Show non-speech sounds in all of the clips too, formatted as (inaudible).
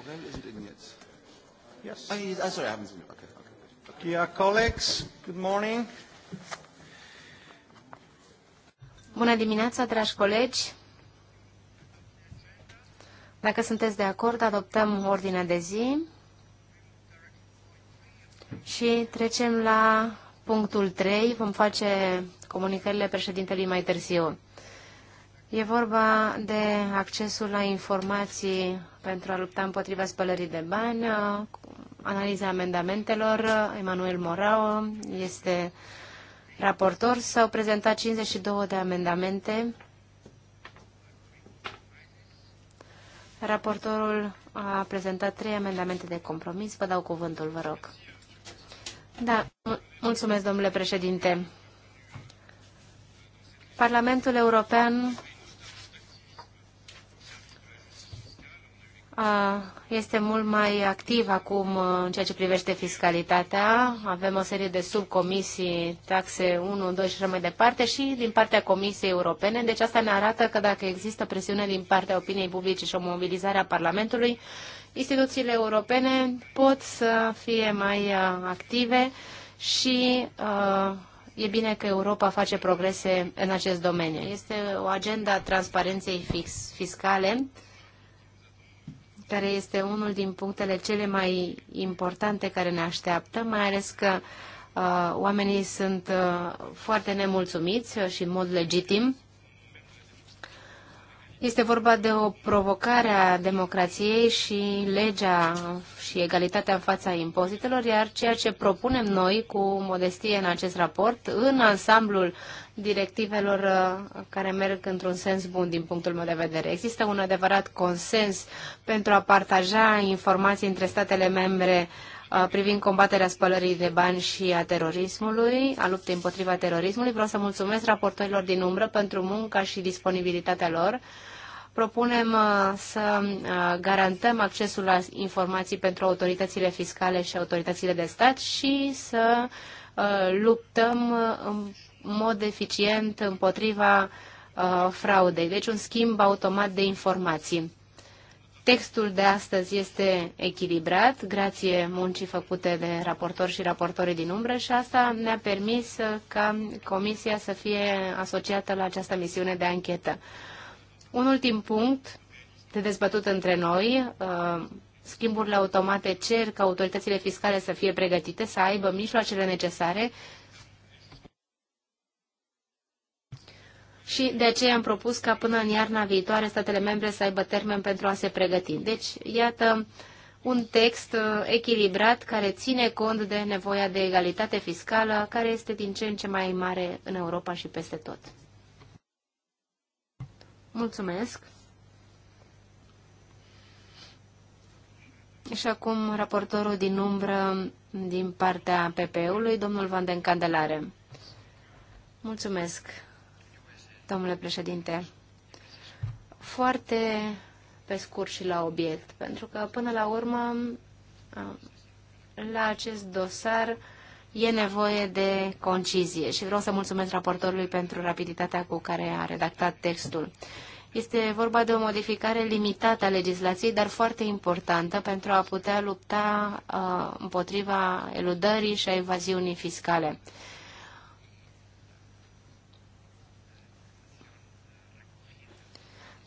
Borrell isn't in yet. Yes. Oh, he's, oh, sorry, I haven't seen him. Okay, okay. okay. Dear colleagues, good morning. Bună dimineața, dragi colegi. Dacă sunteți de acord, adoptăm ordinea de zi și trecem la punctul 3. Vom face comunicările președintelui mai târziu. E vorba de accesul la informații pentru a lupta împotriva spălării de bani, analiza amendamentelor, Emanuel Morao este raportor, s-au prezentat 52 de amendamente. Raportorul a prezentat trei amendamente de compromis. Vă dau cuvântul, vă rog. Da, mulțumesc, domnule președinte. Parlamentul European este mult mai activ acum uh, în ceea ce privește fiscalitatea. Avem o serie de subcomisii, taxe 1, 2 și așa mai departe și din partea Comisiei Europene. Deci asta ne arată că dacă există presiune din partea opiniei publice și o mobilizare a Parlamentului, instituțiile europene pot să fie mai uh, active și uh, e bine că Europa face progrese în acest domeniu. Este o agenda transparenței fix, fiscale care este unul din punctele cele mai importante care ne așteaptă, mai ales că uh, oamenii sunt uh, foarte nemulțumiți uh, și în mod legitim. Este vorba de o provocare a democrației și legea și egalitatea în fața impozitelor, iar ceea ce propunem noi cu modestie în acest raport, în ansamblul directivelor uh, care merg într-un sens bun din punctul meu de vedere. Există un adevărat consens pentru a partaja informații între statele membre uh, privind combaterea spălării de bani și a terorismului, a luptei împotriva terorismului. Vreau să mulțumesc raportorilor din umbră pentru munca și disponibilitatea lor. Propunem uh, să garantăm accesul la informații pentru autoritățile fiscale și autoritățile de stat și să luptăm mod eficient împotriva uh, fraudei. Deci un schimb automat de informații. Textul de astăzi este echilibrat, grație muncii făcute de raportori și raportorii din umbră și asta ne-a permis ca Comisia să fie asociată la această misiune de anchetă. Un ultim punct de dezbătut între noi, uh, schimburile automate cer ca autoritățile fiscale să fie pregătite, să aibă mijloacele necesare și de aceea am propus ca până în iarna viitoare statele membre să aibă termen pentru a se pregăti. Deci, iată un text uh, echilibrat care ține cont de nevoia de egalitate fiscală, care este din ce în ce mai mare în Europa și peste tot. Mulțumesc! Și acum raportorul din umbră din partea PP-ului, domnul Van den Candelare. Mulțumesc, domnule președinte. Foarte pe scurt și la obiect, pentru că până la urmă la acest dosar e nevoie de concizie și vreau să mulțumesc raportorului pentru rapiditatea cu care a redactat textul. Este vorba de o modificare limitată a legislației, dar foarte importantă pentru a putea lupta uh, împotriva eludării și a evaziunii fiscale. Uh,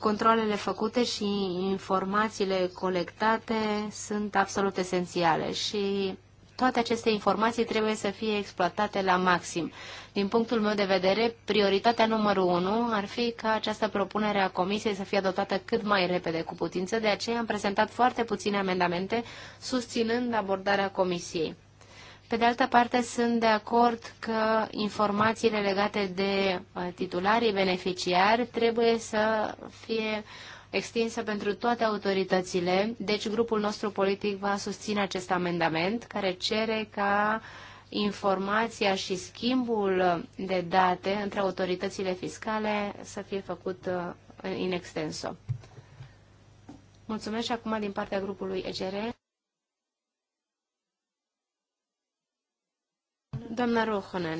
controlele făcute și informațiile colectate sunt absolut esențiale și toate aceste informații trebuie să fie exploatate la maxim. Din punctul meu de vedere, prioritatea numărul unu ar fi ca această propunere a Comisiei să fie adoptată cât mai repede cu putință, de aceea am prezentat foarte puține amendamente susținând abordarea Comisiei. Pe de altă parte, sunt de acord că informațiile legate de uh, titularii beneficiari trebuie să fie extinsă pentru toate autoritățile. Deci, grupul nostru politic va susține acest amendament care cere ca informația și schimbul de date între autoritățile fiscale să fie făcut uh, în extenso. Mulțumesc și acum din partea grupului ECR. Doamna Rohonen.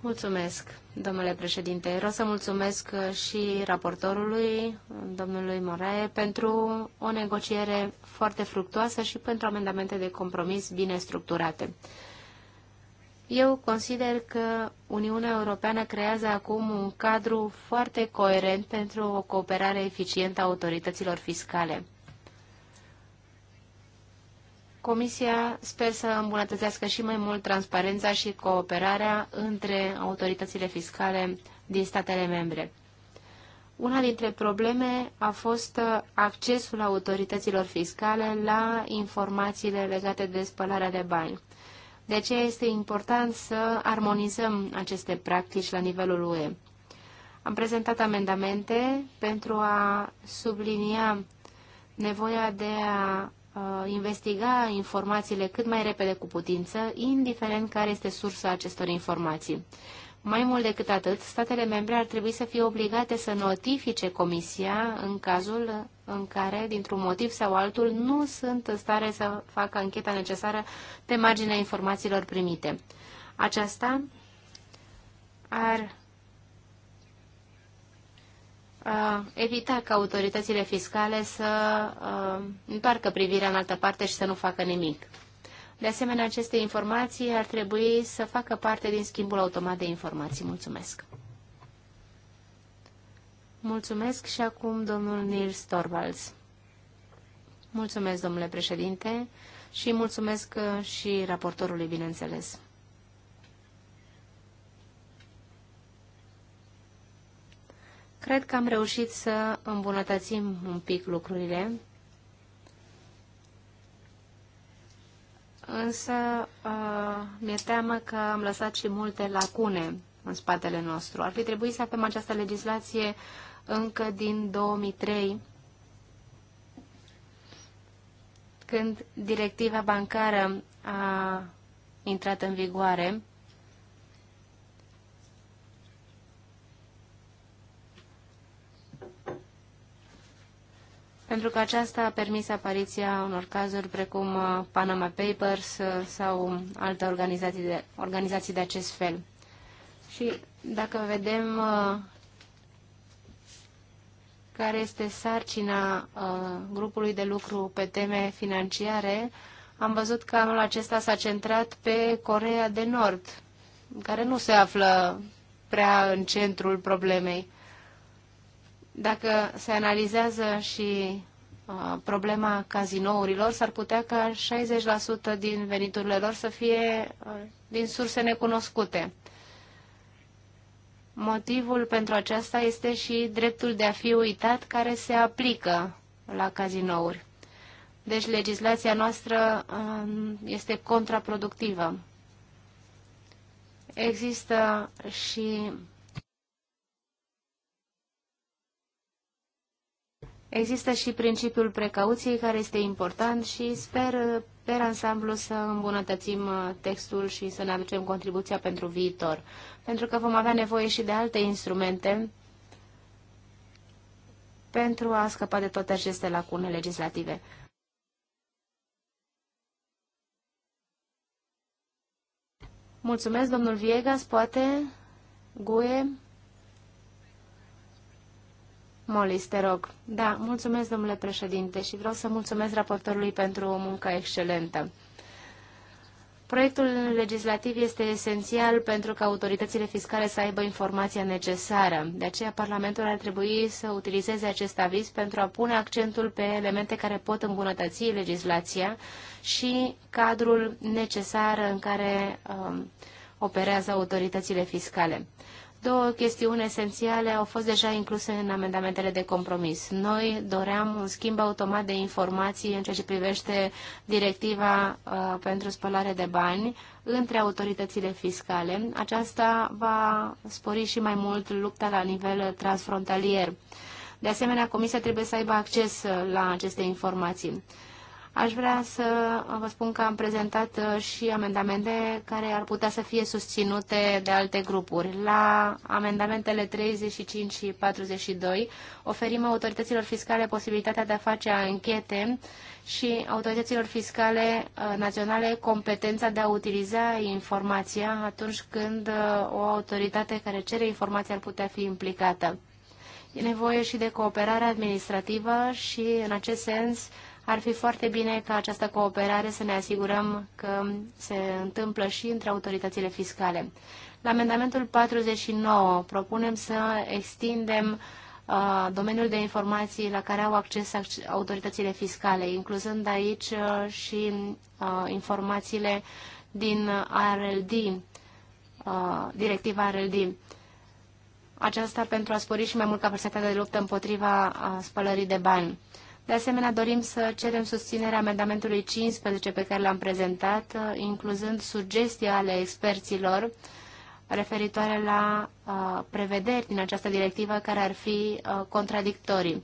Mulțumesc, domnule președinte. Vreau să mulțumesc și raportorului, domnului Morae, pentru o negociere foarte fructuoasă și pentru amendamente de compromis bine structurate. Eu consider că Uniunea Europeană creează acum un cadru foarte coerent pentru o cooperare eficientă a autorităților fiscale. Comisia sper să îmbunătățească și mai mult transparența și cooperarea între autoritățile fiscale din statele membre. Una dintre probleme a fost accesul autorităților fiscale la informațiile legate de spălarea de bani. De aceea este important să armonizăm aceste practici la nivelul UE. Am prezentat amendamente pentru a sublinia nevoia de a Uh, investiga informațiile cât mai repede cu putință, indiferent care este sursa acestor informații. Mai mult decât atât, statele membre ar trebui să fie obligate să notifice Comisia în cazul în care, dintr-un motiv sau altul, nu sunt în stare să facă ancheta necesară pe marginea informațiilor primite. Aceasta ar evita ca autoritățile fiscale să întoarcă privirea în altă parte și să nu facă nimic. De asemenea, aceste informații ar trebui să facă parte din schimbul automat de informații. Mulțumesc! Mulțumesc și acum domnul Nils Torvalds. Mulțumesc, domnule președinte, și mulțumesc și raportorului, bineînțeles. Cred că am reușit să îmbunătățim un pic lucrurile, însă uh, mi-e teamă că am lăsat și multe lacune în spatele nostru. Ar fi trebuit să avem această legislație încă din 2003, când directiva bancară a intrat în vigoare pentru că aceasta a permis apariția unor cazuri precum uh, Panama Papers uh, sau alte organizații de, organizații de acest fel. Și dacă vedem uh, care este sarcina grupului de lucru pe teme financiare, am văzut că anul acesta s-a centrat pe Corea de Nord, care nu se află prea în centrul problemei. Dacă se analizează și uh, problema cazinourilor, s-ar putea ca 60% din veniturile lor să fie uh, din surse necunoscute. Motivul pentru aceasta este și dreptul de a fi uitat care se aplică la cazinouri. Deci legislația noastră uh, este contraproductivă. Există și Există și principiul precauției care este important și sper per ansamblu să îmbunătățim uh, textul și să ne aducem contribuția pentru viitor. Pentru că vom avea nevoie și de alte instrumente pentru a scăpa de toate aceste lacune legislative. Mulțumesc, domnul Viegas, poate, Guie. Molis, te rog. Da, mulțumesc, domnule președinte, și vreau să mulțumesc raportorului pentru o muncă excelentă. Proiectul legislativ este esențial pentru ca autoritățile fiscale să aibă informația necesară. De aceea, Parlamentul ar trebui să utilizeze acest aviz pentru a pune accentul pe elemente care pot îmbunătăți legislația și cadrul necesar în care um, operează autoritățile fiscale. Două chestiuni esențiale au fost deja incluse în amendamentele de compromis. Noi doream un schimb automat de informații în ceea ce privește directiva uh, pentru spălare de bani între autoritățile fiscale. Aceasta va spori și mai mult lupta la nivel transfrontalier. De asemenea, Comisia trebuie să aibă acces la aceste informații. Aș vrea să vă spun că am prezentat uh, și amendamente care ar putea să fie susținute de alte grupuri. La amendamentele 35 și 42 oferim autorităților fiscale posibilitatea de a face anchete și autorităților fiscale uh, naționale competența de a utiliza informația atunci când uh, o autoritate care cere informația ar putea fi implicată. E nevoie și de cooperare administrativă și, în acest sens, ar fi foarte bine ca această cooperare să ne asigurăm că se întâmplă și între autoritățile fiscale. La amendamentul 49 propunem să extindem uh, domeniul de informații la care au acces autoritățile fiscale, incluzând aici uh, și uh, informațiile din RLD, uh, directiva RLD. Aceasta pentru a spori și mai mult capacitatea de luptă împotriva uh, spălării de bani. De asemenea, dorim să cerem susținerea amendamentului 15 pe care l-am prezentat, uh, incluzând sugestia ale experților referitoare la uh, prevederi din această directivă care ar fi uh, contradictorii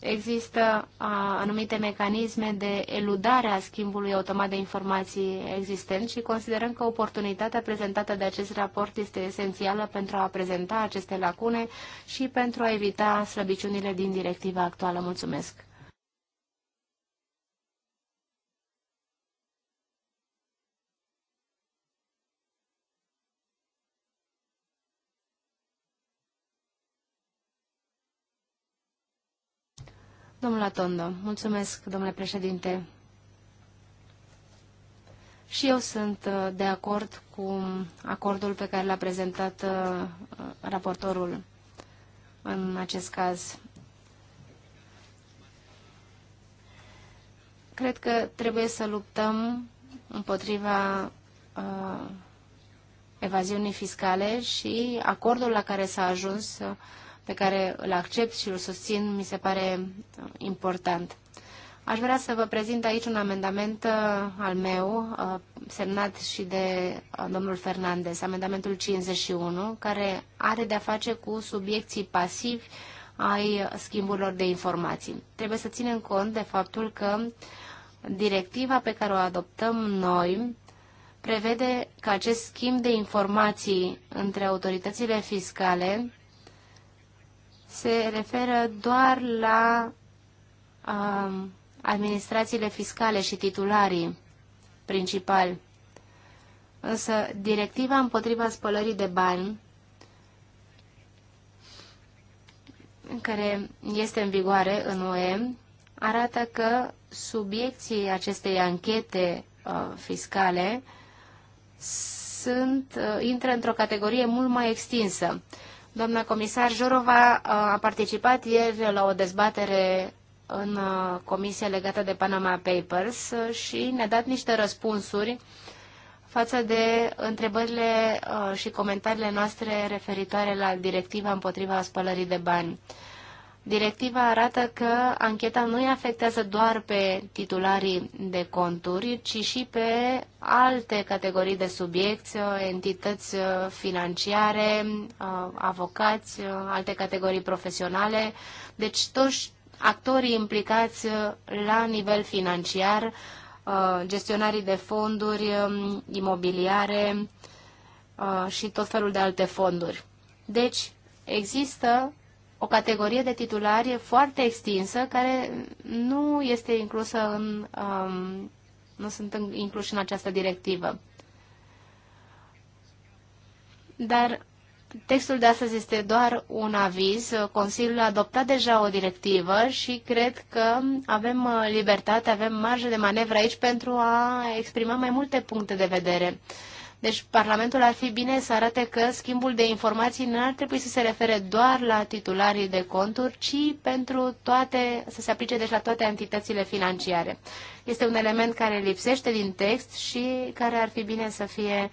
există a, anumite mecanisme de eludare a schimbului automat de informații existent și considerăm că oportunitatea prezentată de acest raport este esențială pentru a prezenta aceste lacune și pentru a evita slăbiciunile din directiva actuală. Mulțumesc! Domnule Tondo, mulțumesc, domnule președinte. Și eu sunt uh, de acord cu acordul pe care l-a prezentat uh, raportorul în acest caz. Cred că trebuie să luptăm împotriva uh, evaziunii fiscale și acordul la care s-a ajuns uh, pe care îl accept și îl susțin, mi se pare uh, important. Aș vrea să vă prezint aici un amendament uh, al meu, uh, semnat și de domnul Fernandez, amendamentul 51, care are de-a face cu subiecții pasivi ai schimburilor de informații. Trebuie să ținem cont de faptul că directiva pe care o adoptăm noi prevede că acest schimb de informații între autoritățile fiscale se referă doar la um, administrațiile fiscale și titularii principali. Însă directiva împotriva spălării de bani, care este în vigoare în UE, arată că subiecții acestei anchete uh, fiscale sunt, uh, intră într-o categorie mult mai extinsă. Uh, Doamna comisar Jorova uh, a participat ieri la o dezbatere în uh, comisie legată de Panama Papers uh, și ne-a dat niște răspunsuri față de întrebările și comentariile noastre referitoare la directiva împotriva spălării de bani. Directiva arată că ancheta nu îi afectează doar pe titularii de conturi, ci și pe alte categorii de subiecți, uh, entități uh, financiare, uh, avocați, alte categorii profesionale, deci toți actorii implicați la nivel financiar, gestionarii de fonduri, um, imobiliare și tot felul de alte fonduri. Deci, există o categorie de titulari foarte extinsă care nu este inclusă în, um, nu sunt incluși în această directivă. Dar textul de astăzi este doar un aviz. Consiliul a adoptat deja o directivă și cred că avem uh, libertate, avem marjă de manevră aici pentru a exprima mai multe puncte de vedere. Uh, deci Parlamentul ar fi bine să arate că schimbul de informații nu ar trebui să se refere doar la titularii de conturi, ci pentru toate, să se aplice deci la toate entitățile financiare. Este un element care lipsește din text și care ar fi bine să fie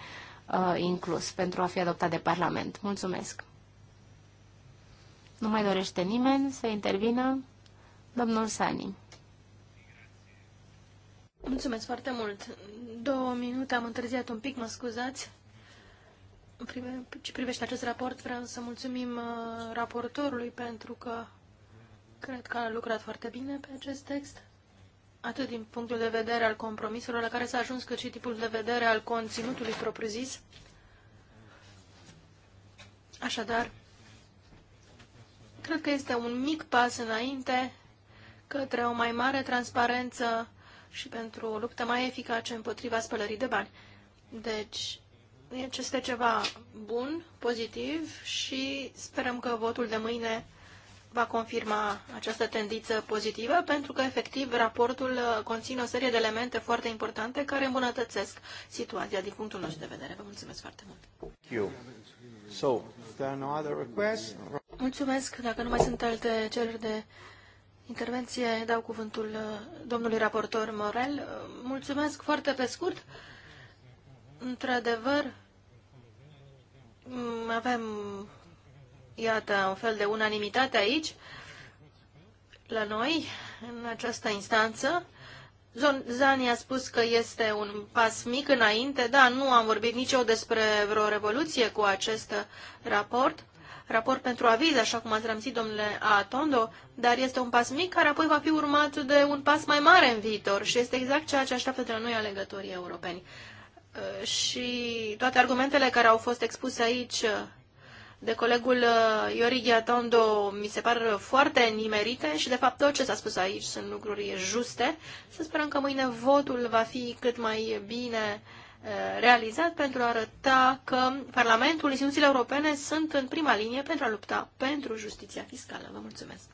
uh, inclus pentru a fi adoptat de Parlament. Mulțumesc! Nu mai dorește nimeni să intervină? Domnul Sani. Mulțumesc foarte mult. Două minute am întârziat un pic, mă scuzați. În ce privește acest raport, vreau să mulțumim uh, raportorului pentru că cred că a lucrat foarte bine pe acest text, atât din punctul de vedere al compromisurilor la care s-a ajuns, cât și tipul de vedere al conținutului propriu-zis. Așadar, cred că este un mic pas înainte către o mai mare transparență și pentru o luptă mai eficace împotriva spălării de bani. Deci, este ceva bun, pozitiv și sperăm că votul de mâine va confirma această tendință pozitivă, pentru că, efectiv, raportul uh, conține o serie de elemente foarte importante care îmbunătățesc situația din punctul nostru de vedere. Vă mulțumesc foarte mult! Mulțumesc. Dacă nu mai sunt alte cereri de intervenție dau cuvântul uh, domnului raportor Morel. Uh, mulțumesc foarte pe scurt. Într-adevăr, mm, avem, iată, un fel de unanimitate aici, la noi, în această instanță. Zani a spus că este un pas mic înainte. Da, nu am vorbit nici eu despre vreo revoluție cu acest raport raport pentru aviz, așa cum ați rămțit, domnule Atondo, dar este un pas mic care apoi va fi urmat de un pas mai mare în viitor și este exact ceea ce așteaptă de la noi alegătorii europeni. Uh, și toate argumentele care au fost expuse aici uh, de colegul uh, Iori Ghiatondo mi se par foarte nimerite și, de fapt, tot ce s-a spus aici sunt lucruri juste. Să sperăm că mâine votul va fi cât mai bine realizat pentru a arăta că Parlamentul, instituțiile europene sunt în prima linie pentru a lupta pentru justiția fiscală. Vă mulțumesc!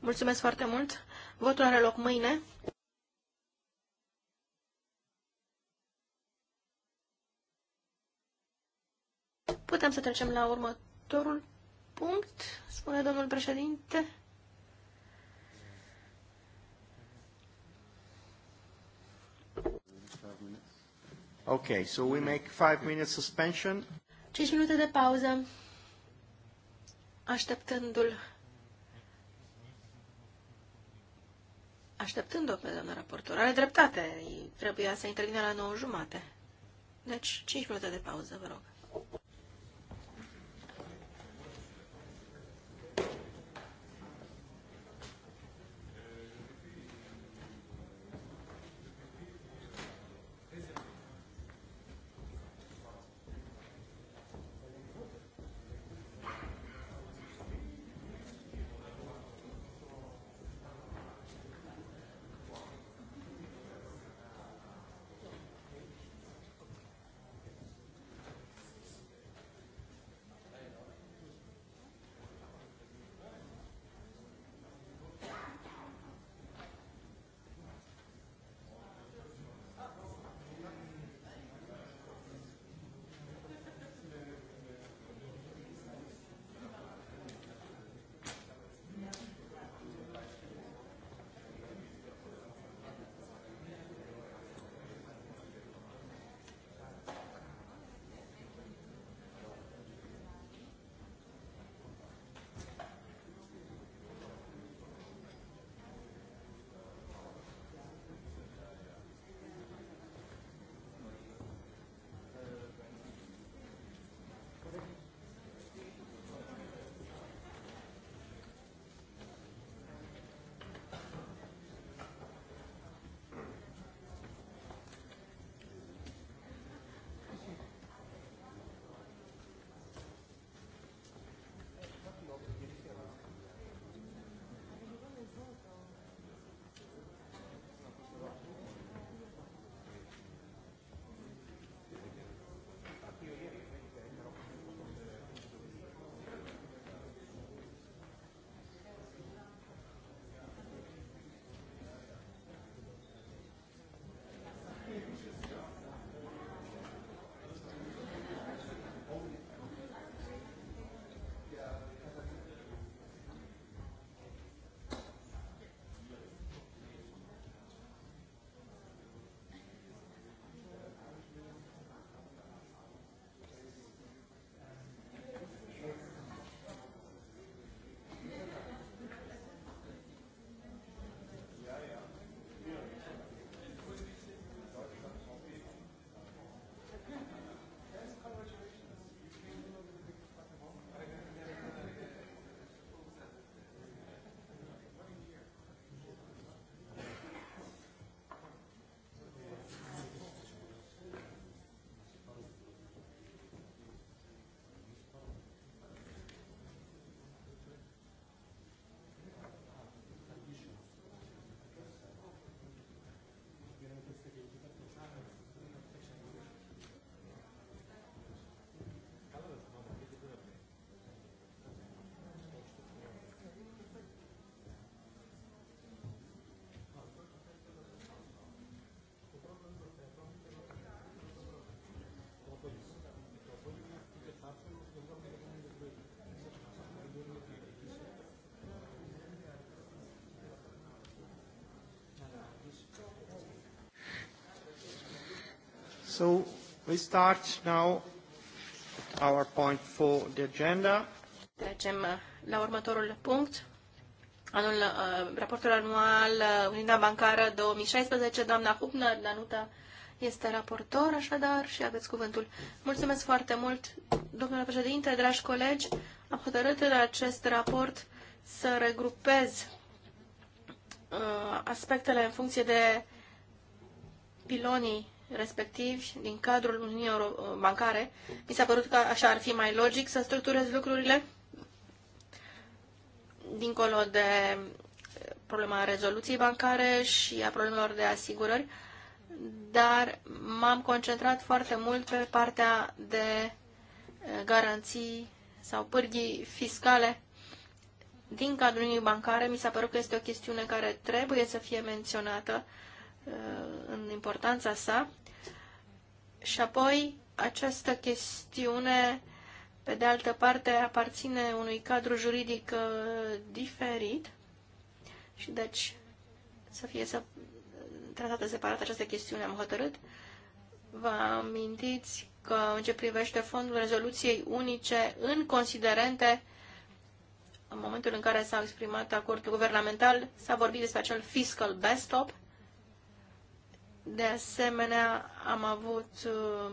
Mulțumesc foarte mult! Votul are loc mâine. Putem să trecem la următorul punct, spune domnul președinte. Ok, so we make five minutes suspension. 5 minute de pauză, așteptându-l, așteptându o pe doamna raportor. Are dreptate, trebuia să intervină la 9 jumate. Deci, 5 minute de pauză, vă rog. So we start now our point for the agenda. Trecem uh, la următorul punct. Anul, uh, raportul anual uh, Uniunea Bancară 2016, doamna Hubner, Danuta este raportor, așadar, și aveți cuvântul. Mulțumesc foarte mult, domnule președinte, dragi colegi. Am hotărât în acest raport să regrupez uh, aspectele în funcție de pilonii respectiv din cadrul Uniunii Bancare. Mi s-a părut că așa ar fi mai logic să structurez lucrurile dincolo de problema rezoluției bancare și a problemelor de asigurări, dar m-am concentrat foarte mult pe partea de garanții sau pârghii fiscale din cadrul Uniunii bancare. Mi s-a părut că este o chestiune care trebuie să fie menționată Uh, în importanța sa. Și apoi, această chestiune, pe de altă parte, aparține unui cadru juridic uh, diferit și deci să fie să tratată separat această chestiune, am hotărât. Vă amintiți că în ce privește fondul rezoluției unice în considerente, în momentul în care s-a exprimat acordul guvernamental, s-a vorbit despre acel fiscal backstop, de asemenea, am avut uh,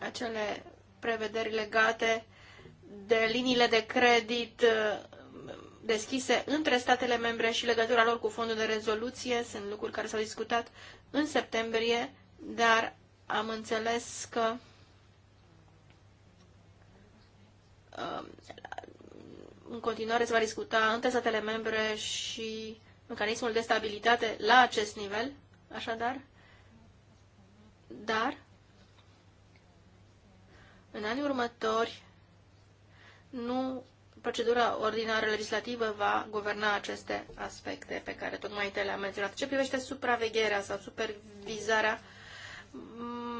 acele prevederi legate de liniile de credit uh, deschise între statele membre și legătura lor cu fondul de rezoluție. Sunt lucruri care s-au discutat în septembrie, dar am înțeles că uh, în continuare se va discuta între statele membre și mecanismul de stabilitate la acest nivel așadar, dar în anii următori nu procedura ordinară legislativă va guverna aceste aspecte pe care tocmai te le-am menționat. Ce privește supravegherea sau supervizarea,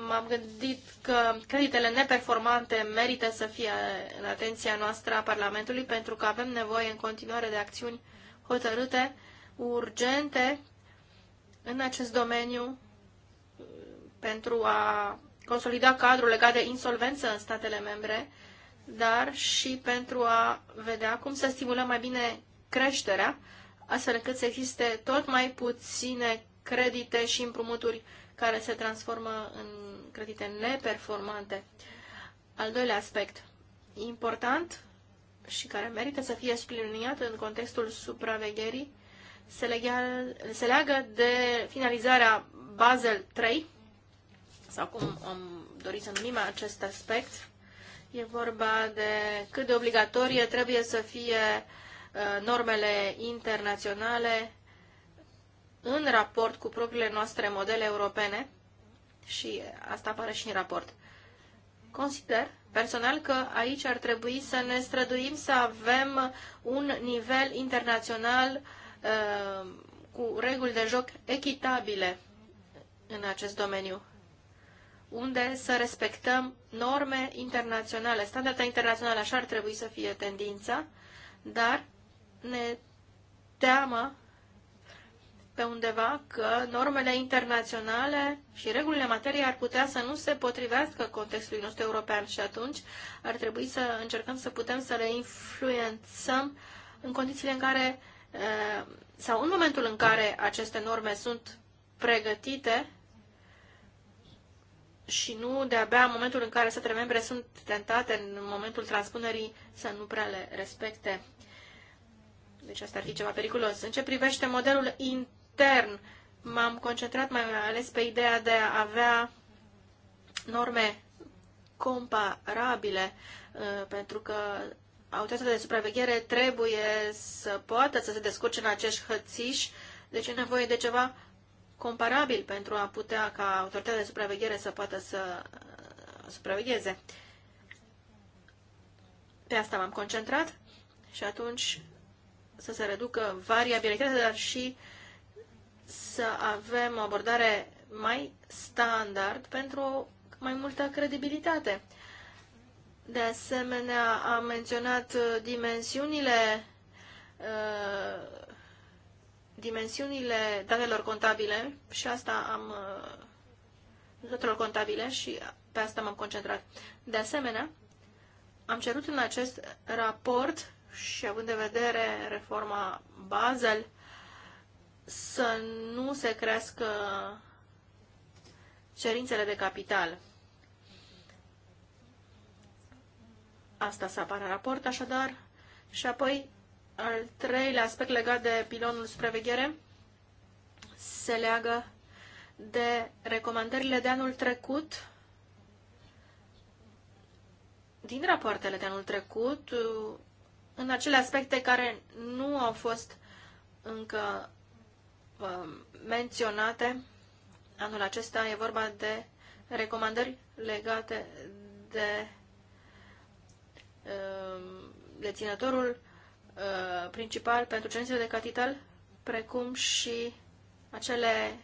m-am gândit că creditele neperformante merită să fie în atenția noastră a Parlamentului pentru că avem nevoie în continuare de acțiuni hotărâte, urgente, în acest domeniu uh, pentru a consolida cadrul legat de insolvență în statele membre, dar și pentru a vedea cum să stimulăm mai bine creșterea, astfel încât să existe tot mai puține credite și împrumuturi care se transformă în credite neperformante. Al doilea aspect important și care merită să fie subliniat în contextul supravegherii se, legea, se leagă de finalizarea Basel 3, sau cum am dorit să numim acest aspect. E vorba de cât de obligatorie trebuie să fie uh, normele internaționale în raport cu propriile noastre modele europene și asta apare și în raport. Consider personal că aici ar trebui să ne străduim să avem un nivel internațional uh, Uh, cu reguli de joc echitabile în acest domeniu, unde să respectăm norme internaționale, Standarda internațională așa ar trebui să fie tendința, dar ne teamă pe undeva că normele internaționale și regulile materiei ar putea să nu se potrivească contextului nostru european și atunci ar trebui să încercăm să putem să le influențăm în condițiile în care Eh, sau în momentul în care aceste norme sunt pregătite și nu de-abia în momentul în care statele membre sunt tentate în momentul transpunerii să nu prea le respecte. Deci asta ar fi ceva periculos. În ce privește modelul intern, m-am concentrat mai ales pe ideea de a avea norme comparabile, eh, pentru că autoritățile de supraveghere trebuie să poată să se descurce în acești hățiși, deci e nevoie de ceva comparabil pentru a putea ca autoritatea de supraveghere să poată să uh, supravegheze. Pe asta m-am concentrat și atunci să se reducă variabilitatea, dar și să avem o abordare mai standard pentru mai multă credibilitate. De asemenea, am menționat uh, dimensiunile uh, dimensiunile datelor contabile și asta am uh, datelor contabile și pe asta m-am concentrat. De asemenea, am cerut în acest raport și având în vedere reforma Basel să nu se crească cerințele de capital Asta să apară în raport, așadar. Și apoi, al treilea aspect legat de pilonul supraveghere se leagă de recomandările de anul trecut. Din rapoartele de anul trecut, în acele aspecte care nu au fost încă um, menționate, anul acesta e vorba de recomandări legate de Um, deținătorul uh, principal pentru cerințele de capital, precum și acele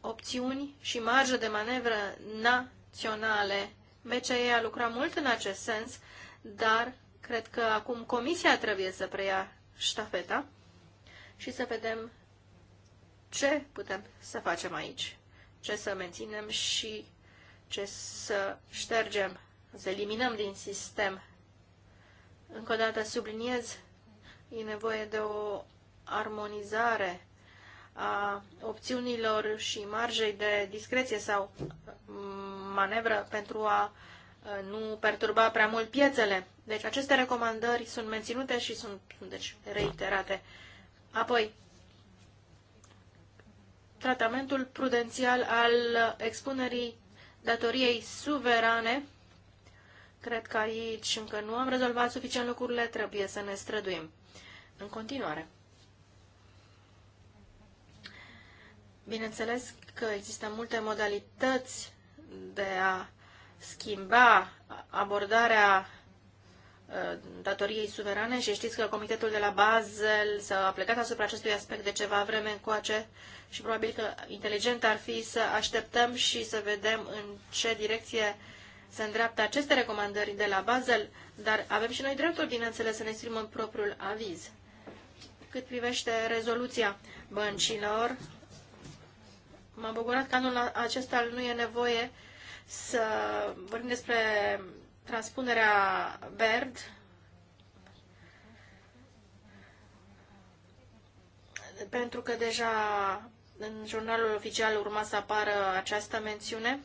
opțiuni și marjă de manevră naționale. BCE a lucrat mult în acest sens, dar cred că acum Comisia trebuie să preia ștafeta și să vedem ce putem să facem aici, ce să menținem și ce să ștergem, să eliminăm din sistem încă o dată subliniez, e nevoie de o armonizare a opțiunilor și marjei de discreție sau mm, manevră pentru a uh, nu perturba prea mult piețele. Deci aceste recomandări sunt menținute și sunt deci, reiterate. Apoi, tratamentul prudențial al expunerii datoriei suverane Cred că aici încă nu am rezolvat suficient lucrurile, trebuie să ne străduim. În continuare. Bineînțeles că există multe modalități de a schimba abordarea uh, datoriei suverane și știți că Comitetul de la Basel s-a plecat asupra acestui aspect de ceva vreme încoace și probabil că inteligent ar fi să așteptăm și să vedem în ce direcție se îndreaptă aceste recomandări de la Basel, dar avem și noi dreptul, bineînțeles, să ne exprimăm propriul aviz. Cât privește rezoluția băncilor, m-am bucurat că anul acesta nu e nevoie să vorbim despre transpunerea BERD, pentru că deja în jurnalul oficial urma să apară această mențiune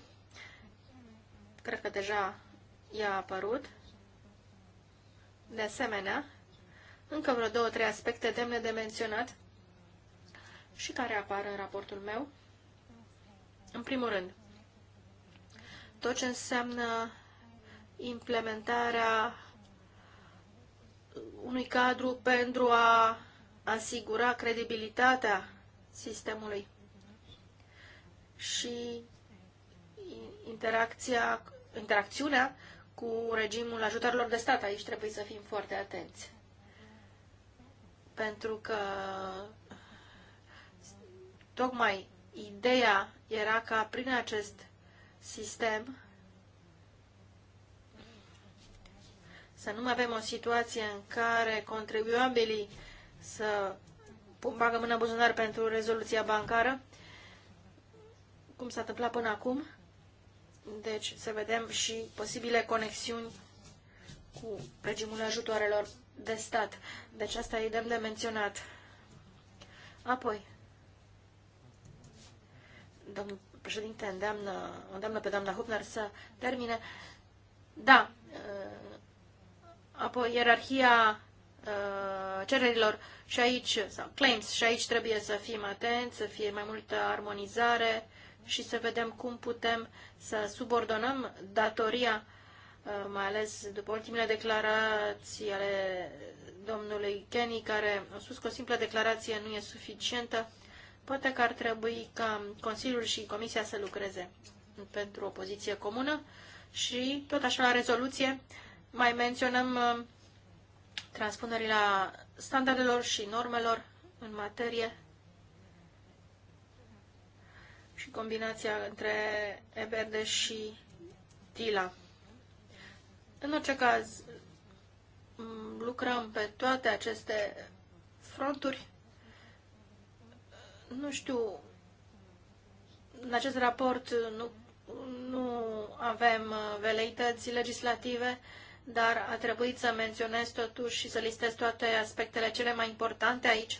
cred că deja i-a apărut. De asemenea, încă vreo două, trei aspecte demne de menționat și care apar în raportul meu. În primul rând, tot ce înseamnă implementarea unui cadru pentru a asigura credibilitatea sistemului și interacția interacțiunea cu regimul ajutorilor de stat. Aici trebuie să fim foarte atenți. Pentru că tocmai ideea era ca prin acest sistem să nu mai avem o situație în care contribuabilii să bagă mâna buzunar pentru rezoluția bancară, cum s-a întâmplat până acum, deci să vedem și posibile conexiuni cu regimul ajutoarelor de stat. Deci asta e demn de menționat. Apoi, domnul președinte îndeamnă, îndeamnă pe doamna Hubner să termine. Da, uh, apoi ierarhia uh, cererilor și aici, sau claims, și aici trebuie să fim atenți, să fie mai multă armonizare, și să vedem cum putem să subordonăm datoria, uh, mai ales după ultimele declarații ale domnului Kenny, care a spus că o simplă declarație nu e suficientă. Poate că ar trebui ca Consiliul și Comisia să lucreze pentru o poziție comună și tot așa la rezoluție mai menționăm uh, transpunerile standardelor și normelor în materie și combinația între Eberde și Tila. În orice caz, lucrăm pe toate aceste fronturi. Nu știu, în acest raport nu, nu avem uh, veleități legislative, dar a trebuit să menționez totuși și să listez toate aspectele cele mai importante aici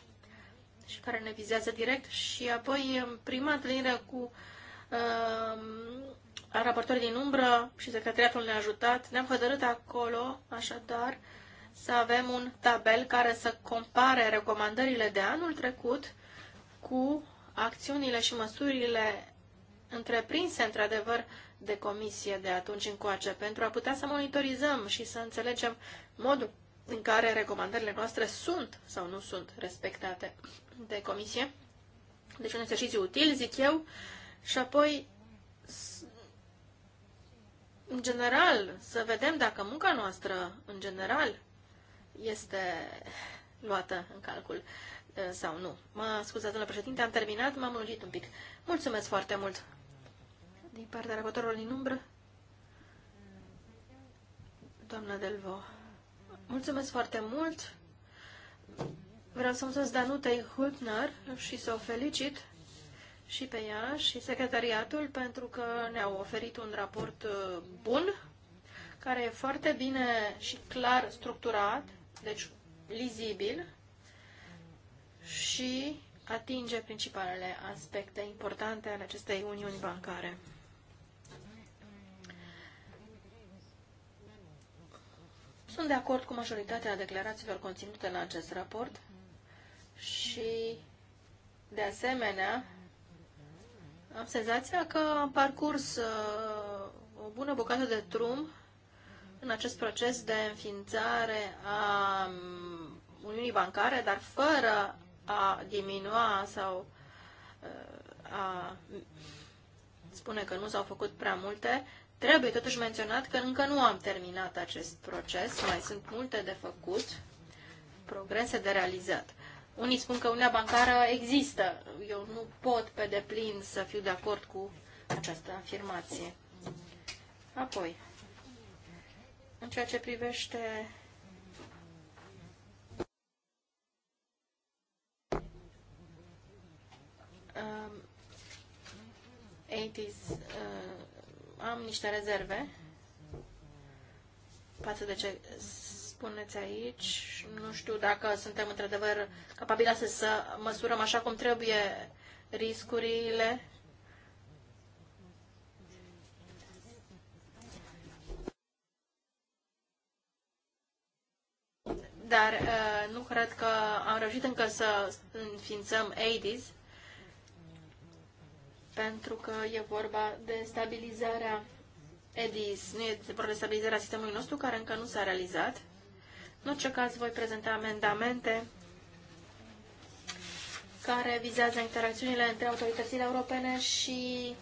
și care ne vizează direct și apoi prima întâlnire cu uh, raportorii din umbră și secretariatul ne-a ajutat. Ne-am hotărât acolo, așadar, să avem un tabel care să compare recomandările de anul trecut cu acțiunile și măsurile întreprinse, într-adevăr, de comisie de atunci încoace, pentru a putea să monitorizăm și să înțelegem modul în care recomandările noastre sunt sau nu sunt respectate de comisie. Deci un exercițiu util, zic eu. Și apoi, în general, să vedem dacă munca noastră, în general, este luată în calcul sau nu. Mă scuzați, domnule președinte, am terminat, m-am lungit un pic. Mulțumesc foarte mult! Din partea raportorului din umbră, doamna Delvo. Mulțumesc foarte mult! Vreau să mulțumesc Danutei Hübner și să o felicit și pe ea și secretariatul pentru că ne-au oferit un raport uh, bun, care e foarte bine și clar structurat, deci lizibil și atinge principalele aspecte importante ale acestei uniuni bancare. Sunt de acord cu majoritatea declarațiilor conținute în acest raport și, de asemenea, am senzația că am parcurs uh, o bună bucată de drum în acest proces de înființare a um, Uniunii Bancare, dar fără a diminua sau uh, a spune că nu s-au făcut prea multe, trebuie totuși menționat că încă nu am terminat acest proces, mai sunt multe de făcut, progrese de realizat. Unii spun că Uniunea Bancară există. Eu nu pot pe deplin să fiu de acord cu această afirmație. Apoi, în ceea ce privește Uh, um, 80's, uh, am niște rezerve față de ce spuneți aici. Nu știu dacă suntem într-adevăr capabili să, să măsurăm așa cum trebuie riscurile. Dar uh, nu cred că am reușit încă să înființăm ADIS, pentru că e vorba de stabilizarea EDIS, nu e vorba de stabilizarea sistemului nostru, care încă nu s-a realizat. În orice caz, voi prezenta amendamente care vizează interacțiunile între autoritățile europene și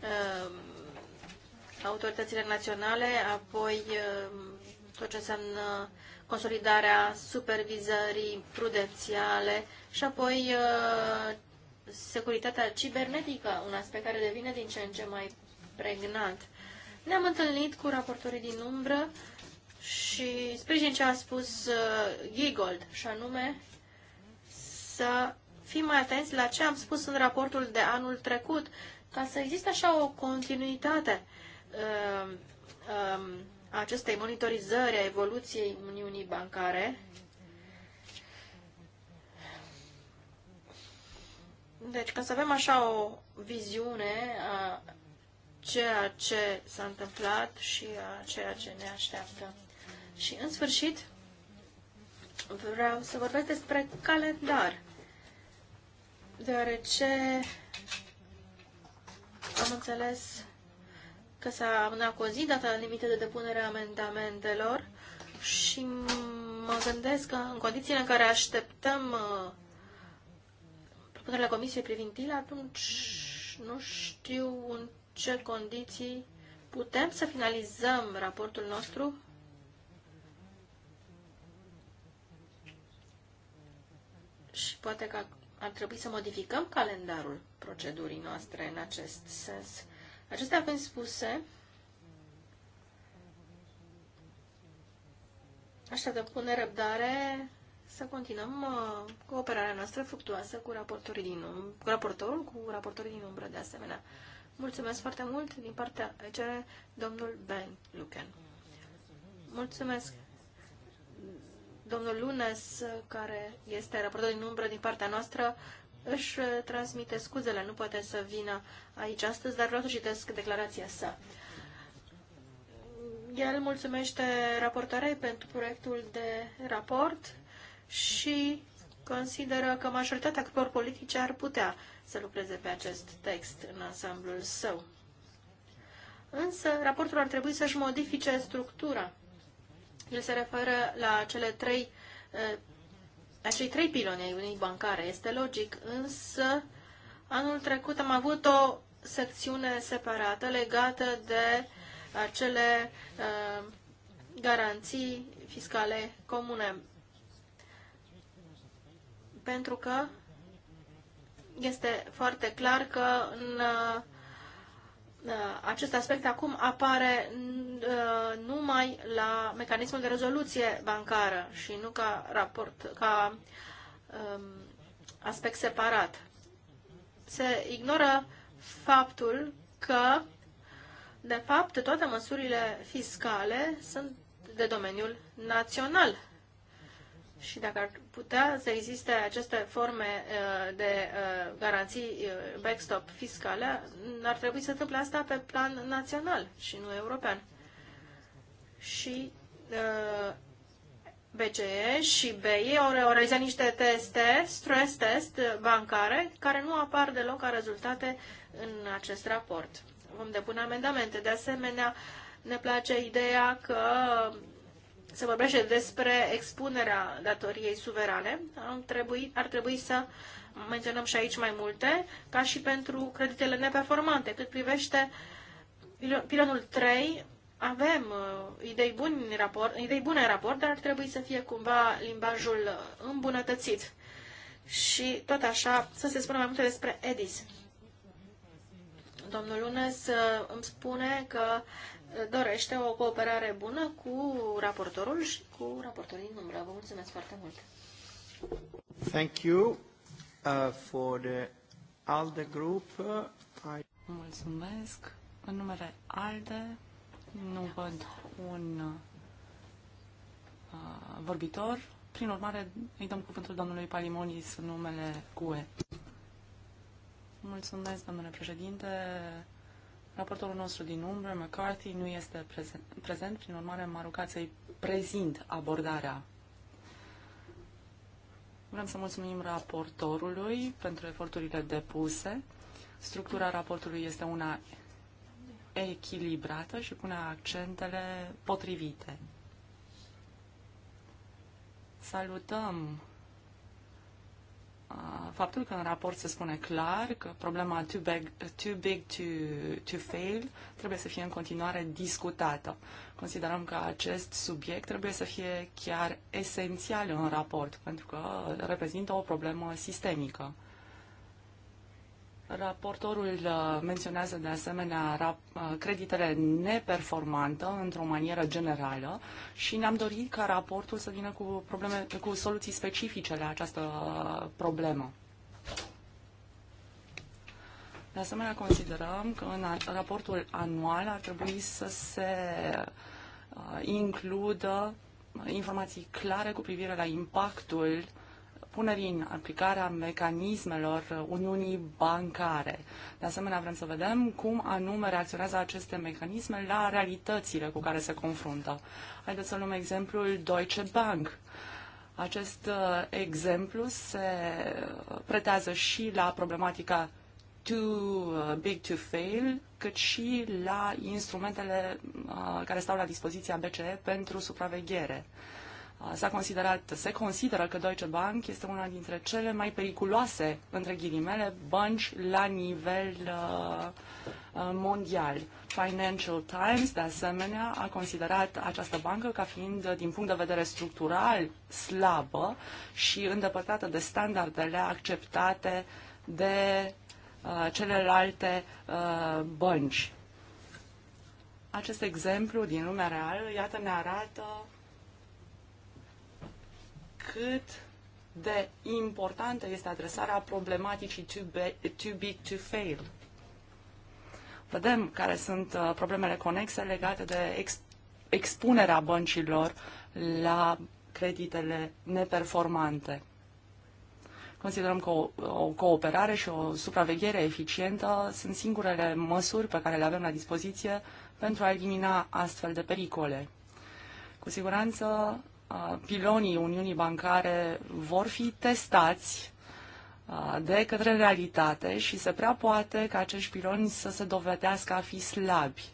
uh, autoritățile naționale, apoi uh, tot ce înseamnă consolidarea supervizării prudențiale și apoi uh, securitatea cibernetică, un aspect care devine din ce în ce mai pregnant. Ne-am întâlnit cu raportorii din umbră uh, și sprijin ce a spus uh, Giggold, și anume să fim atenți la ce am spus în raportul de anul trecut, ca să existe așa o continuitate uh, uh, acestei monitorizări a evoluției Uniunii Bancare. Deci, ca să avem așa o viziune a ceea ce s-a întâmplat și a ceea ce ne așteaptă. Și, în sfârșit, vreau să vorbesc despre calendar, deoarece am înțeles că s-a amânat cu o zi data limită de depunere a amendamentelor și mă gândesc că în condițiile în care așteptăm uh, propunerea Comisiei privind TIL, atunci nu știu în ce condiții putem să finalizăm raportul nostru și poate că ar trebui să modificăm calendarul procedurii noastre în acest sens. Acestea fiind spuse, așteptă cu nerăbdare să continuăm uh, cooperarea noastră fructuoasă cu, raportorii din um- cu raportorul, cu raportorii din umbră de asemenea. Mulțumesc foarte mult din partea ECR, domnul Ben Lucan. Mulțumesc Domnul Lunes, care este raportor din umbră din partea noastră, își transmite scuzele, nu poate să vină aici astăzi, dar vreau să citesc declarația sa. El mulțumește raportarei pentru proiectul de raport și consideră că majoritatea grupelor politice ar putea să lucreze pe acest text în ansamblul său. Însă, raportul ar trebui să-și modifice structura el se referă la cele trei, eh, acei trei piloni ai unii bancare. Este logic, însă anul trecut am avut o secțiune separată legată de acele uh, garanții fiscale comune. Pentru că este foarte clar că în uh, Uh, acest aspect acum apare uh, numai la mecanismul de rezoluție bancară și nu ca raport, ca um, aspect separat. Se ignoră faptul că, de fapt, toate măsurile fiscale sunt de domeniul național și dacă ar putea să existe aceste forme uh, de uh, garanții uh, backstop fiscale, ar trebui să întâmple asta pe plan național și nu european. Și BCE și BEI au realizat niște teste, stress test bancare, care nu apar deloc ca rezultate în acest raport. Vom depune amendamente. De asemenea, ne place ideea că se vorbește despre expunerea datoriei suverane, ar trebui, ar trebui să menționăm și aici mai multe, ca și pentru creditele neperformante. Cât privește pilonul 3, avem uh, idei, buni în raport, idei bune în raport, dar ar trebui să fie cumva limbajul îmbunătățit. Și tot așa să se spună mai multe despre EDIS. Domnul Lunes uh, îmi spune că dorește o cooperare bună cu raportorul și cu raportorii din umbră. Vă mulțumesc foarte mult! Thank you uh, for the ALDE group. Uh, I... Mulțumesc. În numele ALDE nu văd un uh, vorbitor. Prin urmare, îi dăm cuvântul domnului Palimonis în numele UE. Mulțumesc, domnule președinte. Raportorul nostru din umbră, McCarthy, nu este prezent, prezent prin urmare mă rugat să-i prezint abordarea. Vrem să mulțumim raportorului pentru eforturile depuse. Structura raportului este una echilibrată și pune accentele potrivite. Salutăm faptul că în raport se spune clar că problema too big, too big to, to fail trebuie să fie în continuare discutată. Considerăm că acest subiect trebuie să fie chiar esențial în raport, pentru că reprezintă o problemă sistemică. Raportorul uh, menționează de asemenea uh, creditele neperformantă, într-o manieră generală și ne-am dorit ca raportul să vină cu, probleme, cu soluții specifice la această uh, problemă. De asemenea, considerăm că în raportul anual ar trebui să se includă informații clare cu privire la impactul uh, punerii în aplicare a mecanismelor Uniunii Bancare. De asemenea, vrem să vedem cum anume reacționează aceste mecanisme la realitățile cu care se confruntă. Haideți să luăm exemplul Deutsche Bank. Acest uh, exemplu se pretează și la problematica too uh, big to fail, cât și la instrumentele uh, care stau la dispoziția BCE pentru supraveghere. Uh, s-a considerat, se consideră că Deutsche Bank este una dintre cele mai periculoase, între ghilimele, bănci la nivel uh, uh, mondial. Financial Times, de asemenea, a considerat această bancă ca fiind, din punct de vedere structural, slabă și îndepărtată de standardele acceptate de uh, celelalte uh, bănci. Acest exemplu din lumea reală, iată, ne arată cât de importantă este adresarea problematicii too, be, too big to fail. Vedem care sunt uh, problemele conexe legate de ex, expunerea băncilor la creditele neperformante. Considerăm că o, o cooperare și o supraveghere eficientă sunt singurele măsuri pe care le avem la dispoziție pentru a elimina astfel de pericole. Cu siguranță pilonii Uniunii Bancare vor fi testați de către realitate și se prea poate ca acești piloni să se dovedească a fi slabi.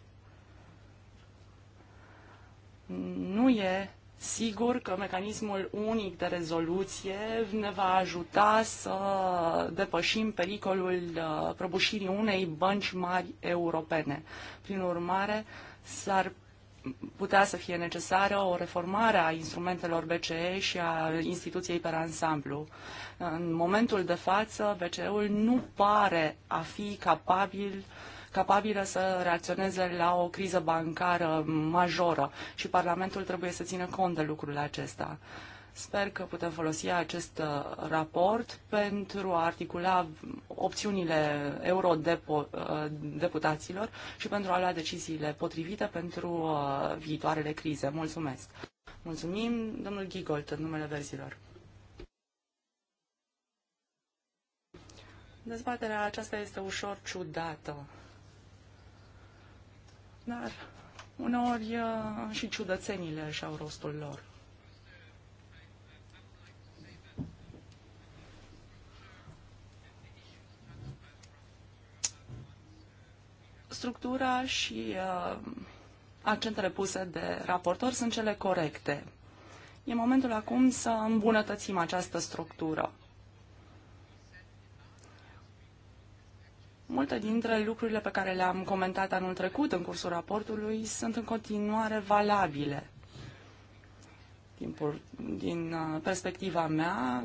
Nu e sigur că mecanismul unic de rezoluție ne va ajuta să depășim pericolul prăbușirii unei bănci mari europene. Prin urmare, s-ar putea să fie necesară o reformare a instrumentelor BCE și a instituției pe ansamblu. În momentul de față, BCE-ul nu pare a fi capabil capabilă să reacționeze la o criză bancară majoră și Parlamentul trebuie să țină cont de lucrurile acesta. Uh, Sper că putem folosi acest uh, raport pentru a articula opțiunile eurodeputaților uh, și pentru a lua deciziile potrivite pentru uh, viitoarele crize. Mulțumesc! Mulțumim, domnul Gigolt, în numele verzilor. Dezbaterea aceasta este ușor ciudată. Dar uneori și ciudățenile și-au rostul lor. structura și uh, accentele puse de raportor sunt cele corecte. E momentul acum să îmbunătățim această structură. Multe dintre lucrurile pe care le-am comentat anul trecut în cursul raportului sunt în continuare valabile. Din, din uh, perspectiva mea,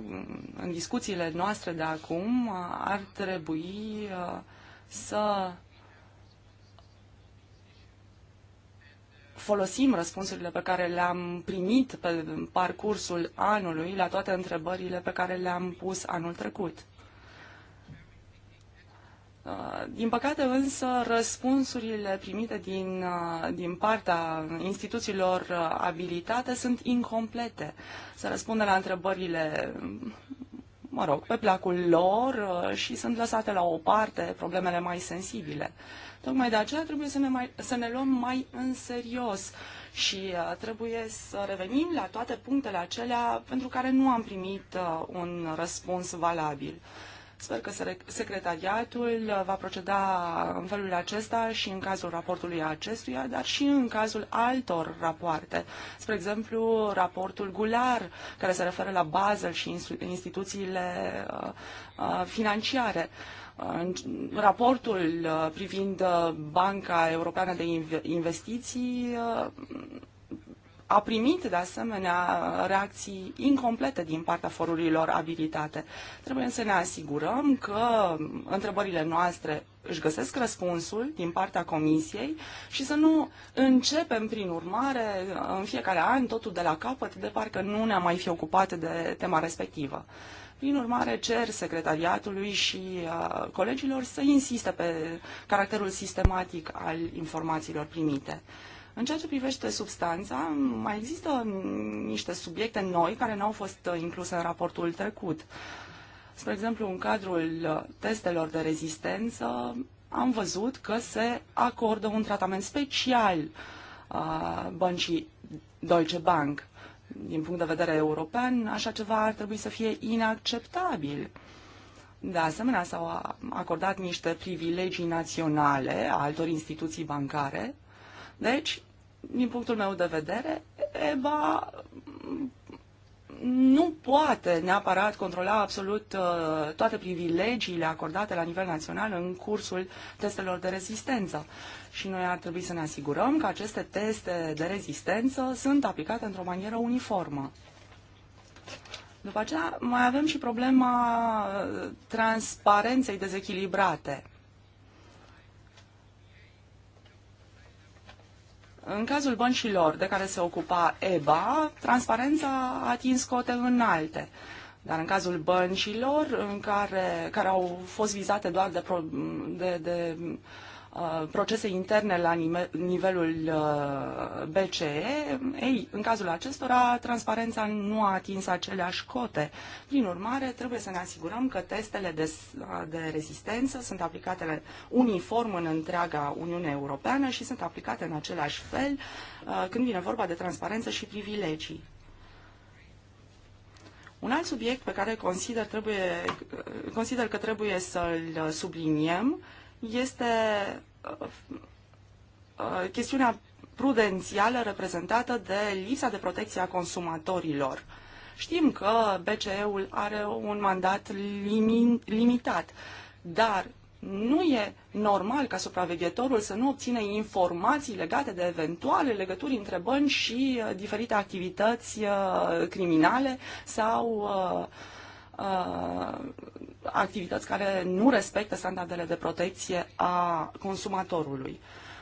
în discuțiile noastre de acum, uh, ar trebui uh, să folosim răspunsurile pe care le-am primit pe parcursul anului la toate întrebările pe care le-am pus anul trecut. Uh, din păcate însă, răspunsurile primite din, uh, din partea instituțiilor uh, abilitate sunt incomplete. Să răspundă la întrebările mă rog, pe placul lor uh, și sunt lăsate la o parte problemele mai sensibile. Tocmai de aceea trebuie să ne, mai, să ne luăm mai în serios și uh, trebuie să revenim la toate punctele acelea pentru care nu am primit uh, un răspuns valabil. Sper că secretariatul uh, va proceda în felul acesta și în cazul raportului acestuia, dar și în cazul altor rapoarte. Spre exemplu, raportul Gular, care se referă la Basel și instituțiile uh, uh, financiare. Raportul privind Banca Europeană de Investiții a primit de asemenea reacții incomplete din partea forurilor abilitate. Trebuie să ne asigurăm că întrebările noastre își găsesc răspunsul din partea comisiei și să nu începem, prin urmare, în fiecare an totul de la capăt, de parcă nu ne-am mai fi ocupat de tema respectivă. Prin urmare, cer secretariatului și uh, colegilor să insiste pe caracterul sistematic al informațiilor primite. În ceea ce privește substanța, mai există niște subiecte noi care nu au fost uh, incluse în raportul trecut. Spre exemplu, în cadrul uh, testelor de rezistență am văzut că se acordă un tratament special a uh, băncii Deutsche Bank. Din punct de vedere european, așa ceva ar trebui să fie inacceptabil. De asemenea, s-au acordat niște privilegii naționale altor instituții bancare. Deci, din punctul meu de vedere, EBA nu poate neapărat controla absolut uh, toate privilegiile acordate la nivel național în cursul testelor de rezistență. Și noi ar trebui să ne asigurăm că aceste teste de rezistență sunt aplicate într-o manieră uniformă. După aceea mai avem și problema uh, transparenței dezechilibrate. În cazul băncilor de care se ocupa EBA, transparența a atins cote înalte. Dar în cazul băncilor în care, care au fost vizate doar de, pro, de, de Uh, procese interne la nivelul uh, BCE, ei, în cazul acestora, transparența nu a atins aceleași cote. Prin urmare, trebuie să ne asigurăm că testele de, de rezistență sunt aplicate uniform în întreaga Uniune Europeană și sunt aplicate în același fel uh, când vine vorba de transparență și privilegii. Un alt subiect pe care consider, trebuie, consider că trebuie să-l subliniem este uh, uh, chestiunea prudențială reprezentată de lipsa de protecție a consumatorilor. Știm că BCE-ul are un mandat limitat, dar nu e normal ca supraveghetorul să nu obține informații legate de eventuale legături între bănci și uh, diferite activități criminale sau uh, Uh, activități care nu respectă standardele de protecție a consumatorului.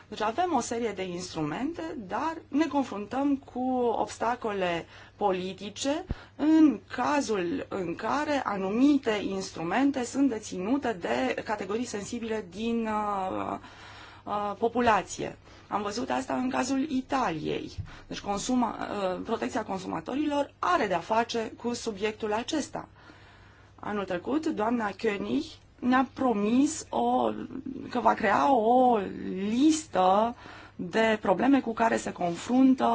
Deci avem o serie de instrumente, dar ne confruntăm cu obstacole politice în cazul în care anumite instrumente sunt deținute de categorii sensibile din uh, uh, populație. Am văzut asta în cazul Italiei. Deci consuma, uh, protecția consumatorilor are de-a face cu subiectul acesta. Uh, Anul trecut, doamna König ne-a promis o, că va crea o listă de probleme cu care se confruntă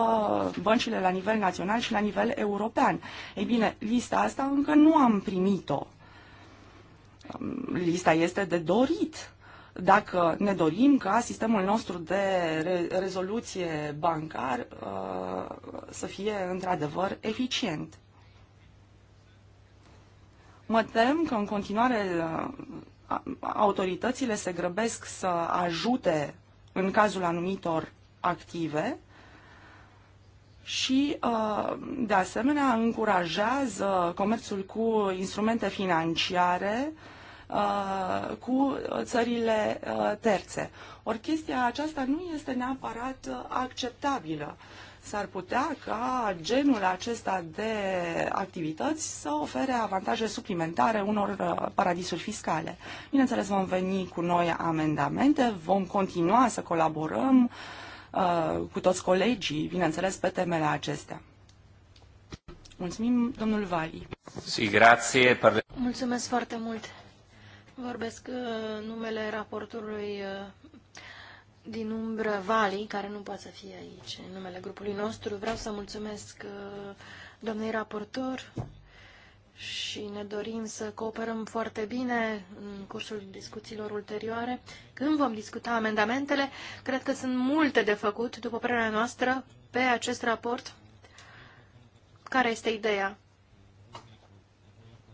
băncile la nivel național și la nivel european. Ei bine, lista asta încă nu am primit-o. Um, lista este de dorit dacă ne dorim ca sistemul nostru de re- rezoluție bancar uh, să fie într-adevăr eficient. Mă tem că în continuare uh, autoritățile se grăbesc să ajute în cazul anumitor active și, uh, de asemenea, încurajează comerțul cu instrumente financiare uh, cu țările terțe. Ori chestia aceasta nu este neapărat acceptabilă s-ar putea ca genul acesta de activități să ofere avantaje suplimentare unor uh, paradisuri fiscale. Bineînțeles, vom veni cu noi amendamente, vom continua să colaborăm uh, cu toți colegii, bineînțeles, pe temele acestea. Mulțumim, domnul Vali. Si, grație. Mulțumesc foarte mult. Vorbesc uh, numele uh, din umbră, Vali, care nu poate să fie aici în numele grupului nostru. Vreau să mulțumesc uh, doamnei raportor și ne dorim să cooperăm foarte bine în cursul discuțiilor ulterioare. Când vom discuta amendamentele, cred că sunt multe de făcut, după părerea noastră, pe acest raport. Care este ideea?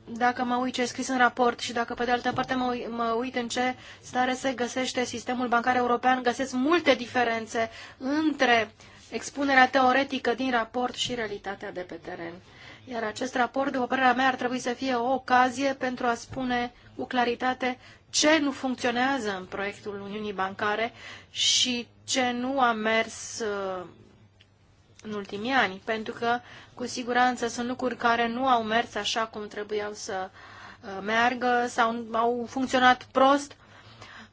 dacă mă uit ce e scris în raport și dacă pe de altă parte mă, mă uit în ce stare se găsește sistemul bancar european, găsesc multe diferențe între expunerea teoretică din raport și realitatea de pe teren. Iar acest raport, după părerea mea, ar trebui să fie o ocazie pentru a spune cu claritate ce nu funcționează în proiectul Uniunii Bancare și ce nu a mers uh, în ultimii ani, pentru că cu siguranță sunt lucruri care nu au mers așa cum trebuiau să uh, meargă sau au funcționat prost.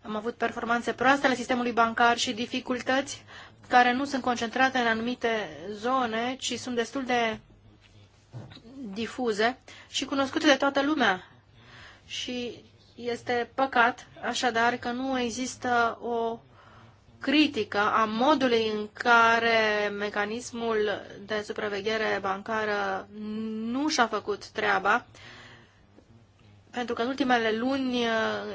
Am avut performanțe proaste ale sistemului bancar și dificultăți care nu sunt concentrate în anumite zone, ci sunt destul de difuze și cunoscute de toată lumea. Și este păcat, așadar, că nu există o critică a modului în care mecanismul de supraveghere bancară nu și-a făcut treaba, pentru că în ultimele luni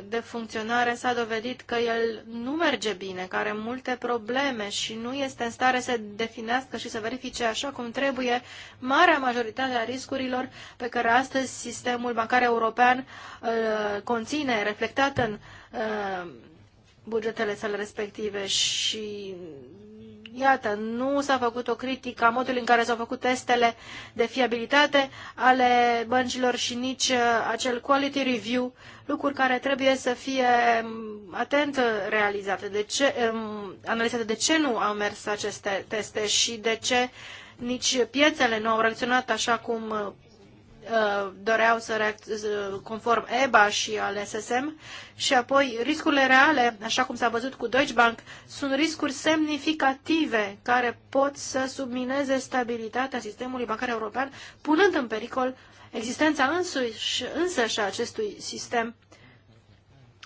de funcționare s-a dovedit că el nu merge bine, că are multe probleme și nu este în stare să definească și să verifice așa cum trebuie marea majoritate a riscurilor pe care astăzi sistemul bancar european uh, conține, reflectat în uh, bugetele sale respective și iată, nu s-a făcut o critică a modului în care s-au făcut testele de fiabilitate ale băncilor și nici uh, acel quality review, lucruri care trebuie să fie um, atent realizate, de ce, um, analizate de ce nu au mers aceste teste și de ce nici piețele nu au reacționat așa cum uh, Uh, doreau să uh, conform EBA și al SSM și apoi riscurile reale, așa cum s-a văzut cu Deutsche Bank, sunt riscuri semnificative care pot să submineze stabilitatea sistemului bancar european, punând în pericol existența însuși, însăși a acestui sistem.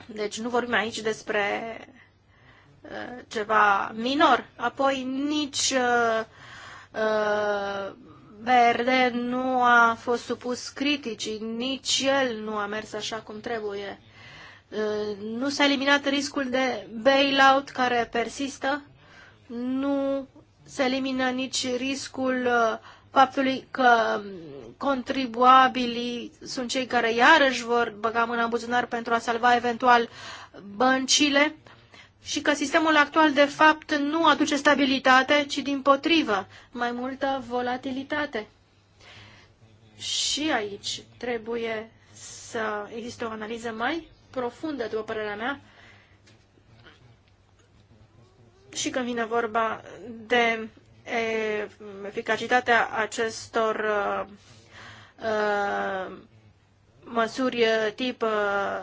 Deci nu vorbim aici despre uh, ceva minor, apoi nici uh, uh, Verde nu a fost supus criticii, nici el nu a mers așa cum trebuie. Uh, nu s-a eliminat riscul de bailout care persistă, nu se elimină nici riscul uh, faptului că contribuabilii sunt cei care iarăși vor băga mâna în buzunar pentru a salva eventual băncile și că sistemul actual, de fapt, nu aduce stabilitate, ci din potrivă, mai multă volatilitate. Și aici trebuie să existe o analiză mai profundă, după părerea mea, și când vine vorba de eficacitatea acestor uh, măsuri tip uh,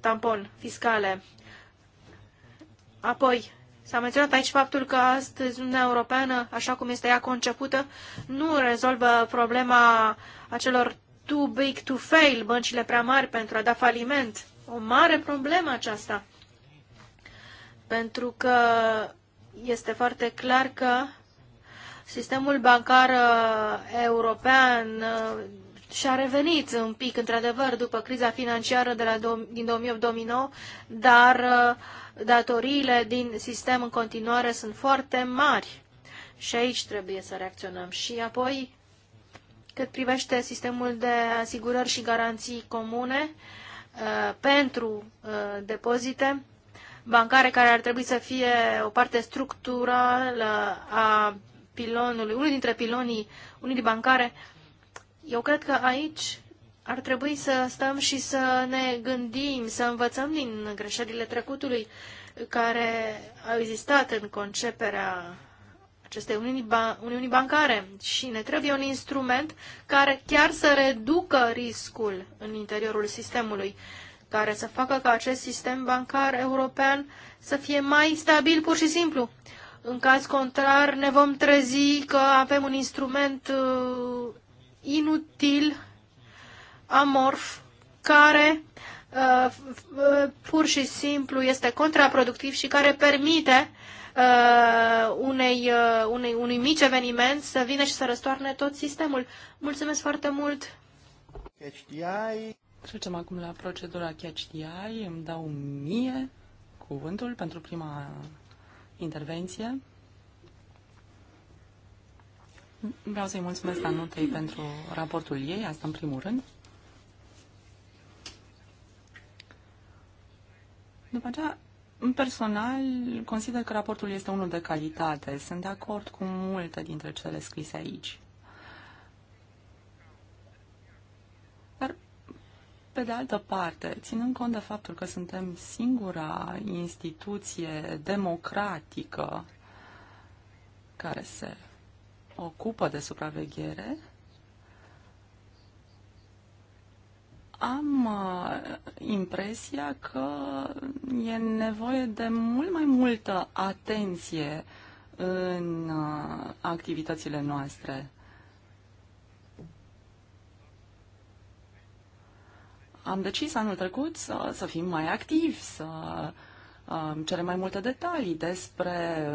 tampon fiscale. Apoi, s-a menționat aici faptul că astăzi Uniunea Europeană, așa cum este ea concepută, nu rezolvă problema acelor too big to fail, băncile prea mari pentru a da faliment. O mare problemă aceasta. Pentru că este foarte clar că sistemul bancar uh, european uh, și-a revenit un pic, într-adevăr, după criza financiară de la, din 2008-2009, dar uh, datoriile din sistem în continuare sunt foarte mari și aici trebuie să reacționăm. Și apoi, cât privește sistemul de asigurări și garanții comune uh, pentru uh, depozite bancare, care ar trebui să fie o parte structurală a pilonului, unul dintre pilonii unii bancare, eu cred că aici ar trebui să stăm și să ne gândim, să învățăm din greșelile trecutului care au existat în conceperea acestei uniuni, ban uniuni bancare și ne trebuie un instrument care chiar să reducă riscul în interiorul sistemului, care să facă ca acest sistem bancar european să fie mai stabil pur și simplu. În caz contrar, ne vom trezi că avem un instrument uh, inutil amorf care uh, uh, pur și simplu este contraproductiv și care permite uh, unei, unei, unui mic eveniment să vină și să răstoarne tot sistemul. Mulțumesc foarte mult! Trecem acum la procedura Catch the Eye. Îmi dau mie cuvântul pentru prima intervenție. Vreau să-i mulțumesc Anutei pentru raportul ei, asta în primul rând. După aceea, personal, consider că raportul este unul de calitate. Sunt de acord cu multe dintre cele scrise aici. Dar, pe de altă parte, ținând cont de faptul că suntem singura instituție democratică care se ocupă de supraveghere, am uh, impresia că e nevoie de mult mai multă atenție în uh, activitățile noastre. Am decis anul trecut să, să fim mai activi, să uh, cerem mai multe detalii despre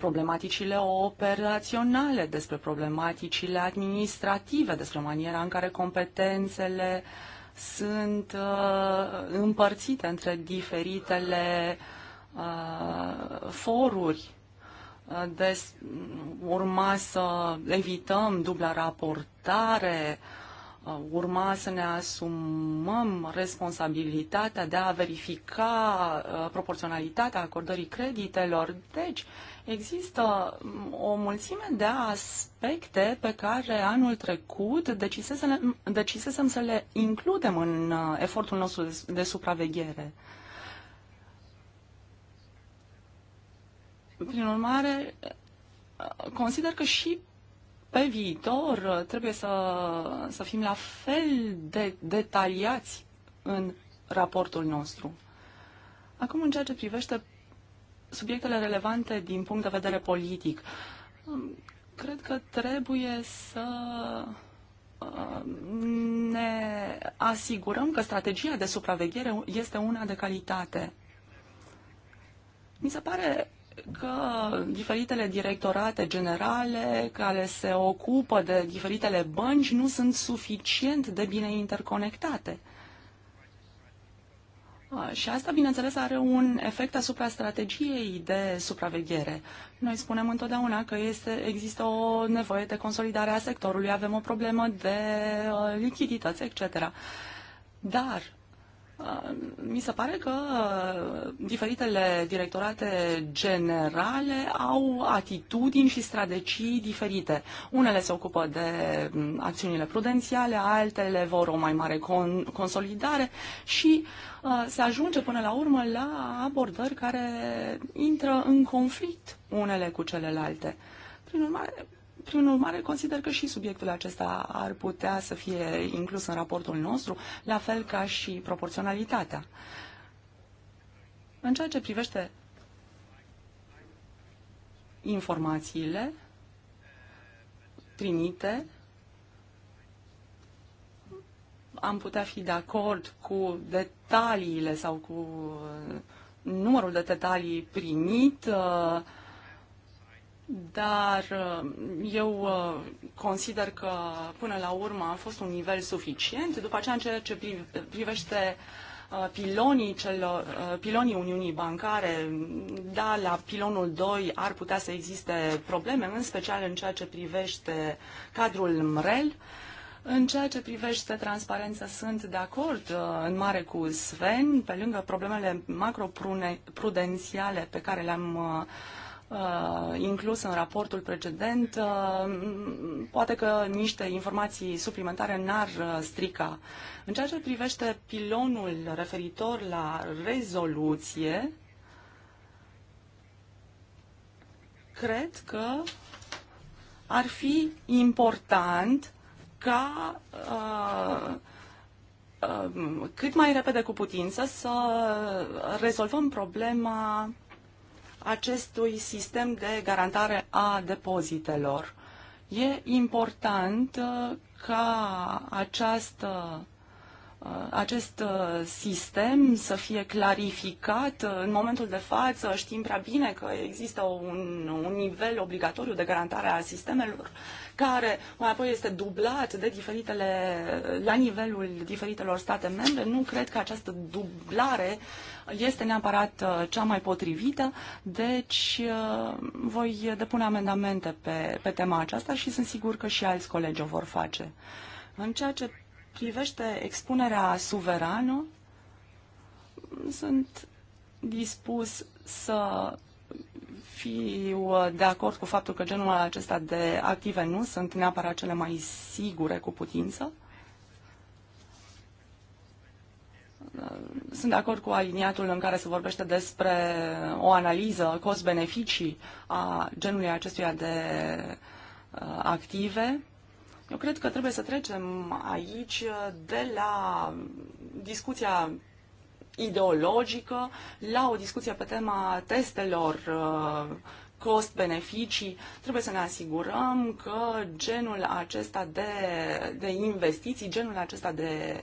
problematicile operaționale, despre problematicile administrative, despre maniera în care competențele sunt uh, împărțite între diferitele uh, foruri. Uh, des, urma să evităm dubla raportare, uh, urma să ne asumăm responsabilitatea de a verifica uh, proporționalitatea acordării creditelor. Deci, uh, Există mm, o mulțime de aspecte pe care anul trecut decisesem, să le includem în uh, efortul nostru de supraveghere. Prin urmare, uh, consider că și pe viitor uh, trebuie să, să fim la fel de detaliați în raportul nostru. Acum, în ceea ce privește subiectele relevante din punct de vedere politic. Cred că trebuie să uh, ne asigurăm că strategia de supraveghere este una de calitate. Mi se pare că diferitele directorate generale care se ocupă de diferitele bănci nu sunt suficient de bine interconectate. Ah, și asta, bineînțeles, are un efect asupra strategiei de supraveghere. Noi spunem întotdeauna că este, există o nevoie de consolidare a sectorului, avem o problemă de uh, lichidități, etc. Dar mi se pare că uh, diferitele directorate generale au atitudini și strategii diferite. Unele se ocupă de mm, acțiunile prudențiale, altele vor o mai mare con- consolidare și uh, se ajunge până la urmă la abordări care intră în conflict unele cu celelalte. Prin urmare, prin urmare, consider că și subiectul acesta ar putea să fie inclus în raportul nostru, la fel ca și proporționalitatea. În ceea ce privește informațiile primite, am putea fi de acord cu detaliile sau cu uh, numărul de detalii primit, uh, dar uh, eu uh, consider că până la urmă a fost un nivel suficient. După aceea, în ceea ce privește uh, pilonii, celor, pilonii Uniunii Bancare, da, la pilonul 2 ar putea să existe probleme, în special în ceea ce privește cadrul MREL. În ceea ce privește transparența, sunt de acord în mare cu Sven, pe lângă problemele macroprudențiale pe care le-am uh, Uh, inclus în raportul precedent, uh, poate că niște informații suplimentare n-ar uh, strica. În ceea ce privește pilonul referitor la rezoluție, cred că ar fi important ca cât mai repede cu putință să rezolvăm problema acestui sistem de garantare a depozitelor. E important uh, ca această acest uh, sistem să fie clarificat. Uh, în momentul de față știm prea bine că există un, un nivel obligatoriu de garantare a sistemelor care mai apoi este dublat de diferitele, la nivelul diferitelor state membre. Nu cred că această dublare este neapărat uh, cea mai potrivită, deci voi depune amendamente pe, pe tema aceasta și sunt sigur că și alți colegi o vor face. În ceea ce privește expunerea suverană, sunt dispus să fiu de acord cu faptul că genul acesta de active nu sunt neapărat cele mai sigure cu putință. Sunt de acord cu aliniatul în care se vorbește despre o analiză cost-beneficii a genului acestuia de uh, active. Eu cred că trebuie să trecem aici uh, de la discuția ideologică la o discuție pe tema testelor uh, cost-beneficii, trebuie să ne asigurăm că genul acesta de, de investiții, genul acesta de uh,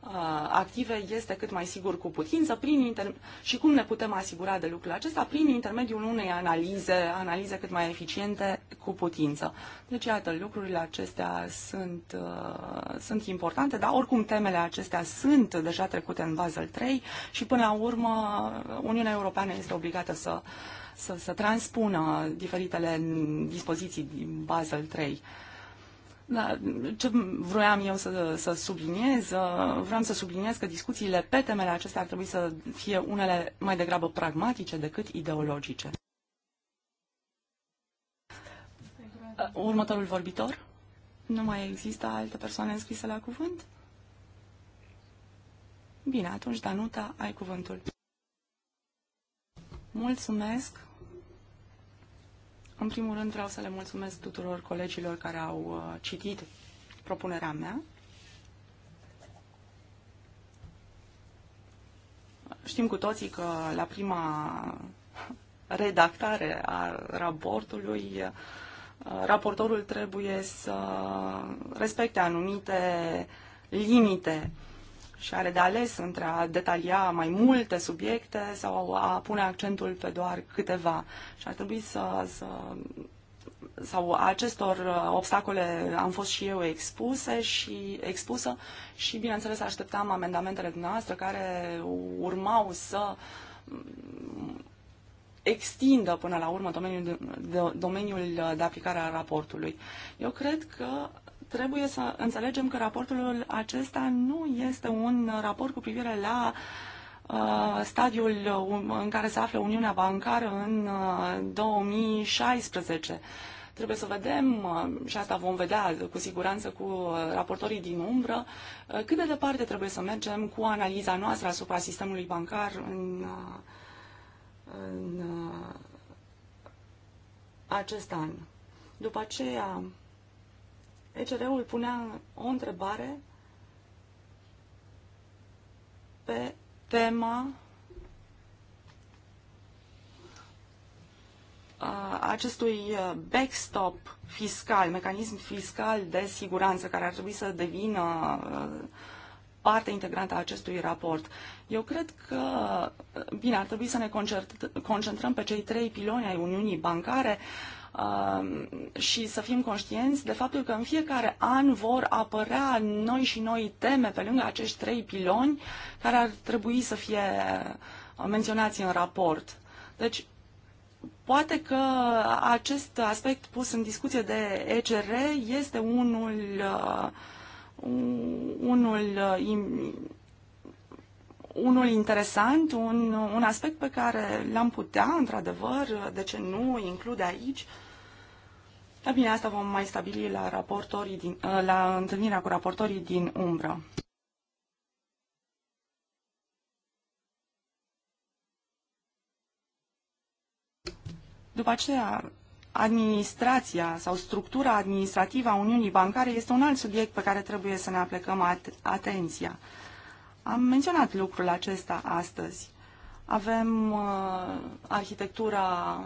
Uh, active este cât mai sigur cu putință prin inter- și cum ne putem asigura de lucrul acesta prin intermediul unei analize, analize cât mai eficiente cu putință. Deci, iată, lucrurile acestea sunt, uh, sunt importante, dar oricum temele acestea sunt deja trecute în Basel 3 și până la urmă Uniunea Europeană este obligată să, să, să transpună diferitele dispoziții din Basel 3. Da, ce vroiam eu să, să subliniez, uh, vreau să subliniez că discuțiile pe temele acestea ar trebui să fie unele mai degrabă pragmatice decât ideologice. Uh, următorul vorbitor? Nu mai există alte persoane înscrise la cuvânt? Bine, atunci, Danuta, ai cuvântul. Mulțumesc. În primul rând vreau să le mulțumesc tuturor colegilor care au uh, citit propunerea mea. Știm cu toții că la prima redactare a raportului, uh, raportorul trebuie să respecte anumite limite uh, și are de ales între a detalia mai multe subiecte sau a pune accentul pe doar câteva. Și ar trebui să, să sau acestor uh, obstacole am fost și eu expuse și expusă și bineînțeles așteptam amendamentele dumneavoastră care urmau să mm, extindă până la urmă domeniul de, domeniul de aplicare a raportului. Eu cred că trebuie să înțelegem că raportul acesta nu este un raport cu privire la uh, stadiul um, în care se află Uniunea Bancară în 2016. Uh, trebuie să vedem, uh, și asta vom vedea cu siguranță cu raportorii din umbră, cât de departe trebuie să mergem cu analiza noastră asupra sistemului bancar în, în acest an. După aceea, ECR-ul punea o întrebare pe tema acestui backstop fiscal, mecanism fiscal de siguranță care ar trebui să devină parte integrantă a acestui raport. Eu cred că, bine, ar trebui să ne concentrăm pe cei trei piloni ai Uniunii Bancare, uh, Um, și să fim conștienți de faptul că în fiecare an vor apărea noi și noi teme pe lângă acești trei piloni care ar trebui să fie uh, menționați în raport. Deci, poate că acest aspect pus în discuție de ECR este unul, uh, unul uh, unul interesant, un, un aspect pe care l-am putea, într-adevăr, de ce nu, include aici, uh, da, bine, asta vom mai stabili la, raportorii din, ă, la întâlnirea cu raportorii din umbră. După aceea, administrația sau structura administrativă a Uniunii Bancare este un alt subiect pe care trebuie să ne aplecăm at- atenția. Am menționat lucrul acesta astăzi. Avem uh, arhitectura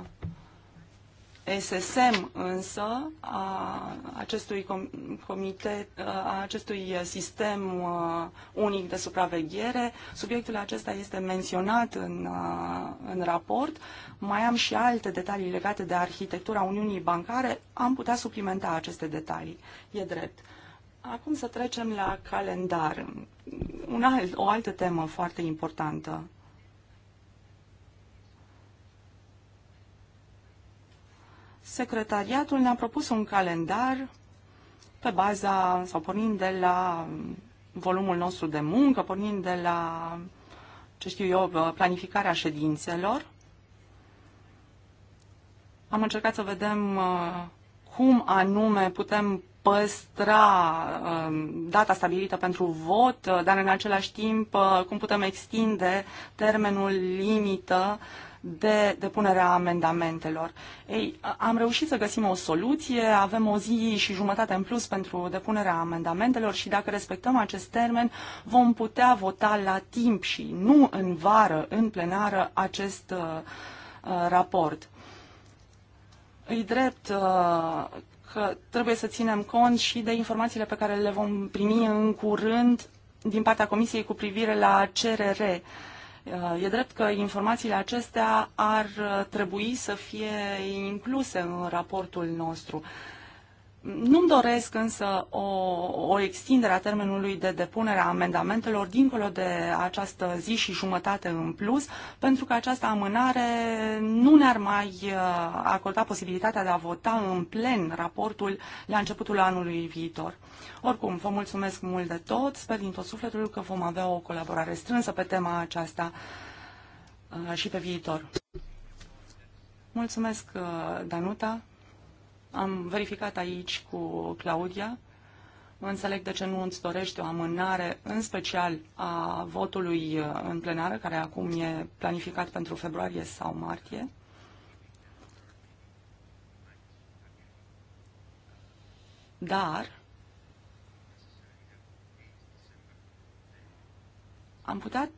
SSM însă a acestui comitet, a acestui sistem uh, unic de supraveghere, subiectul acesta este menționat în, uh, în raport. Mai am și alte detalii legate de arhitectura Uniunii Bancare, am putea suplimenta aceste detalii, e drept. Acum să trecem la calendar, Un alt, o altă temă foarte importantă. Secretariatul ne-a propus un calendar pe baza sau pornind de la volumul nostru de muncă, pornind de la, ce știu eu, planificarea ședințelor. Am încercat să vedem uh, cum anume putem păstra uh, data stabilită pentru vot, uh, dar în același timp cum putem extinde termenul limită de depunerea amendamentelor. Ei, am reușit să găsim o soluție, avem o zi și jumătate în plus pentru depunerea amendamentelor și dacă respectăm acest termen, vom putea vota la timp și nu în vară, în plenară, acest uh, uh raport. Îi drept uh, că trebuie să ținem cont și de informațiile pe care le vom primi în curând din partea Comisiei cu privire la CRR. E drept că informațiile acestea ar trebui să fie incluse în raportul nostru. Nu-mi doresc însă o, o extindere a termenului de depunere a amendamentelor dincolo de această zi și jumătate în plus, pentru că această amânare nu ne-ar mai uh, acorda posibilitatea de a vota în plen raportul la începutul anului viitor. Oricum, vă mulțumesc mult de tot, sper din tot sufletul că vom avea o colaborare strânsă pe tema aceasta uh, și pe viitor. Mulțumesc, uh, Danuta. Am verificat aici cu Claudia. Înțeleg de ce nu îți dorești o amânare, în special a votului uh, în plenară, care acum e planificat pentru februarie sau martie. Dar am putea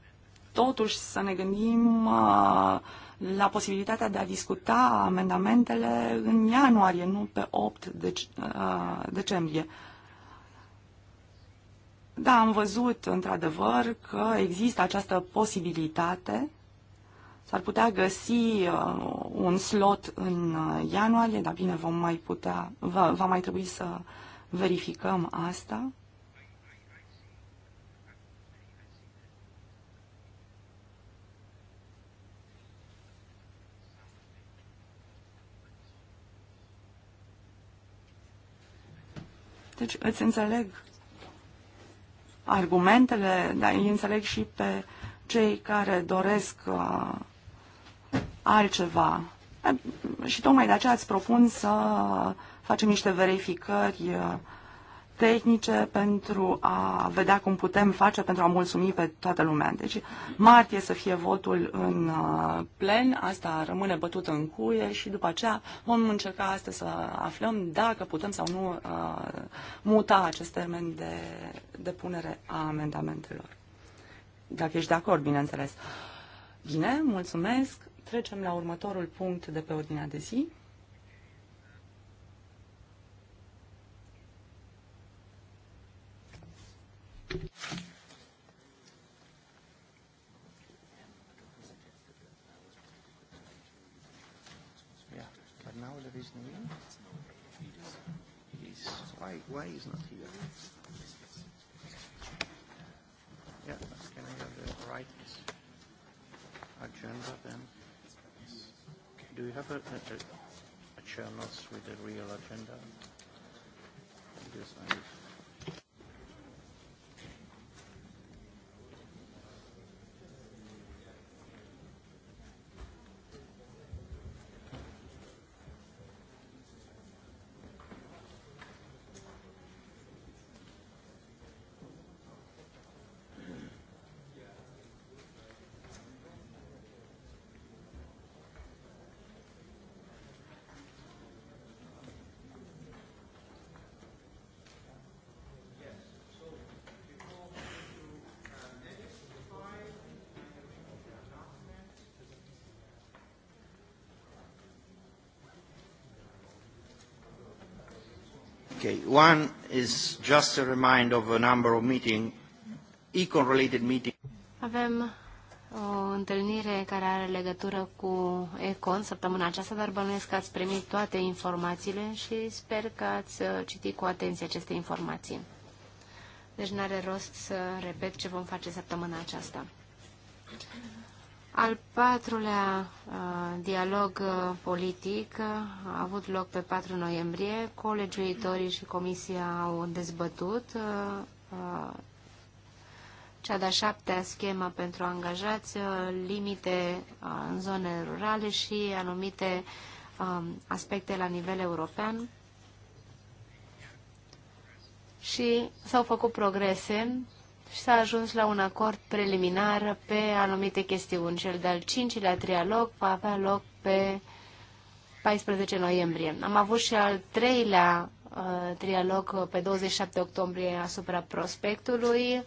totuși să ne gândim uh, la posibilitatea de a discuta amendamentele în ianuarie, nu pe 8 dec- decembrie. Da, am văzut într-adevăr că există această posibilitate. S-ar putea găsi un slot în ianuarie, dar bine, vom mai putea, va, va mai trebui să verificăm asta. Deci îți înțeleg argumentele, dar îi înțeleg și pe cei care doresc uh, altceva. Și tocmai de aceea îți propun să facem niște verificări uh, tehnice pentru a vedea cum putem face pentru a mulțumi pe toată lumea. Deci martie să fie votul în uh, plen, asta rămâne bătută în cuie și după aceea vom încerca astăzi să aflăm dacă putem sau nu uh, muta acest termen de depunere a amendamentelor. Dacă ești de acord, bineînțeles. Bine, mulțumesc. Trecem la următorul punct de pe ordinea de zi. why he's not here. Yeah, can I have the right agenda then? Do you have a, a, a, a with the real agenda? Yes, I Okay, one is just a reminder of a number of meeting, econ-related meeting. Avem o întâlnire care are legătură cu Econ săptămâna aceasta, dar bănuiesc că ați primit toate informațiile și sper că ați uh, citit cu atenție aceste informații. Deci nu are rost să repet ce vom face săptămâna aceasta. Al patrulea uh, dialog uh, politic uh, a avut loc pe 4 noiembrie. Colegiuitorii și comisia au dezbătut cea de-a șaptea schemă pentru angajați, limite în zone rurale și anumite um, aspecte la nivel european. Și s-au făcut progrese și s-a ajuns la un acord preliminar pe anumite chestiuni. Cel de-al cincilea trialog va avea loc pe 14 noiembrie. Am avut și al treilea uh, trialog pe 27 octombrie asupra prospectului.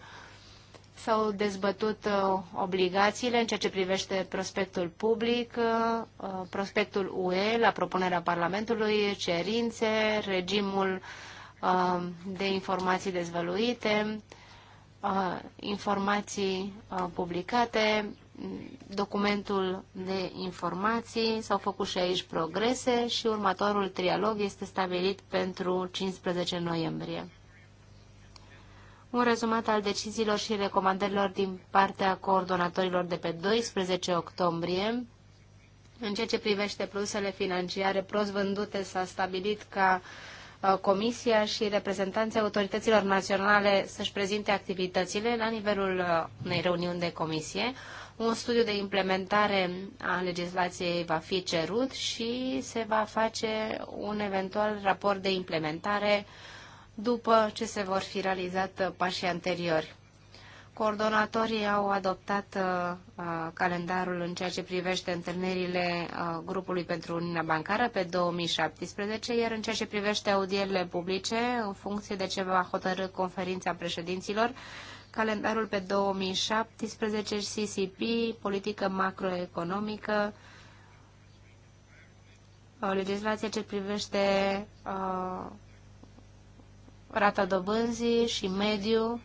S-au dezbătut uh, obligațiile în ceea ce privește prospectul public, uh, prospectul UE la propunerea Parlamentului, cerințe, regimul uh, de informații dezvăluite, uh, Uh, informații uh, publicate, mm, documentul de informații, s-au făcut și aici progrese și următorul trialog este stabilit pentru 15 noiembrie. Un rezumat al deciziilor și recomandărilor din partea coordonatorilor de pe 12 octombrie în ceea ce privește plusele financiare prost vândute s-a stabilit ca uh, Uh, Comisia și reprezentanții autorităților naționale să-și prezinte activitățile la nivelul uh, unei reuniuni de comisie. Un studiu de implementare a legislației va fi cerut și se va face un eventual raport de implementare după ce se vor fi realizat uh, pașii anteriori. Coordonatorii au adoptat uh, uh, calendarul în ceea ce privește întâlnirile uh, grupului pentru Uniunea Bancară pe 2017, iar în ceea ce privește audierile publice, în funcție de ce va hotărâ conferința președinților, calendarul pe 2017, CCP, politică macroeconomică, uh, legislația ce privește uh, rata dobânzii și mediu,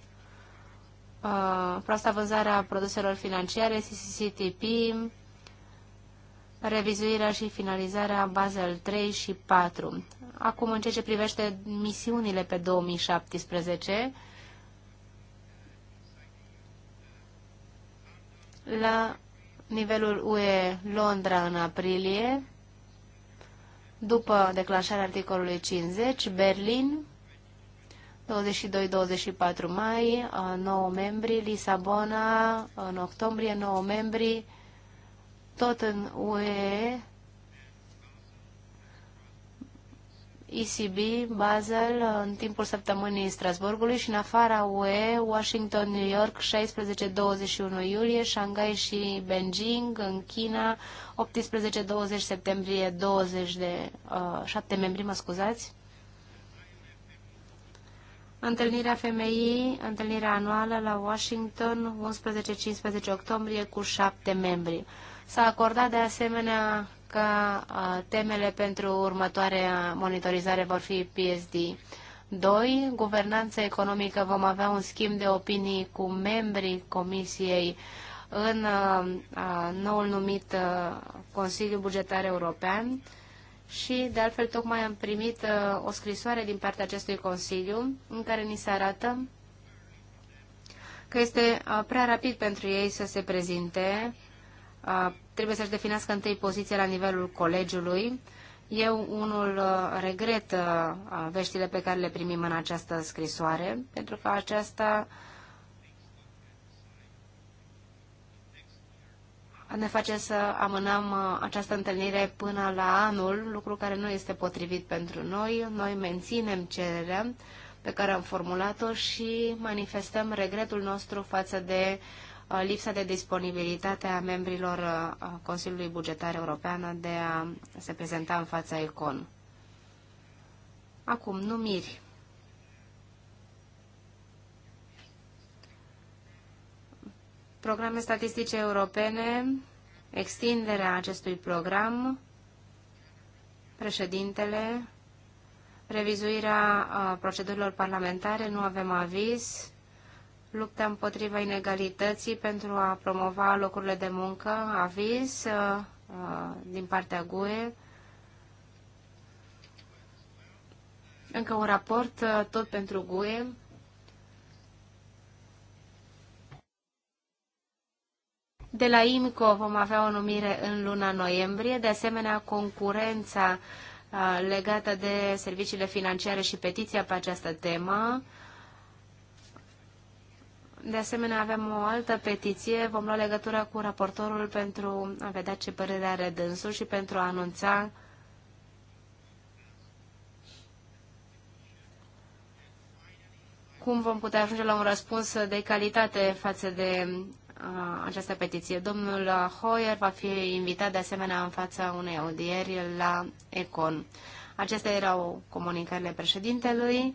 Uh, proasta vânzare a produselor financiare, CCCTP, revizuirea și finalizarea Basel 3 și 4. Acum, în ceea ce privește misiunile pe 2017, la nivelul UE Londra în aprilie, după declanșarea articolului 50, Berlin, 22-24 mai, 9 membri, Lisabona în octombrie, 9 membri, tot în UE, ECB, Basel, în timpul săptămânii Strasburgului și în afara UE, Washington, New York, 16-21 iulie, Shanghai și Beijing, în China, 18-20 septembrie, 20 de, uh, 7 membri, mă scuzați, Întâlnirea femeii, întâlnirea anuală la Washington, 11-15 octombrie, cu șapte membri. S-a acordat de asemenea că temele pentru următoarea monitorizare vor fi PSD. 2. Guvernanță economică. Vom avea un schimb de opinii cu membrii Comisiei în noul numit Consiliu Bugetar European și, de altfel, tocmai am primit uh, o scrisoare din partea acestui Consiliu în care ni se arată că este uh, prea rapid pentru ei să se prezinte. Uh, trebuie să-și definească întâi poziția la nivelul colegiului. Eu unul regret veștile pe care le primim în această scrisoare, pentru că aceasta ne face să amânăm uh, această întâlnire până la anul, lucru care nu este potrivit pentru noi. Noi menținem cererea pe care am formulat-o și manifestăm regretul nostru față de uh, lipsa de disponibilitate a membrilor uh, Consiliului Bugetar European de a se prezenta în fața ECON. Acum, numiri. programe statistice europene, extinderea acestui program, președintele, revizuirea procedurilor parlamentare, nu avem aviz, lupta împotriva inegalității pentru a promova locurile de muncă, aviz din partea GUE, încă un raport tot pentru GUE, De la IMCO vom avea o numire în luna noiembrie, de asemenea concurența uh, legată de serviciile financiare și petiția pe această temă. De asemenea, avem o altă petiție. Vom lua legătura cu raportorul pentru a vedea ce părere are dânsul și pentru a anunța cum vom putea ajunge la un răspuns de calitate față de Uh, această petiție. Domnul Hoyer va fi invitat de asemenea în fața unei audieri la Econ. Acestea erau comunicările președintelui.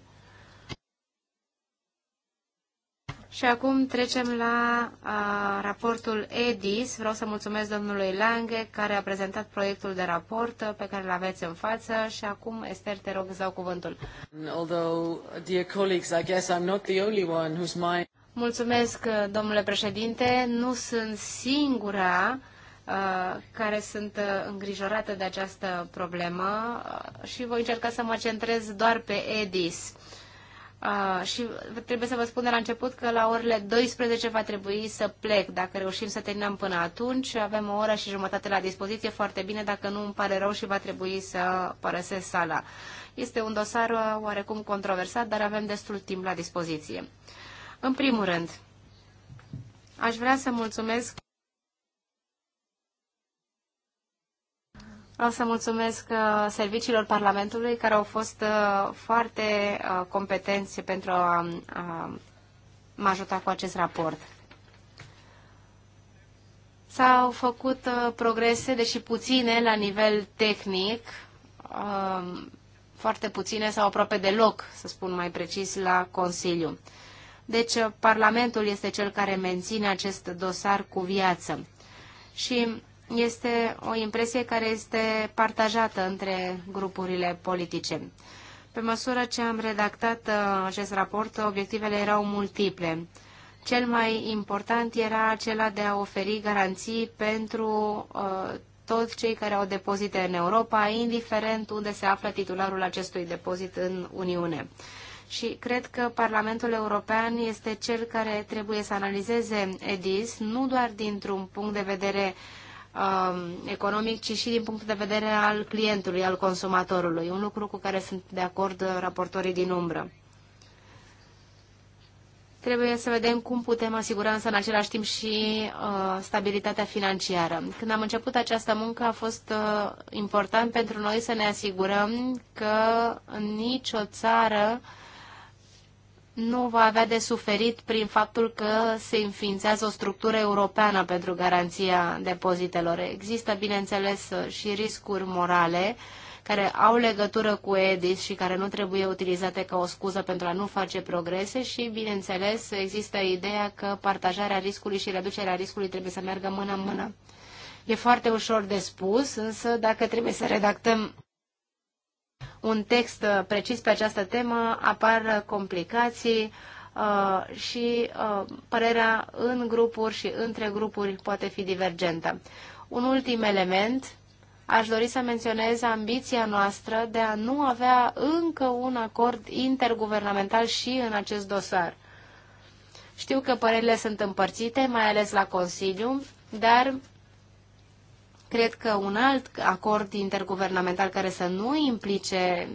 Și acum trecem la a, uh, raportul EDIS. Vreau să mulțumesc domnului Lange, care a prezentat proiectul de raport pe care îl aveți în față și acum, Esther, te rog, îți dau cuvântul. Although, dear colleagues, I guess I'm not the only one whose mind... Mulțumesc, uh, domnule președinte. Nu sunt singura uh, care sunt uh, îngrijorată de această problemă și voi încerca să mă centrez doar pe EDIS. și trebuie să vă spun de la început că la orele 12 va trebui să plec. Dacă reușim să terminăm până atunci, avem o oră și jumătate la dispoziție, foarte bine, dacă nu îmi pare rău și va trebui să părăsesc sala. Este un dosar oarecum controversat, dar avem destul timp la dispoziție. În primul rând, aș vrea să mulțumesc Vreau să mulțumesc uh, serviciilor Parlamentului care au fost uh, foarte uh, competenți pentru um, a mă ajuta cu acest raport. S-au făcut progrese, deși puține, la nivel tehnic, um, foarte puține sau aproape deloc, să spun mai precis, la Consiliu. Deci uh, Parlamentul este cel care menține acest dosar cu viață. Și este o impresie care este partajată între grupurile politice. Pe măsură ce am redactat uh, acest raport, obiectivele erau multiple. Cel mai important era acela de a oferi garanții pentru uh, toți cei care au depozite în Europa, indiferent unde se află titularul acestui depozit în Uniune și cred că Parlamentul European este cel care trebuie să analizeze EDIS, nu doar dintr-un punct de vedere um, economic, ci și din punct de vedere al clientului, al consumatorului, un lucru cu care sunt de acord raportorii din umbră. Trebuie să vedem cum putem asigura însă în același timp și uh, stabilitatea financiară. Când am început această muncă a fost uh, important pentru noi să ne asigurăm că nicio țară uh, nu va avea de suferit prin faptul că se înființează o structură europeană pentru garanția depozitelor. Există, bineînțeles, și riscuri morale care au legătură cu EDIS și care nu trebuie utilizate ca o scuză pentru a nu face progrese și, bineînțeles, există ideea că partajarea riscului și reducerea riscului trebuie să meargă mână în mână. E foarte ușor de spus, însă dacă trebuie să redactăm un text precis pe această temă, apar complicații uh, și uh, părerea în grupuri și între grupuri poate fi divergentă. Un ultim element, aș dori să menționez ambiția noastră de a nu avea încă un acord interguvernamental și în acest dosar. Știu că părerile sunt împărțite, mai ales la Consiliu, dar Cred că un alt acord interguvernamental care să nu implice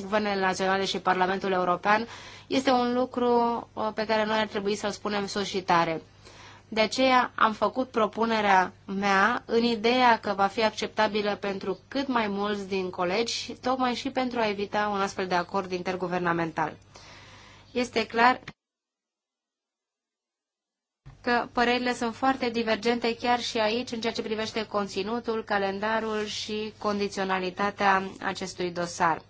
guvernele naționale și Parlamentul European este un lucru uh, pe care noi ar trebui să-l spunem sus și tare. De aceea am făcut propunerea mea în ideea că va fi acceptabilă pentru cât mai mulți din colegi, tocmai și pentru a evita un astfel de acord interguvernamental. Este clar că părerile sunt foarte divergente chiar și aici în ceea ce privește conținutul, calendarul și condiționalitatea acestui dosar.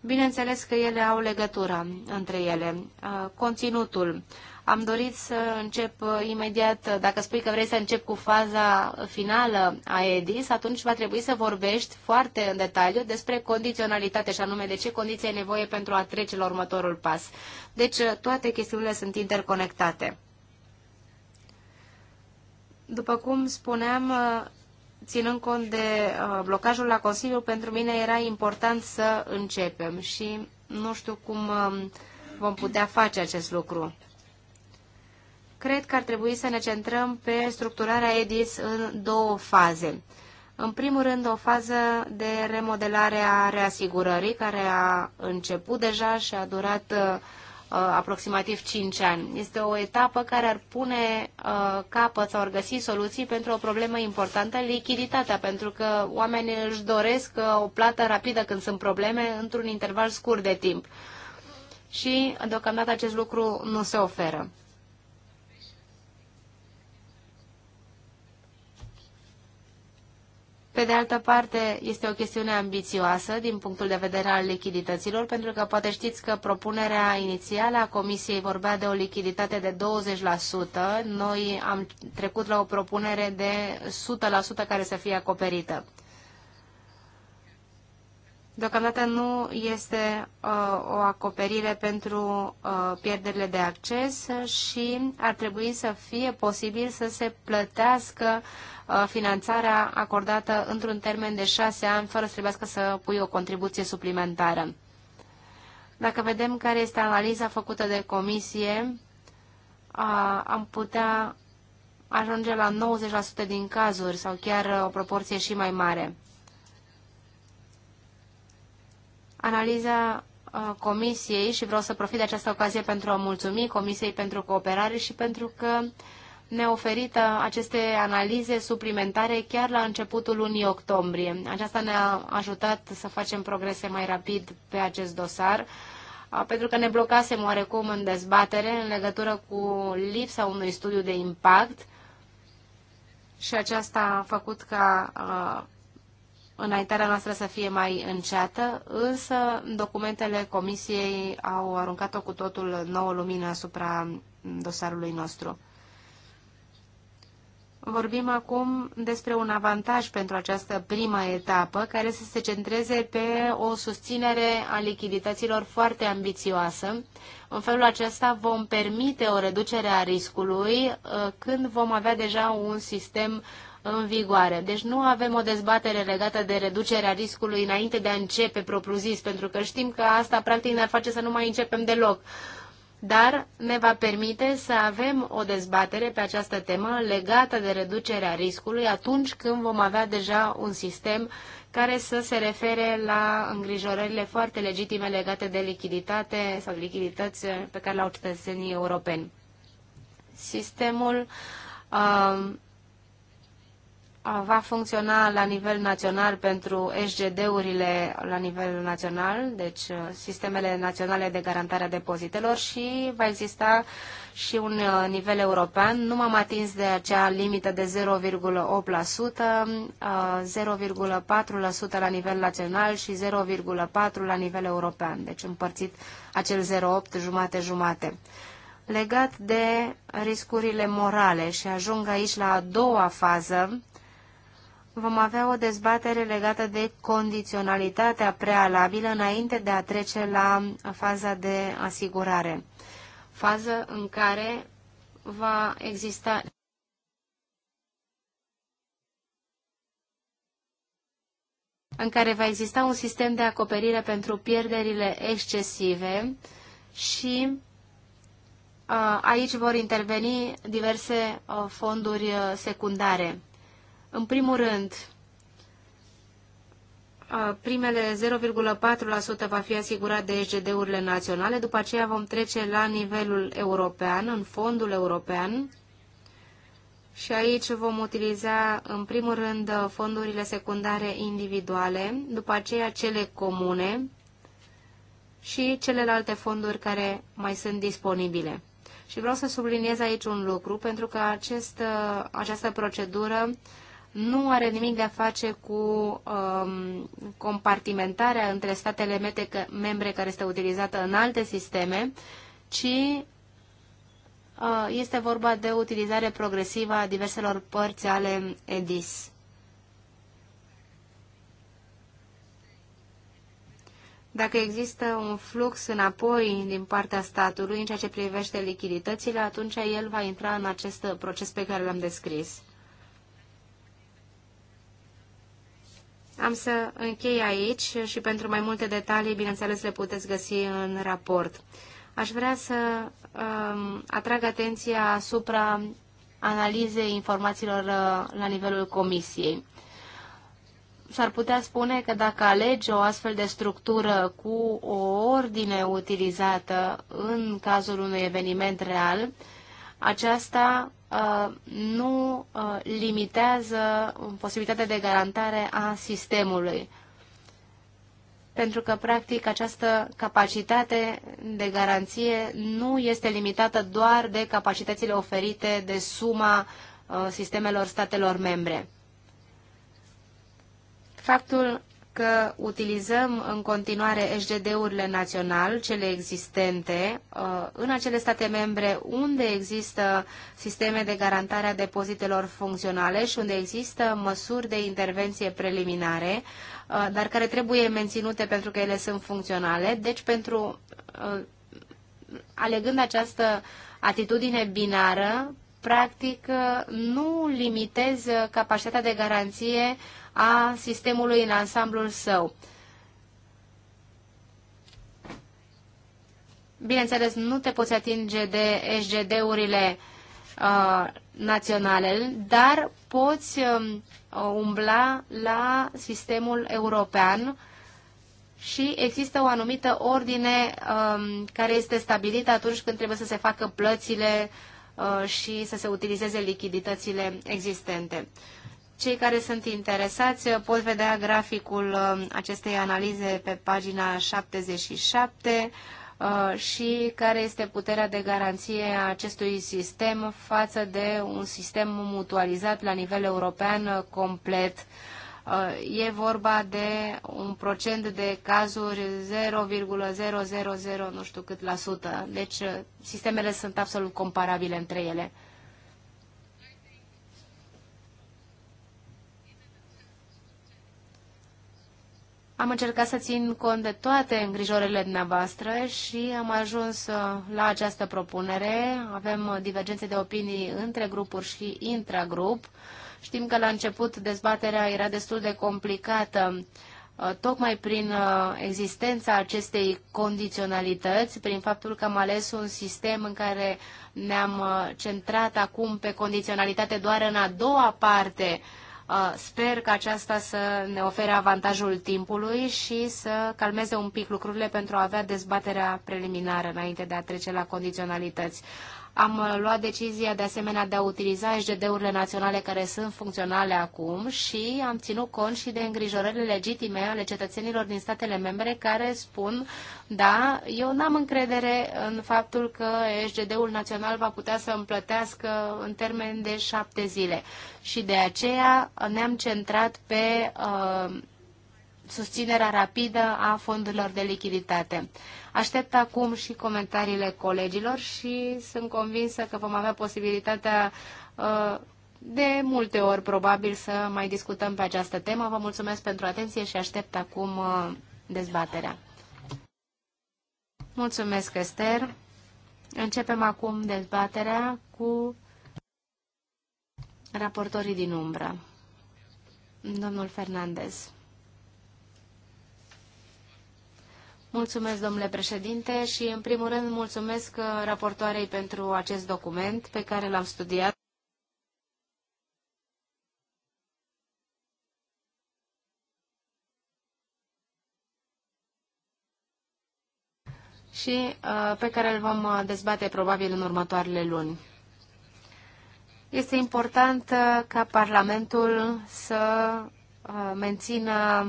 Bineînțeles că ele au legătură între ele. Uh, conținutul. Am dorit să încep imediat, dacă spui că vrei să încep cu faza finală a EDIS, atunci va trebui să vorbești foarte în detaliu despre condiționalitate și anume de ce condiții e nevoie pentru a trece la următorul pas. Deci toate chestiunile sunt interconectate. După cum spuneam, uh, ținând cont de uh, blocajul la Consiliu, pentru mine era important să începem și nu știu cum um, vom putea face acest lucru. Cred că ar trebui să ne centrăm pe structurarea EDIS în două faze. În primul rând, o fază de remodelare a reasigurării, care a început deja și a durat uh, Uh, aproximativ 5 ani. Este o etapă care ar pune uh, capăt sau ar găsi soluții pentru o problemă importantă, lichiditatea, pentru că oamenii își doresc uh, o plată rapidă când sunt probleme într-un interval scurt de timp. Și deocamdată acest lucru nu se oferă. Pe de altă parte, este o chestiune ambițioasă din punctul de vedere al lichidităților, pentru că poate știți că propunerea inițială a Comisiei vorbea de o lichiditate de 20%. Noi am trecut la o propunere de 100% care să fie acoperită. Deocamdată nu este uh, o acoperire pentru uh, pierderile de acces și ar trebui să fie posibil să se plătească uh, finanțarea acordată într-un termen de șase ani, fără să trebuiască să pui o contribuție suplimentară. Dacă vedem care este analiza făcută de comisie, uh, am putea ajunge la 90% din cazuri sau chiar uh, o proporție și mai mare. analiza uh, Comisiei și vreau să profit de această ocazie pentru a mulțumi Comisiei pentru cooperare și pentru că ne oferită uh, aceste analize suplimentare chiar la începutul lunii octombrie. Aceasta ne-a ajutat să facem progrese mai rapid pe acest dosar, uh, pentru că ne blocasem oarecum în dezbatere în legătură cu lipsa unui studiu de impact și aceasta a făcut ca înaintarea noastră să fie mai înceată, însă documentele comisiei au aruncat-o cu totul nouă lumină asupra dosarului nostru. Vorbim acum despre un avantaj pentru această prima etapă, care să se centreze pe o susținere a lichidităților foarte ambițioasă. În felul acesta vom permite o reducere a riscului ă, când vom avea deja un sistem în vigoare. Deci nu avem o dezbatere legată de reducerea riscului înainte de a începe propriu-zis, pentru că știm că asta practic ne-ar face să nu mai începem deloc. Dar ne va permite să avem o dezbatere pe această temă legată de reducerea riscului atunci când vom avea deja un sistem care să se refere la îngrijorările foarte legitime legate de lichiditate sau lichidități pe care le-au cetățenii europeni. Sistemul uh, va funcționa la nivel național pentru SGD-urile la nivel național, deci uh, sistemele naționale de garantare a depozitelor și va exista și un uh, nivel european. Nu m-am atins de acea limită de 0,8%, 0,4% uh, la nivel național și 0,4% la nivel european, deci împărțit acel 0,8 jumate-jumate legat de riscurile morale și ajung aici la a doua fază vom avea o dezbatere legată de condiționalitatea prealabilă înainte de a trece la faza de asigurare, fază în care va exista în care va exista un sistem de acoperire pentru pierderile excesive și uh, aici vor interveni diverse uh, fonduri uh, secundare. În primul rând, primele 0,4% va fi asigurat de SGD-urile naționale, după aceea vom trece la nivelul european, în fondul european, și aici vom utiliza în primul rând fondurile secundare individuale, după aceea cele comune și celelalte fonduri care mai sunt disponibile. Și vreau să subliniez aici un lucru, pentru că acest, această procedură nu are nimic de a face cu um, compartimentarea între statele membre care este utilizată în alte sisteme, ci uh, este vorba de utilizare progresivă a diverselor părți ale EDIS. Dacă există un flux înapoi din partea statului în ceea ce privește lichiditățile, atunci el va intra în acest proces pe care l-am descris. Am să închei aici și pentru mai multe detalii, bineînțeles, le puteți găsi în raport. Aș vrea să um, atrag atenția asupra analizei informațiilor uh, la nivelul comisiei. S-ar putea spune că dacă alegi o astfel de structură cu o ordine utilizată în cazul unui eveniment real, uh, aceasta uh, nu uh, limitează posibilitatea de garantare a sistemului. Pentru că, practic, această capacitate de garanție nu este limitată doar de capacitățile oferite de suma uh, sistemelor statelor membre. Faptul că utilizăm în continuare SGD-urile național, cele existente, uh, în acele state membre unde există sisteme de garantare a depozitelor funcționale și unde există măsuri de intervenție preliminare, uh, dar care trebuie menținute pentru că ele sunt funcționale. Deci, pentru uh, alegând această atitudine binară, practic nu limitez capacitatea de garanție a sistemului în ansamblul său. Bineînțeles, nu te poți atinge de SGD-urile uh, naționale, dar poți uh, umbla la sistemul european și există o anumită ordine uh, care este stabilită atunci când trebuie să se facă plățile Uh, și să se utilizeze lichiditățile existente. Cei care sunt interesați uh, pot vedea graficul uh, acestei analize pe pagina 77 și care este puterea de garanție a acestui sistem față de un sistem mutualizat la nivel european complet Uh, e vorba de un procent de cazuri 0,000 nu știu cât la sută. Deci uh, sistemele sunt absolut comparabile între ele. Am încercat să țin cont de toate îngrijorările dumneavoastră și am ajuns uh, la această propunere. Avem divergențe de opinii între grupuri și intragrup. grup Știm că la început dezbaterea era destul de complicată uh, tocmai prin uh, existența acestei condiționalități, prin faptul că am ales un sistem în care ne-am uh, centrat acum pe condiționalitate doar în a doua parte. Sper că aceasta să ne ofere avantajul timpului și să calmeze un pic lucrurile pentru a avea dezbaterea preliminară înainte de a trece la condiționalități. Am uh, luat decizia de asemenea de a utiliza SGD-urile naționale care sunt funcționale acum și am ținut cont și de îngrijorările legitime ale cetățenilor din statele membre care spun, da, eu n-am încredere în faptul că SGD-ul național va putea să împlătească în termen de șapte zile. Și de aceea ne-am centrat pe uh, susținerea rapidă a fondurilor de lichiditate. Aștept acum și comentariile colegilor și sunt convinsă că vom avea posibilitatea uh, de multe ori probabil să mai discutăm pe această temă. Vă mulțumesc pentru atenție și aștept acum uh, dezbaterea. Mulțumesc, Ester. Începem acum dezbaterea cu raportorii din umbră. Domnul Fernandez. Mulțumesc, domnule președinte, și în primul rând mulțumesc uh, raportoarei pentru acest document pe care l-am studiat. și uh, pe care îl vom uh, dezbate probabil în următoarele luni. Este important ca Parlamentul să mențină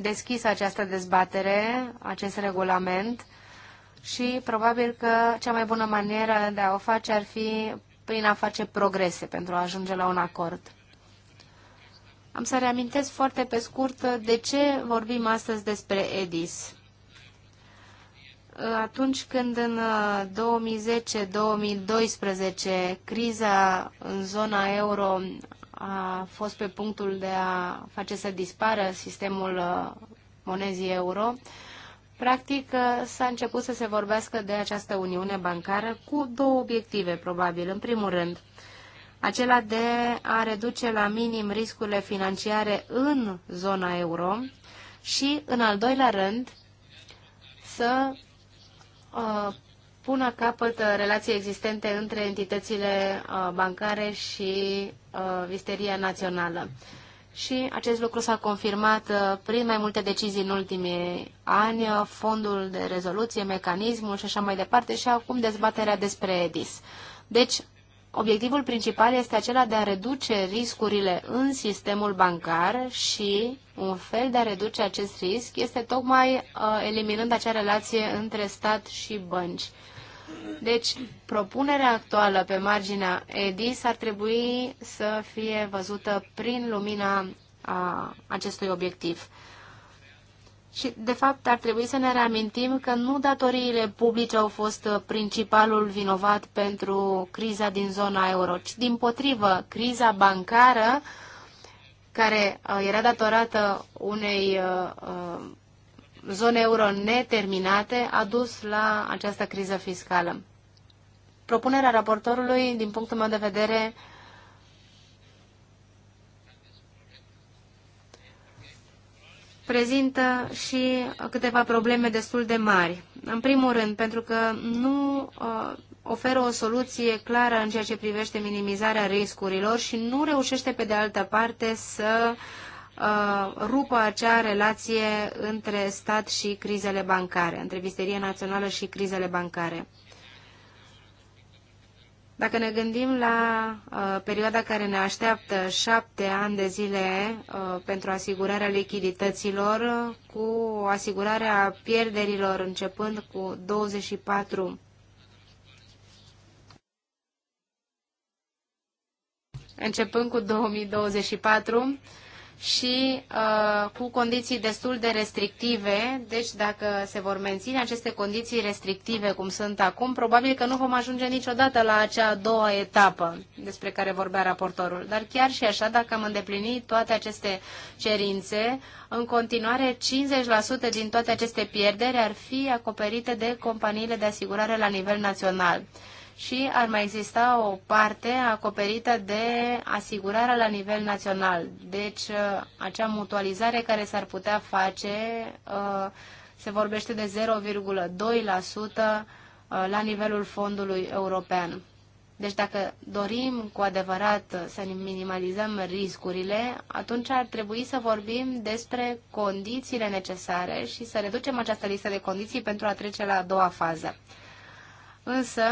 deschis această dezbatere, acest regulament și probabil că cea mai bună manieră de a o face ar fi prin a face progrese pentru a ajunge la un acord. Am să reamintesc foarte pe scurt de ce vorbim astăzi despre EDIS. Atunci când în 2010-2012 uh, criza în zona euro a fost pe punctul de a face să dispară sistemul uh, monezii euro, practic uh, s-a început să se vorbească de această uniune bancară cu două obiective, probabil. În primul rând, acela de a reduce la minim riscurile financiare în zona euro și, în al doilea rând, să uh, pună capăt uh, relații existente între entitățile bancare și uh, Visteria națională. Și acest lucru s-a confirmat uh, prin mai multe decizii în ultimii ani, uh, fondul de rezoluție, mecanismul și așa mai departe și acum dezbaterea despre EDIS. Deci, obiectivul principal este acela de a reduce riscurile în sistemul bancar și un fel de a reduce acest risc este tocmai uh, eliminând acea relație între stat și bănci. Deci, propunerea actuală pe marginea EDIS ar trebui să fie văzută prin lumina a, acestui obiectiv. Și, de fapt, ar trebui să ne reamintim că nu datoriile publice au fost principalul vinovat pentru criza din zona euro, ci, din potrivă, criza bancară, care era datorată unei uh, zone euro neterminate a dus la această criză fiscală. Propunerea raportorului, din punctul meu de vedere, prezintă și câteva probleme destul de mari. În primul rând, pentru că nu uh, oferă o soluție clară în ceea ce privește minimizarea riscurilor și nu reușește, pe de altă parte, să uh, Uh, rupă acea relație între stat și crizele bancare, între Visteria Națională și crizele bancare. Dacă ne gândim la uh, perioada care ne așteaptă șapte ani de zile uh, pentru asigurarea lichidităților, uh, cu asigurarea pierderilor începând cu 24 începând cu 2024, și uh, cu condiții destul de restrictive. Deci dacă se vor menține aceste condiții restrictive cum sunt acum, probabil că nu vom ajunge niciodată la acea a doua etapă despre care vorbea raportorul. Dar chiar și așa, dacă am îndeplinit toate aceste cerințe, în continuare 50% din toate aceste pierderi ar fi acoperite de companiile de asigurare la nivel național și ar mai exista o parte acoperită de asigurarea la nivel național. Deci, uh, acea mutualizare care s-ar putea face, uh, se vorbește de 0,2% uh, la nivelul fondului european. Deci dacă dorim cu adevărat să minimalizăm riscurile, atunci ar trebui să vorbim despre condițiile necesare și să reducem această listă de condiții pentru a trece la a doua fază. Însă,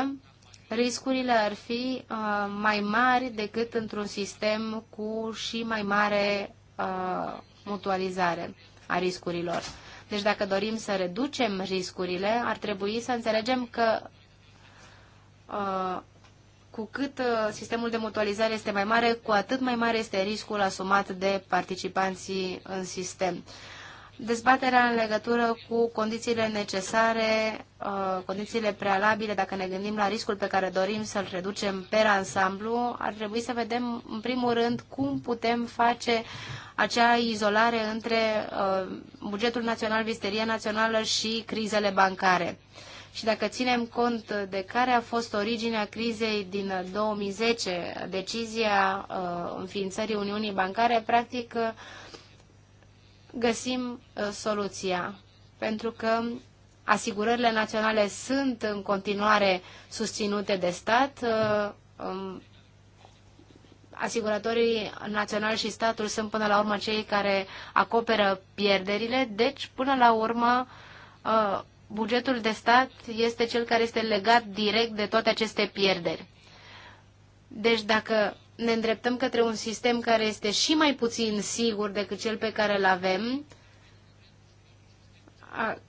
riscurile ar fi uh, mai mari decât într-un sistem cu și mai mare uh, mutualizare a riscurilor. Deci dacă dorim să reducem riscurile, ar trebui să înțelegem că uh, cu cât uh, sistemul de mutualizare este mai mare, cu atât mai mare este riscul asumat de participanții în sistem. Dezbaterea în legătură cu condițiile necesare, uh, condițiile prealabile, dacă ne gândim la riscul pe care dorim să-l reducem per ansamblu, ar trebui să vedem, în primul rând, cum putem face acea izolare între uh, bugetul național, visteria națională și crizele bancare. Și dacă ținem cont de care a fost originea crizei din 2010, decizia uh, înființării Uniunii Bancare, practic, găsim uh, soluția, pentru că asigurările naționale sunt în continuare susținute de stat, uh, um, asiguratorii naționali și statul sunt până la urmă cei care acoperă pierderile, deci până la urmă uh, bugetul de stat este cel care este legat direct de toate aceste pierderi. Deci dacă ne îndreptăm către un sistem care este și mai puțin sigur decât cel pe care îl avem,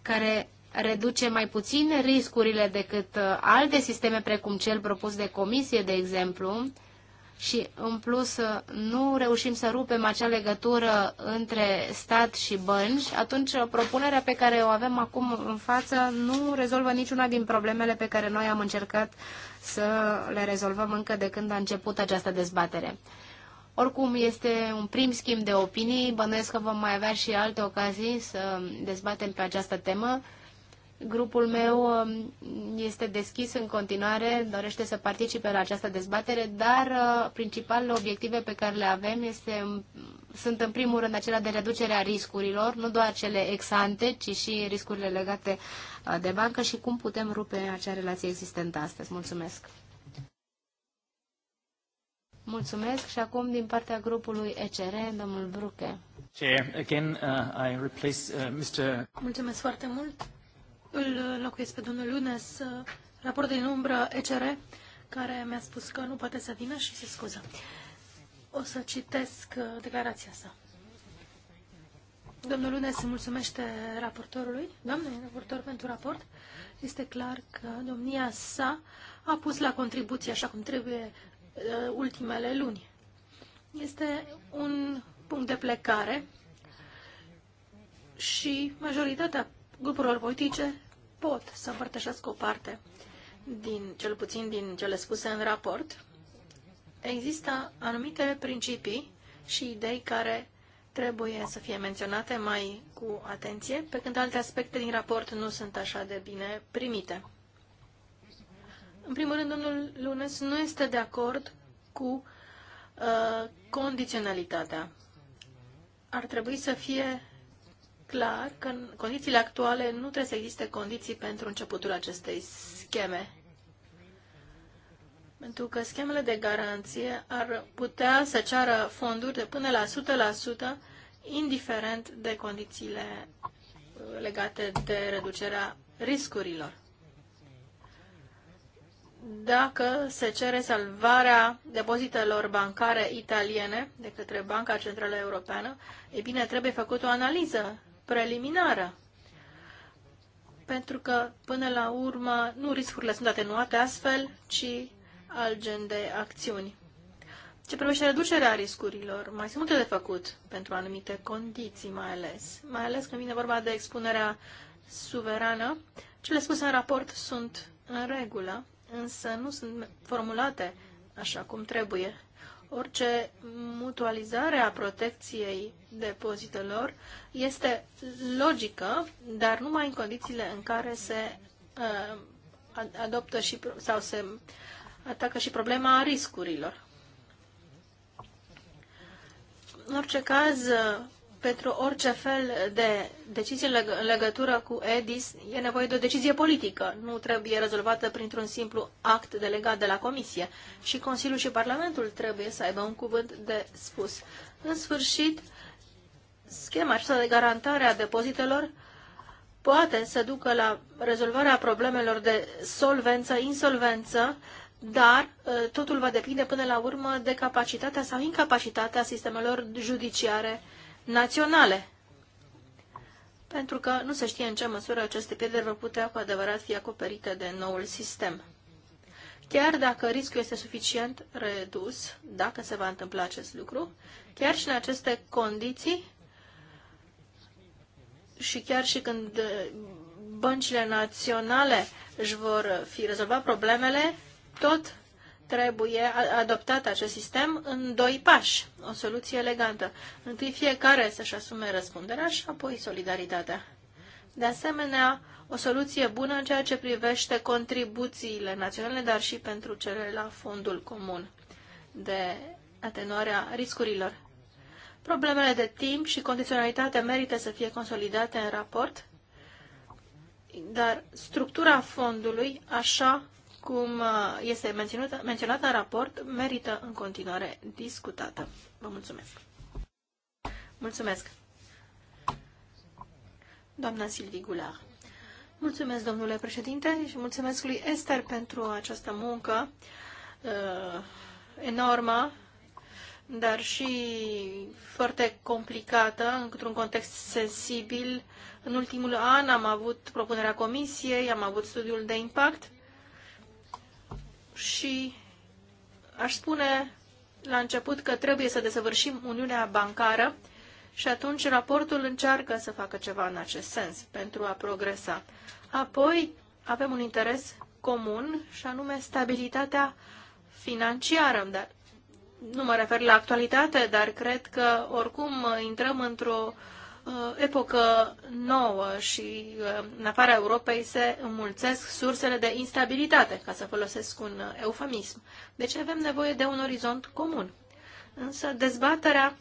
care reduce mai puțin riscurile decât uh, alte sisteme precum cel propus de comisie, de exemplu, și, în plus, nu reușim să rupem acea legătură între stat și bănci, atunci propunerea pe care o avem acum în față nu rezolvă niciuna din problemele pe care noi am încercat să le rezolvăm încă de când a început această dezbatere. Oricum, este un prim schimb de opinii, bănuiesc că vom mai avea și alte ocazii să dezbatem pe această temă Grupul meu um, este deschis în continuare, dorește să participe la această dezbatere, dar uh, principalele obiective pe care le avem este, sunt în primul rând acelea de reducere a riscurilor, nu doar cele exante, ci și riscurile legate uh, de bancă și cum putem rupe acea relație existentă astăzi. Mulțumesc! Mulțumesc și acum din partea grupului ECR, domnul Bruche. Chair, again, uh, I replace, uh, Mr. Mulțumesc foarte mult îl locuiesc pe domnul Lunes, raport din umbră ECR, care mi-a spus că nu poate să vină și se scuză. O să citesc uh, declarația sa. Domnul Lunes îi mulțumește raportorului, Doamne, raportor pentru raport. Este clar că domnia sa a pus la contribuție așa cum trebuie uh, ultimele luni. Este un punct de plecare și majoritatea grupurilor politice pot să împărtășesc o parte din, cel puțin din cele spuse în raport. Există anumite principii și idei care trebuie să fie menționate mai cu atenție, pe când alte aspecte din raport nu sunt așa de bine primite. În primul rând, domnul Lunes nu este de acord cu uh, condiționalitatea. Ar trebui să fie clar că în condițiile actuale nu trebuie să existe condiții pentru începutul acestei scheme. Pentru că schemele de garanție ar putea să ceară fonduri de până la 100%, indiferent de condițiile uh, legate de reducerea riscurilor. Dacă se cere salvarea depozitelor bancare italiene de către Banca Centrală Europeană, e bine, trebuie făcut o analiză preliminară. Pentru că, până la urmă, nu riscurile sunt atenuate astfel, ci al gen de acțiuni. Ce privește reducerea riscurilor, mai sunt multe de făcut pentru anumite condiții, mai ales. Mai ales când vine vorba de expunerea suverană, cele spuse în raport sunt în regulă, însă nu sunt formulate așa cum trebuie. Orice mutualizare a protecției depozitelor este logică, dar numai în condițiile în care se uh, adoptă și, sau se atacă și problema riscurilor. În orice caz, pentru orice fel de decizie în legătură cu EDIS e nevoie de o decizie politică. Nu trebuie rezolvată printr-un simplu act delegat de la Comisie. Și Consiliul și Parlamentul trebuie să aibă un cuvânt de spus. În sfârșit, schema aceasta de garantare a depozitelor poate să ducă la rezolvarea problemelor de solvență, insolvență, dar ă, totul va depinde până la urmă de capacitatea sau incapacitatea sistemelor judiciare naționale. Pentru că nu se știe în ce măsură aceste pierderi vor putea cu adevărat fi acoperite de noul sistem. Chiar dacă riscul este suficient redus, dacă se va întâmpla acest lucru, chiar și în aceste condiții și chiar și când uh, băncile naționale își vor fi rezolvat problemele, tot trebuie adoptat acest sistem în doi pași, o soluție elegantă. Întâi fiecare să-și asume răspunderea și apoi solidaritatea. De asemenea, o soluție bună în ceea ce privește contribuțiile naționale, dar și pentru cele la fondul comun de atenuarea riscurilor. Problemele de timp și condiționalitate merită să fie consolidate în raport, dar structura fondului, așa cum uh, este menționată, menționată în raport, merită în continuare discutată. Vă mulțumesc! Mulțumesc! Doamna Silvi Gular. Mulțumesc, domnule președinte, și mulțumesc lui Esther pentru această muncă uh, enormă, dar și foarte complicată, într-un context sensibil. În ultimul an am avut propunerea comisiei, am avut studiul de impact și aș spune la început că trebuie să desăvârșim Uniunea Bancară și atunci raportul încearcă să facă ceva în acest sens pentru a progresa. Apoi avem un interes comun și anume stabilitatea financiară. Dar nu mă refer la actualitate, dar cred că oricum intrăm într-o uh, Uh, epocă nouă și uh, în afara Europei se înmulțesc sursele de instabilitate, ca să folosesc un uh, eufemism. Deci avem nevoie de un orizont comun. Însă dezbaterea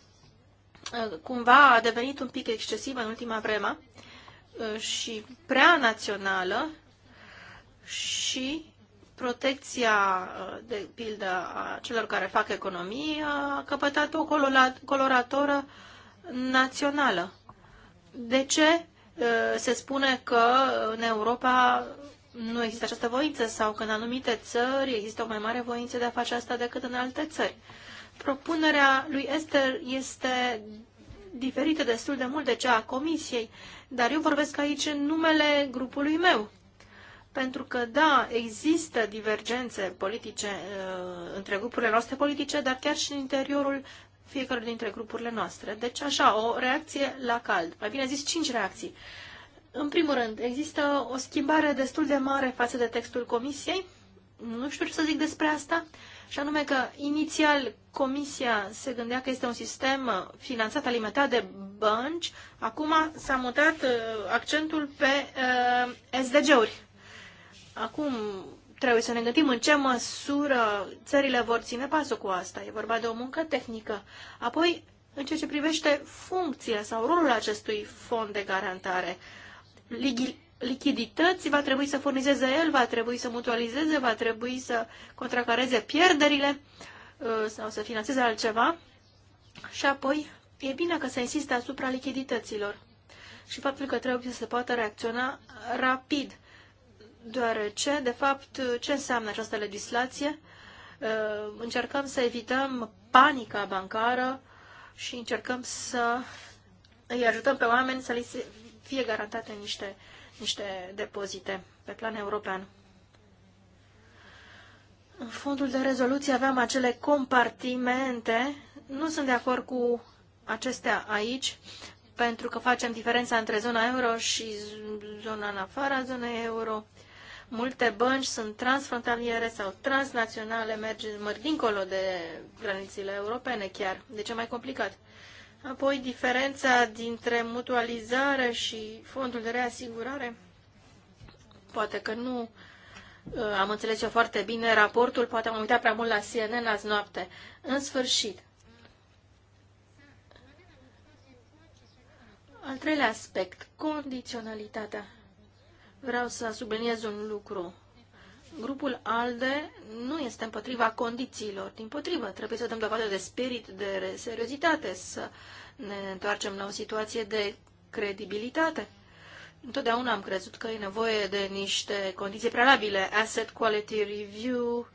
cumva a devenit un pic excesivă în ultima vreme și prea națională și protecția, de pildă, a celor care fac economii a căpătat o coloratoră națională de ce uh, se spune că în Europa nu există această voință sau că în anumite țări există o mai mare voință de a face asta decât în alte țări. Propunerea lui Esther este diferită destul de mult de cea a Comisiei, dar eu vorbesc aici în numele grupului meu. Pentru că, da, există divergențe politice uh, între grupurile noastre politice, dar chiar și în interiorul fiecare dintre grupurile noastre. Deci așa, o reacție la cald, mai bine zis cinci reacții. În primul rând, există o schimbare destul de mare față de textul comisiei, nu știu ce să zic despre asta, și anume că inițial comisia se gândea că este un sistem finanțat, alimentat de bănci, acum s-a mutat uh, accentul pe uh, SDG-uri. Acum, trebuie să ne gândim în ce măsură țările vor ține pasul cu asta. E vorba de o muncă tehnică. Apoi, în ceea ce privește funcția sau rolul acestui fond de garantare, lichidități va trebui să furnizeze el, va trebui să mutualizeze, va trebui să contracareze pierderile uh, sau să financeze altceva. Și apoi, e bine că se insiste asupra lichidităților și faptul că trebuie să se poată reacționa rapid deoarece, de fapt, ce înseamnă această legislație? Uh, încercăm să evităm panica bancară și încercăm să îi ajutăm pe oameni să li fie garantate niște, niște depozite pe plan european. În fondul de rezoluție aveam acele compartimente. Nu sunt de acord cu acestea aici, pentru că facem diferența între zona euro și zona în afara zonei euro. Multe bănci sunt transfrontaliere sau transnaționale, merg, merg dincolo de granițele europene chiar, deci e mai complicat. Apoi diferența dintre mutualizare și fondul de reasigurare. Poate că nu uh, am înțeles eu foarte bine raportul, poate am uitat prea mult la CNN azi noapte. În sfârșit, al treilea aspect, condiționalitatea vreau să subliniez un lucru. Grupul ALDE nu este împotriva condițiilor, din potrivă, trebuie să dăm dovadă de spirit, de seriozitate, să ne întoarcem la o situație de credibilitate. Întotdeauna am crezut că e nevoie de niște condiții prealabile, asset quality review,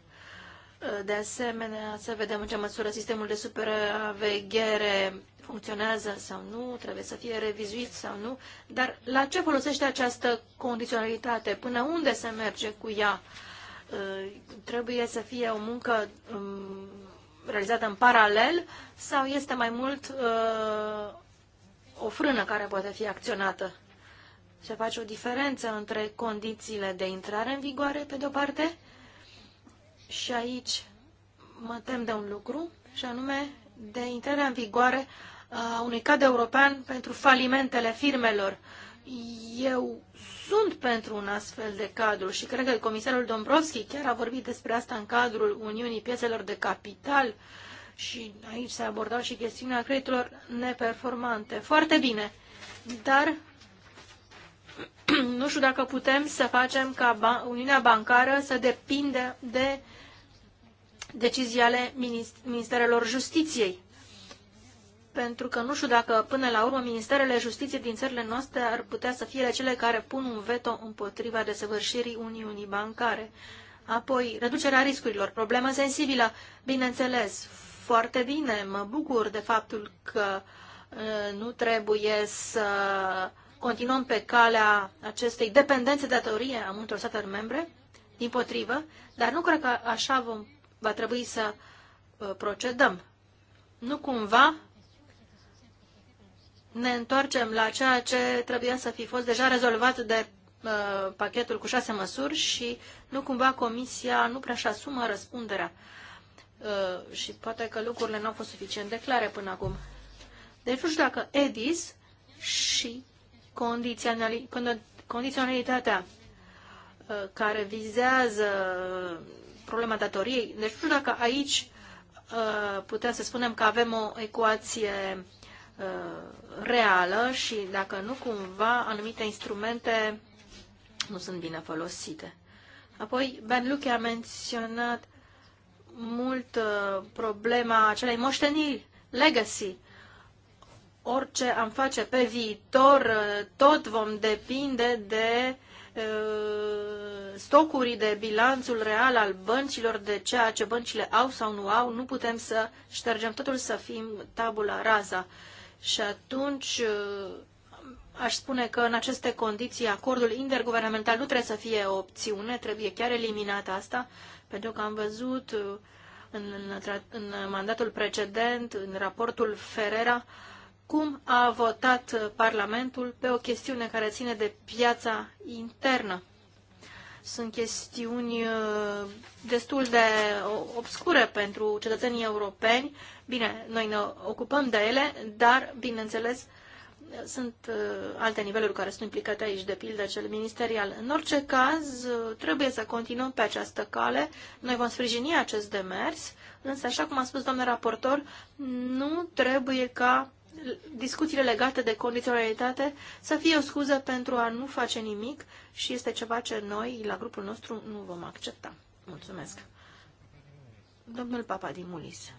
de asemenea, să vedem în ce măsură sistemul de supraveghere funcționează sau nu, trebuie să fie revizuit sau nu, dar la ce folosește această condiționalitate? Până unde se merge cu ea? Uh, trebuie să fie o muncă um, realizată în paralel sau este mai mult uh, o frână care poate fi acționată? Se face o diferență între condițiile de intrare în vigoare, pe de-o parte, și aici mă tem de un lucru, și anume de intrarea în vigoare unui cadru european pentru falimentele firmelor. Eu sunt pentru un astfel de cadru și cred că comisarul Dombrovski chiar a vorbit despre asta în cadrul Uniunii Piețelor de Capital și aici se abordat și chestiunea creditelor neperformante. Foarte bine, dar (clears throat) nu știu dacă putem să facem ca Uniunea Bancară să depindă de decizii ale Ministerelor Justiției pentru că nu știu dacă până la urmă ministerele justiției din țările noastre ar putea să fie cele care pun un veto împotriva desăvârșirii Uniunii Bancare. Apoi, reducerea riscurilor, problemă sensibilă, bineînțeles, foarte bine, mă bucur de faptul că uh, nu trebuie să continuăm pe calea acestei dependențe de datorie a multor state membre, din potrivă, dar nu cred că așa vom, va trebui să uh, procedăm. Nu cumva ne întoarcem la ceea ce trebuia să fi fost deja rezolvat de uh, pachetul cu șase măsuri și nu cumva Comisia nu prea-și asumă răspunderea. Uh, și poate că lucrurile nu au fost suficient de clare până acum. Deci nu știu dacă EDIS și condiționalitatea uh, care vizează problema datoriei, deci nu știu dacă aici uh, putem să spunem că avem o ecuație Uh, reală și dacă nu cumva anumite instrumente nu sunt bine folosite. Apoi, Ben Luke a menționat mult uh, problema acelei moșteniri, legacy. Orice am face pe viitor, uh, tot vom depinde de stocuri, de bilanțul real al băncilor, de ceea ce băncile au sau nu au, nu putem să ștergem totul să fim tabula raza. Uh, și atunci uh, aș spune că în aceste condiții acordul interguvernamental nu trebuie să fie o opțiune, trebuie chiar eliminat asta, pentru că am văzut uh, în, în mandatul precedent, în raportul Ferrera, cum a votat uh, Parlamentul pe o chestiune care ține de piața internă. Sunt chestiuni uh, destul de obscure pentru cetățenii europeni. Bine, noi ne ocupăm de ele, dar, bineînțeles, sunt uh, alte niveluri care sunt implicate aici, de pildă cel ministerial. În orice caz, uh, trebuie să continuăm pe această cale. Noi vom sprijini acest demers, însă, așa cum a spus doamna raportor, nu trebuie ca discuțiile legate de condiționalitate să fie o scuză pentru a nu face nimic și este ceva ce noi, la grupul nostru, nu vom accepta. Mulțumesc. Domnul papa din Mulis.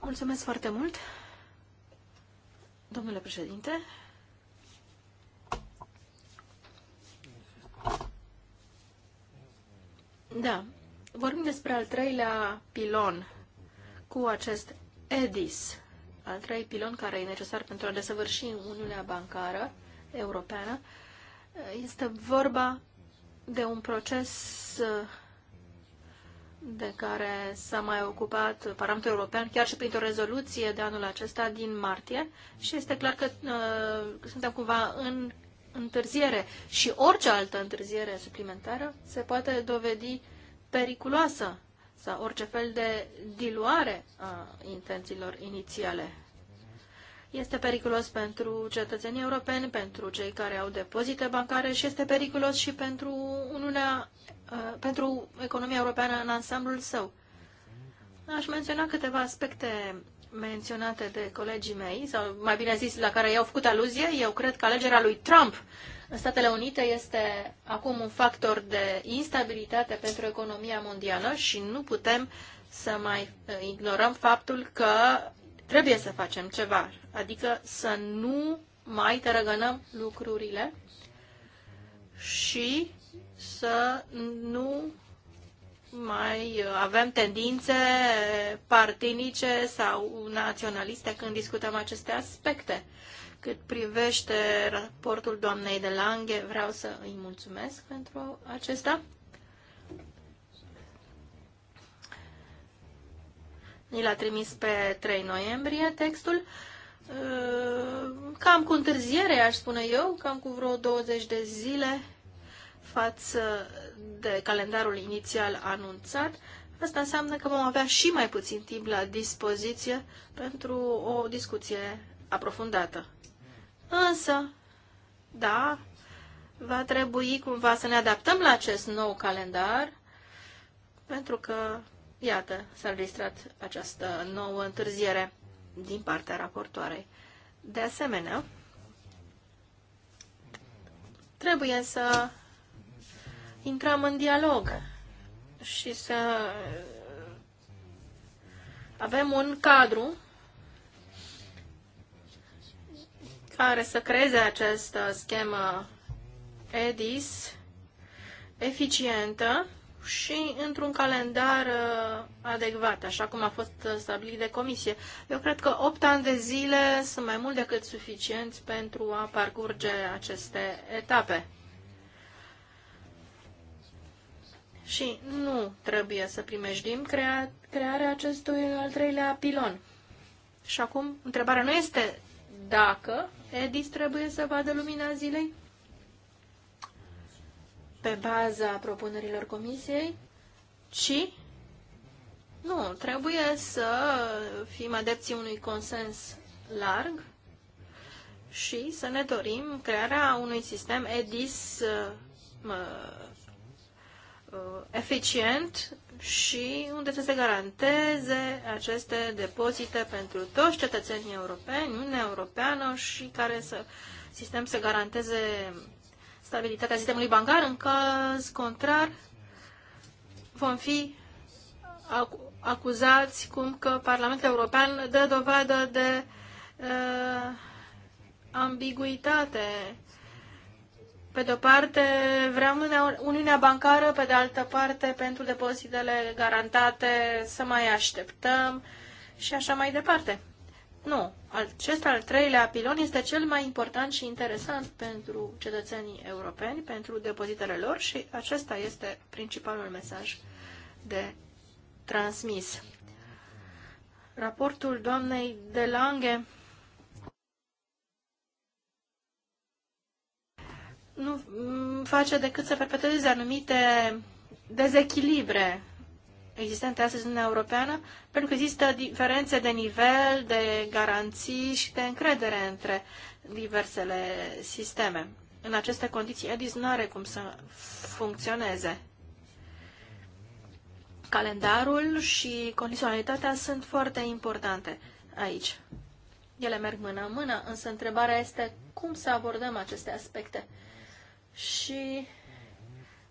Mulțumesc foarte mult, domnule președinte. Da, vorbim despre al treilea pilon cu acest EDIS, al trei pilon care e necesar pentru a desăvârși Uniunea Bancară Europeană, este vorba de un proces de care s-a mai ocupat Parlamentul European, chiar și printr-o rezoluție de anul acesta din martie și este clar că uh, suntem cumva în întârziere și orice altă întârziere suplimentară se poate dovedi periculoasă sau orice fel de diluare a intențiilor inițiale. Este periculos pentru cetățenii europeni, pentru cei care au depozite bancare și este periculos și pentru Uniunea, pentru economia europeană în ansamblul său. Aș menționa câteva aspecte menționate de colegii mei, sau mai bine zis, la care i-au făcut aluzie. Eu cred că alegerea lui Trump în Statele Unite este acum un factor de instabilitate pentru economia mondială și nu putem să mai eh, ignorăm faptul că trebuie să facem ceva, adică să nu mai tărăgănăm lucrurile și să nu mai avem tendințe partinice sau naționaliste când discutăm aceste aspecte. Cât privește raportul doamnei de Lange, vreau să îi mulțumesc pentru acesta. Ni l-a trimis pe 3 noiembrie textul. Ă, cam cu întârziere, aș spune eu, cam cu vreo 20 de zile față de calendarul inițial anunțat. Asta înseamnă că vom avea și mai puțin timp la dispoziție pentru o discuție aprofundată. Însă, da, va trebui cumva să ne adaptăm la acest nou calendar, pentru că, iată, s-a înregistrat această nouă întârziere din partea raportoarei. De asemenea, trebuie să intrăm în dialog și să avem un cadru care să creeze această uh, schemă EDIS eficientă și într-un calendar uh, adecvat, așa cum a fost uh, stabilit de comisie. Eu cred că 8 ani de zile sunt mai mult decât suficienți pentru a parcurge aceste etape. Și nu trebuie să primejdim crea crearea acestui al treilea pilon. Și acum, întrebarea nu este dacă, EDIS trebuie să vadă lumina zilei pe baza propunerilor comisiei, Și? nu, trebuie să fim adepții unui consens larg și să ne dorim crearea unui sistem EDIS uh, uh, eficient și unde să se garanteze aceste depozite pentru toți cetățenii europeni, Uniunea Europeană și care să sistem să garanteze stabilitatea sistemului bancar. În caz contrar, vom fi acuzați cum că Parlamentul European dă dovadă de uh, ambiguitate pe de o parte vrem Uniunea Bancară, pe de altă parte pentru depozitele garantate să mai așteptăm și așa mai departe. Nu, acest al treilea pilon este cel mai important și interesant pentru cetățenii europeni, pentru depozitele lor și acesta este principalul mesaj de transmis. Raportul doamnei de Lange nu mm, face decât să perpetueze anumite dezechilibre existente astăzi în Uniunea Europeană, pentru că există diferențe de nivel, de garanții și de încredere între diversele sisteme. În aceste condiții, EDIS nu are cum să funcționeze. Calendarul și condiționalitatea sunt foarte importante aici. Ele merg mână în mână, însă întrebarea este cum să abordăm aceste aspecte și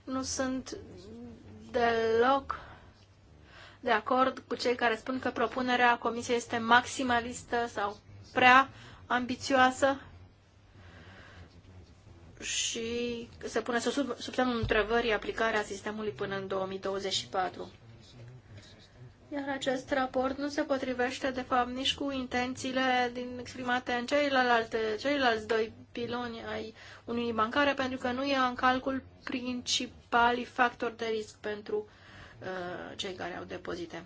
nu sunt deloc de acord cu cei care spun că propunerea Comisiei este maximalistă sau prea ambițioasă și se pune sub, sub semnul întrebării aplicarea sistemului până în 2024. Iar acest raport nu se potrivește, de fapt, nici cu intențiile din exprimate în ceilalți, ceilalți doi piloni ai Uniunii Bancare pentru că nu ia în calcul principalii factori de risc pentru uh, cei care au depozite.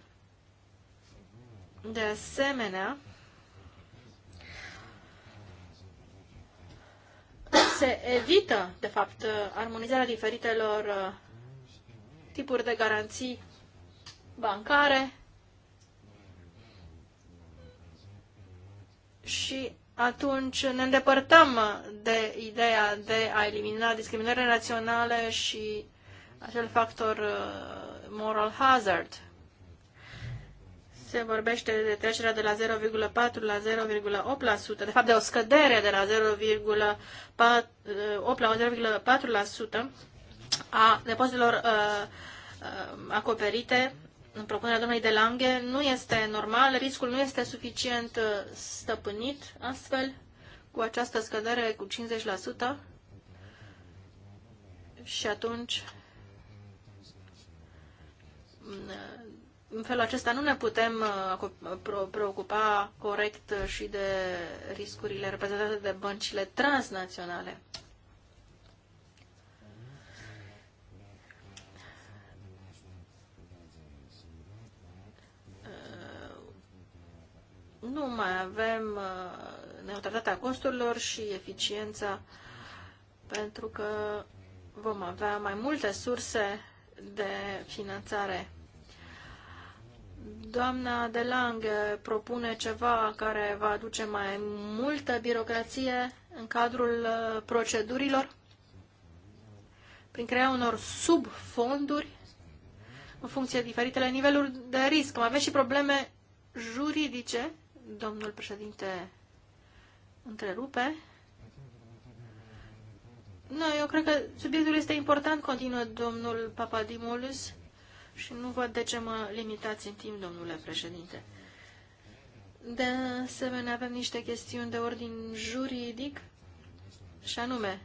De asemenea, se evită, de fapt, uh, armonizarea diferitelor uh, tipuri de garanții bancare și atunci ne îndepărtăm de ideea de a elimina discriminările naționale și acel factor uh, moral hazard. Se vorbește de trecerea de la 0,4 la 0,8%, de fapt de o scădere de la 0,8 uh, la 0,4% a depozitelor uh, acoperite în propunerea domnului de Lange nu este normal, riscul nu este suficient uh, stăpânit, astfel cu această scădere cu 50% și atunci mm, în felul acesta nu ne putem uh, preocupa corect și de riscurile reprezentate de băncile transnaționale. nu mai avem uh, neutralitatea costurilor și eficiența pentru că vom avea mai multe surse de finanțare. Doamna de Lang propune ceva care va aduce mai multă birocrație în cadrul uh, procedurilor prin crearea unor subfonduri în funcție de diferitele niveluri de risc. Mai avem și probleme juridice Domnul președinte întrerupe. Nu, eu cred că subiectul este important, continuă domnul Papadimulus și nu văd de ce mă limitați în timp, domnule președinte. De asemenea, avem niște chestiuni de ordin juridic și anume,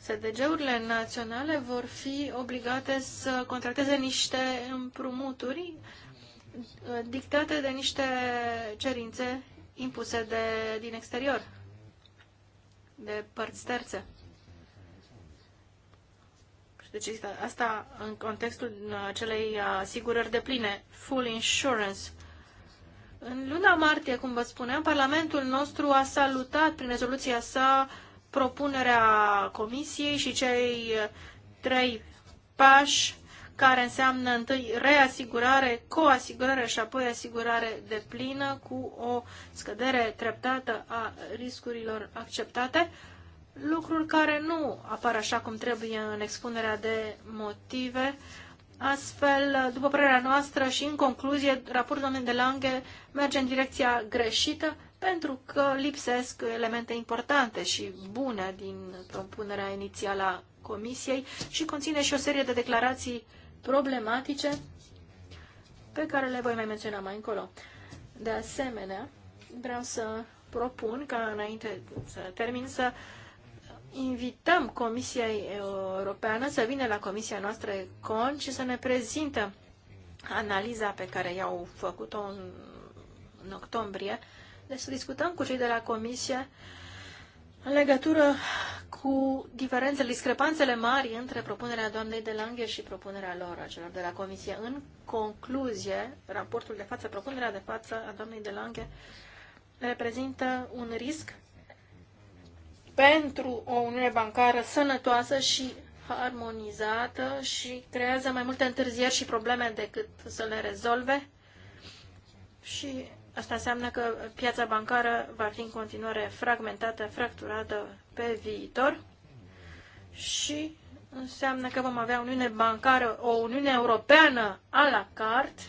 SDG-urile naționale vor fi obligate să contracteze niște împrumuturi dictate de niște cerințe impuse de, din exterior, de părți terțe. Deci asta în contextul acelei asigurări de pline, full insurance. În luna martie, cum vă spuneam, Parlamentul nostru a salutat prin rezoluția sa propunerea Comisiei și cei trei pași care înseamnă întâi reasigurare, coasigurare și apoi asigurare de plină cu o scădere treptată a riscurilor acceptate, lucruri care nu apar așa cum trebuie în expunerea de motive. Astfel, după părerea noastră și în concluzie, raportul domnului de Lange merge în direcția greșită pentru că lipsesc elemente importante și bune din propunerea inițială a Comisiei și conține și o serie de declarații problematice pe care le voi mai menționa mai încolo. De asemenea, vreau să propun ca înainte să termin să invităm Comisia Europeană să vină la Comisia noastră CON și să ne prezintă analiza pe care i-au făcut-o în, în octombrie. Deci să discutăm cu cei de la Comisie uh, în legătură cu diferențele, discrepanțele mari între propunerea doamnei de Lange și propunerea lor, a celor de la Comisie. În concluzie, raportul de față, propunerea de față a doamnei de Lange reprezintă un risc pentru o uniune bancară sănătoasă și armonizată și creează mai multe întârzieri și probleme decât să le rezolve și Asta înseamnă că piața bancară va fi în continuare fragmentată, fracturată pe viitor și înseamnă că vom avea o Uniune bancară, o Uniune Europeană a la carte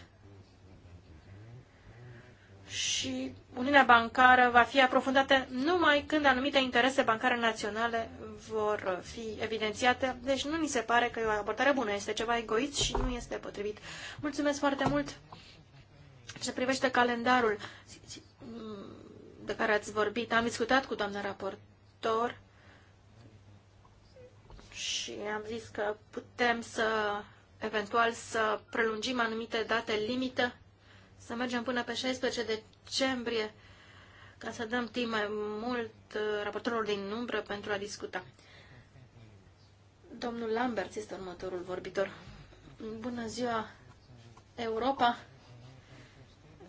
și Uniunea bancară va fi aprofundată numai când anumite interese bancare naționale vor fi evidențiate. Deci nu mi se pare că e o abordare bună, este ceva egoist și nu este potrivit. Mulțumesc foarte mult! Ce privește calendarul de care ați vorbit, am discutat cu doamna raportor și am zis că putem să, eventual, să prelungim anumite date limită, să mergem până pe 16 decembrie, ca să dăm timp mai mult uh, raportorilor din umbră pentru a discuta. Domnul Lambert este următorul vorbitor. Bună ziua, Europa!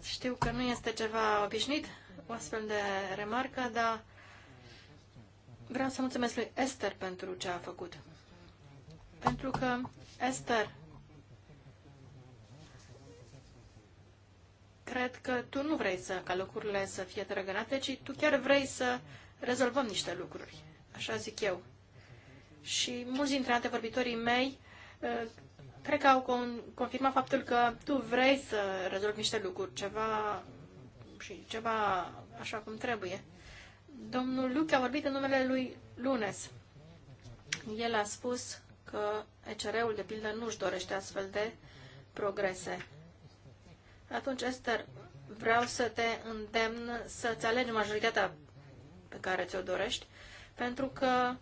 Știu că nu este ceva obișnuit, o astfel de remarcă, dar vreau să mulțumesc lui Esther pentru ce a făcut. Pentru că Esther cred că tu nu vrei să, ca lucrurile să fie trăgănate, ci tu chiar vrei să rezolvăm niște lucruri. Așa zic eu. Și mulți dintre antevorbitorii mei cred că au con- confirmat faptul că tu vrei să rezolvi niște lucruri, ceva și ceva așa cum trebuie. Domnul Luc a vorbit în numele lui Lunes. El a spus că ECR-ul, de pildă, nu-și dorește astfel de progrese. Atunci, Esther, vreau să te îndemn să-ți alegi majoritatea pe care ți-o dorești, pentru că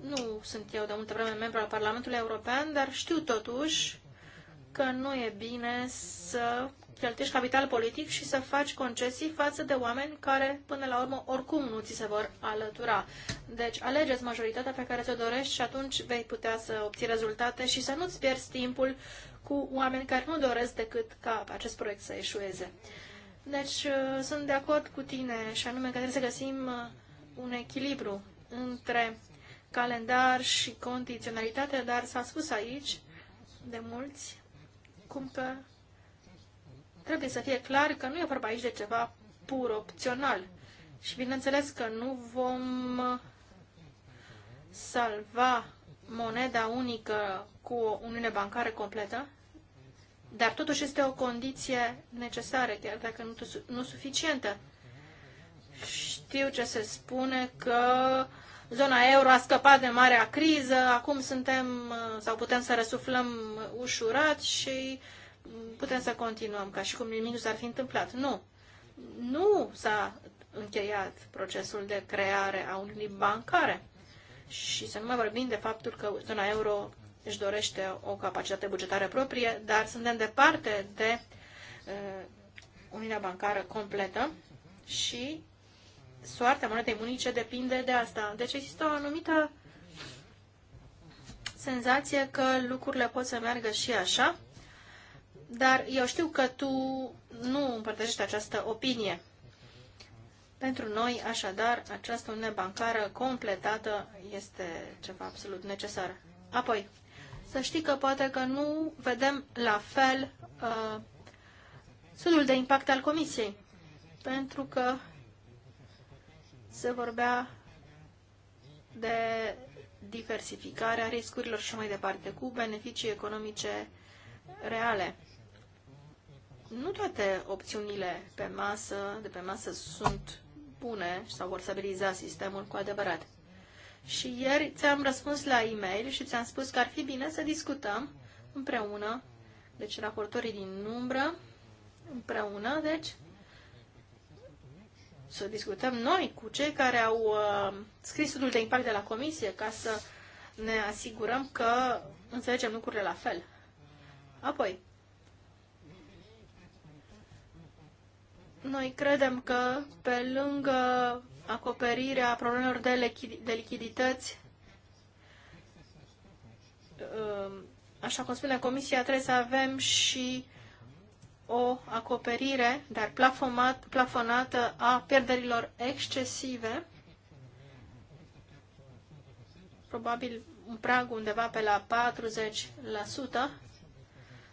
nu sunt eu de multă vreme membru al Parlamentului European, dar știu totuși că nu e bine să cheltuiești capital politic și să faci concesii față de oameni care, până la urmă, oricum nu ți se vor alătura. Deci, alegeți majoritatea pe care ți-o dorești și atunci vei putea să obții rezultate și să nu-ți pierzi timpul cu oameni care nu doresc decât ca acest proiect să eșueze. Deci, uh, sunt de acord cu tine și anume că trebuie să găsim uh, un echilibru între calendar și condiționalitate, dar s-a spus aici de mulți cum că trebuie să fie clar că nu e vorba aici de ceva pur opțional. Și bineînțeles că nu vom salva moneda unică cu o uniune bancară completă, dar totuși este o condiție necesară, chiar dacă nu, nu suficientă. Știu ce se spune că uh, Zona euro a scăpat de marea criză, acum suntem uh, sau putem să răsuflăm ușurat și mm, putem să continuăm ca și cum nimic nu s-ar fi întâmplat. Nu. Nu s-a încheiat procesul de creare a unii bancare. Și să nu mai vorbim de faptul că zona euro își dorește o capacitate bugetară proprie, dar suntem departe de uh, uniunea bancară completă și soarta monedei unice depinde de asta. Deci există o anumită senzație că lucrurile pot să meargă și așa, dar eu știu că tu nu împărtășești această opinie. Pentru noi, așadar, această uniune bancară completată este ceva absolut necesar. Apoi, să știi că poate că nu vedem la fel uh, sudul de impact al Comisiei, pentru că se vorbea de diversificarea riscurilor și mai departe, cu beneficii economice reale. Nu toate opțiunile pe masă, de pe masă sunt bune sau vor stabiliza sistemul cu adevărat. Și ieri ți-am răspuns la e-mail și ți-am spus că ar fi bine să discutăm împreună, deci raportorii din umbră, împreună, deci, să discutăm noi cu cei care au uh, scris studiul de impact de la comisie ca să ne asigurăm că înțelegem lucrurile la fel. Apoi, noi credem că pe lângă acoperirea problemelor de, lichid- de lichidități, uh, așa cum spune Comisia, trebuie să avem și o acoperire, dar plafonat, plafonată a pierderilor excesive, probabil un prag undeva pe la 40%.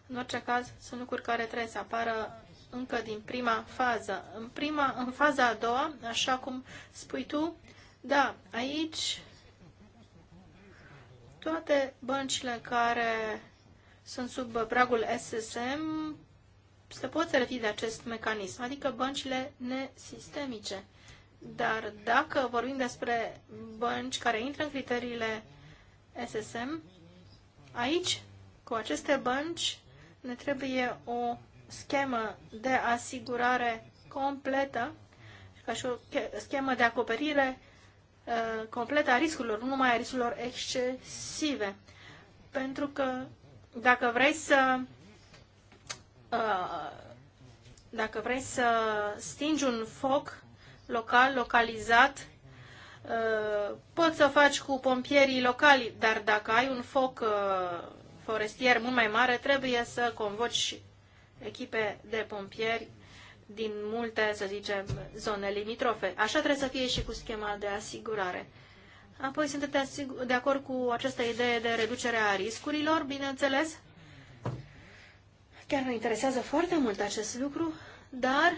În orice caz, sunt lucruri care trebuie să apară încă din prima fază. În, prima, în faza a doua, așa cum spui tu, da, aici toate băncile care sunt sub pragul SSM se pot servi de acest mecanism, adică băncile nesistemice. Dar dacă vorbim despre bănci care intră în criteriile SSM, aici, cu aceste bănci, ne trebuie o schemă de asigurare completă, ca și o schemă de acoperire uh, completă a riscurilor, nu numai a riscurilor excesive. Pentru că dacă vrei să Uh, dacă vrei să stingi un foc local, localizat, uh, poți să o faci cu pompierii locali, dar dacă ai un foc uh, forestier mult mai mare, trebuie să convoci echipe de pompieri din multe, să zicem, zone limitrofe. Așa trebuie să fie și cu schema de asigurare. Apoi sunteți de acord cu această idee de reducere a riscurilor, bineînțeles? Chiar mă interesează foarte mult acest lucru, dar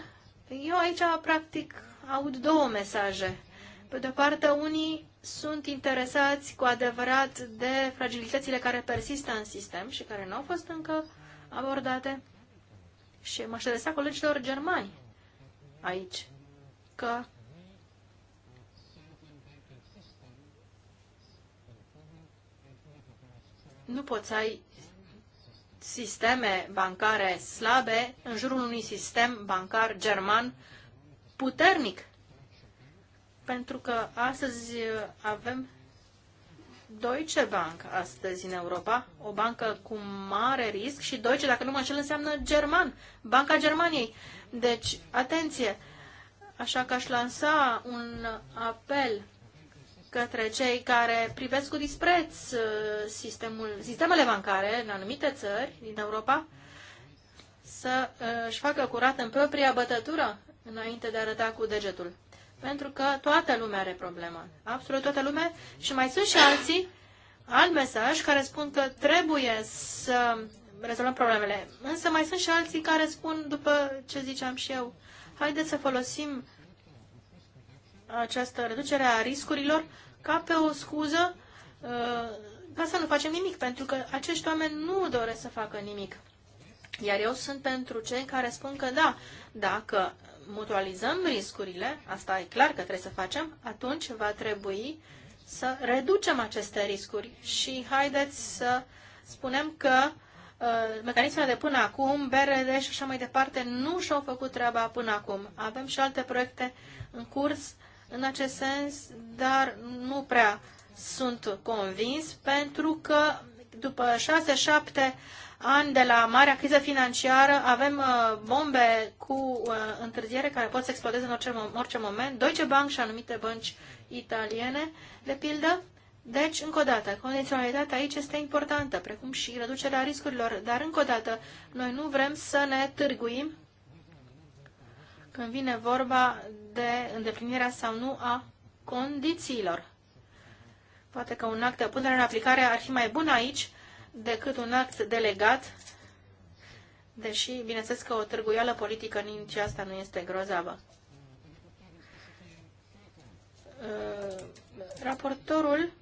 eu aici, practic, aud două mesaje. Pe de-o parte, unii sunt interesați cu adevărat de fragilitățile care persistă în sistem și care nu au fost încă abordate. Și m-aș adresa colegilor germani aici, că nu poți să ai sisteme bancare slabe în jurul unui sistem bancar german puternic. Pentru că astăzi avem Deutsche Bank astăzi în Europa, o bancă cu mare risc și Deutsche, dacă nu mă înșel, înseamnă german, Banca Germaniei. Deci, atenție! Așa că aș lansa un apel către cei care privesc cu dispreț uh, sistemul, sistemele bancare în anumite țări din Europa să uh, își facă curat în propria bătătură înainte de a arăta cu degetul. Pentru că toată lumea are problema. Absolut toată lumea. Și mai sunt și alții, alt mesaj, care spun că trebuie să rezolvăm problemele. Însă mai sunt și alții care spun, după ce ziceam și eu, haideți să folosim această reducere a riscurilor ca pe o scuză uh, ca să nu facem nimic, pentru că acești oameni nu doresc să facă nimic. Iar eu sunt pentru cei care spun că da, dacă mutualizăm riscurile, asta e clar că trebuie să facem, atunci va trebui să reducem aceste riscuri și haideți să spunem că uh, mecanismele de până acum, BRD și așa mai departe, nu și-au făcut treaba până acum. Avem și alte proiecte în curs în acest sens, dar nu prea sunt convins pentru că după 6-7 ani de la marea criză financiară avem uh, bombe cu uh, întârziere care pot să explodeze în orice, orice moment, Deutsche Bank și anumite bănci italiene, de pildă. Deci, încă o dată, condiționalitatea aici este importantă, precum și reducerea riscurilor, dar încă o dată, noi nu vrem să ne târguim când vine vorba de îndeplinirea sau nu a condițiilor. Poate că un act de punere în aplicare ar fi mai bun aici decât un act delegat, deși, bineînțeles că o târguială politică nici asta nu este grozavă. Raportorul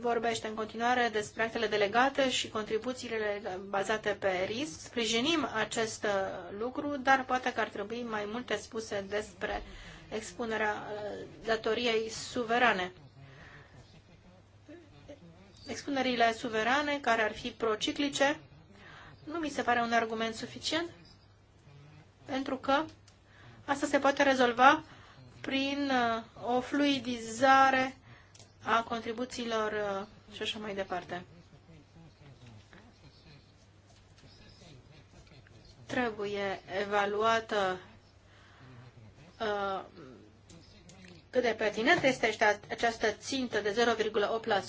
vorbește în continuare despre actele delegate și contribuțiile bazate pe risc. Sprijinim acest uh, lucru, dar poate că ar trebui mai multe spuse despre expunerea uh, datoriei suverane. Expunerile suverane, care ar fi prociclice, nu mi se pare un argument suficient, pentru că asta se poate rezolva prin uh, o fluidizare a contribuțiilor uh, și așa mai departe. Trebuie evaluată uh, cât de pertinent este această țintă de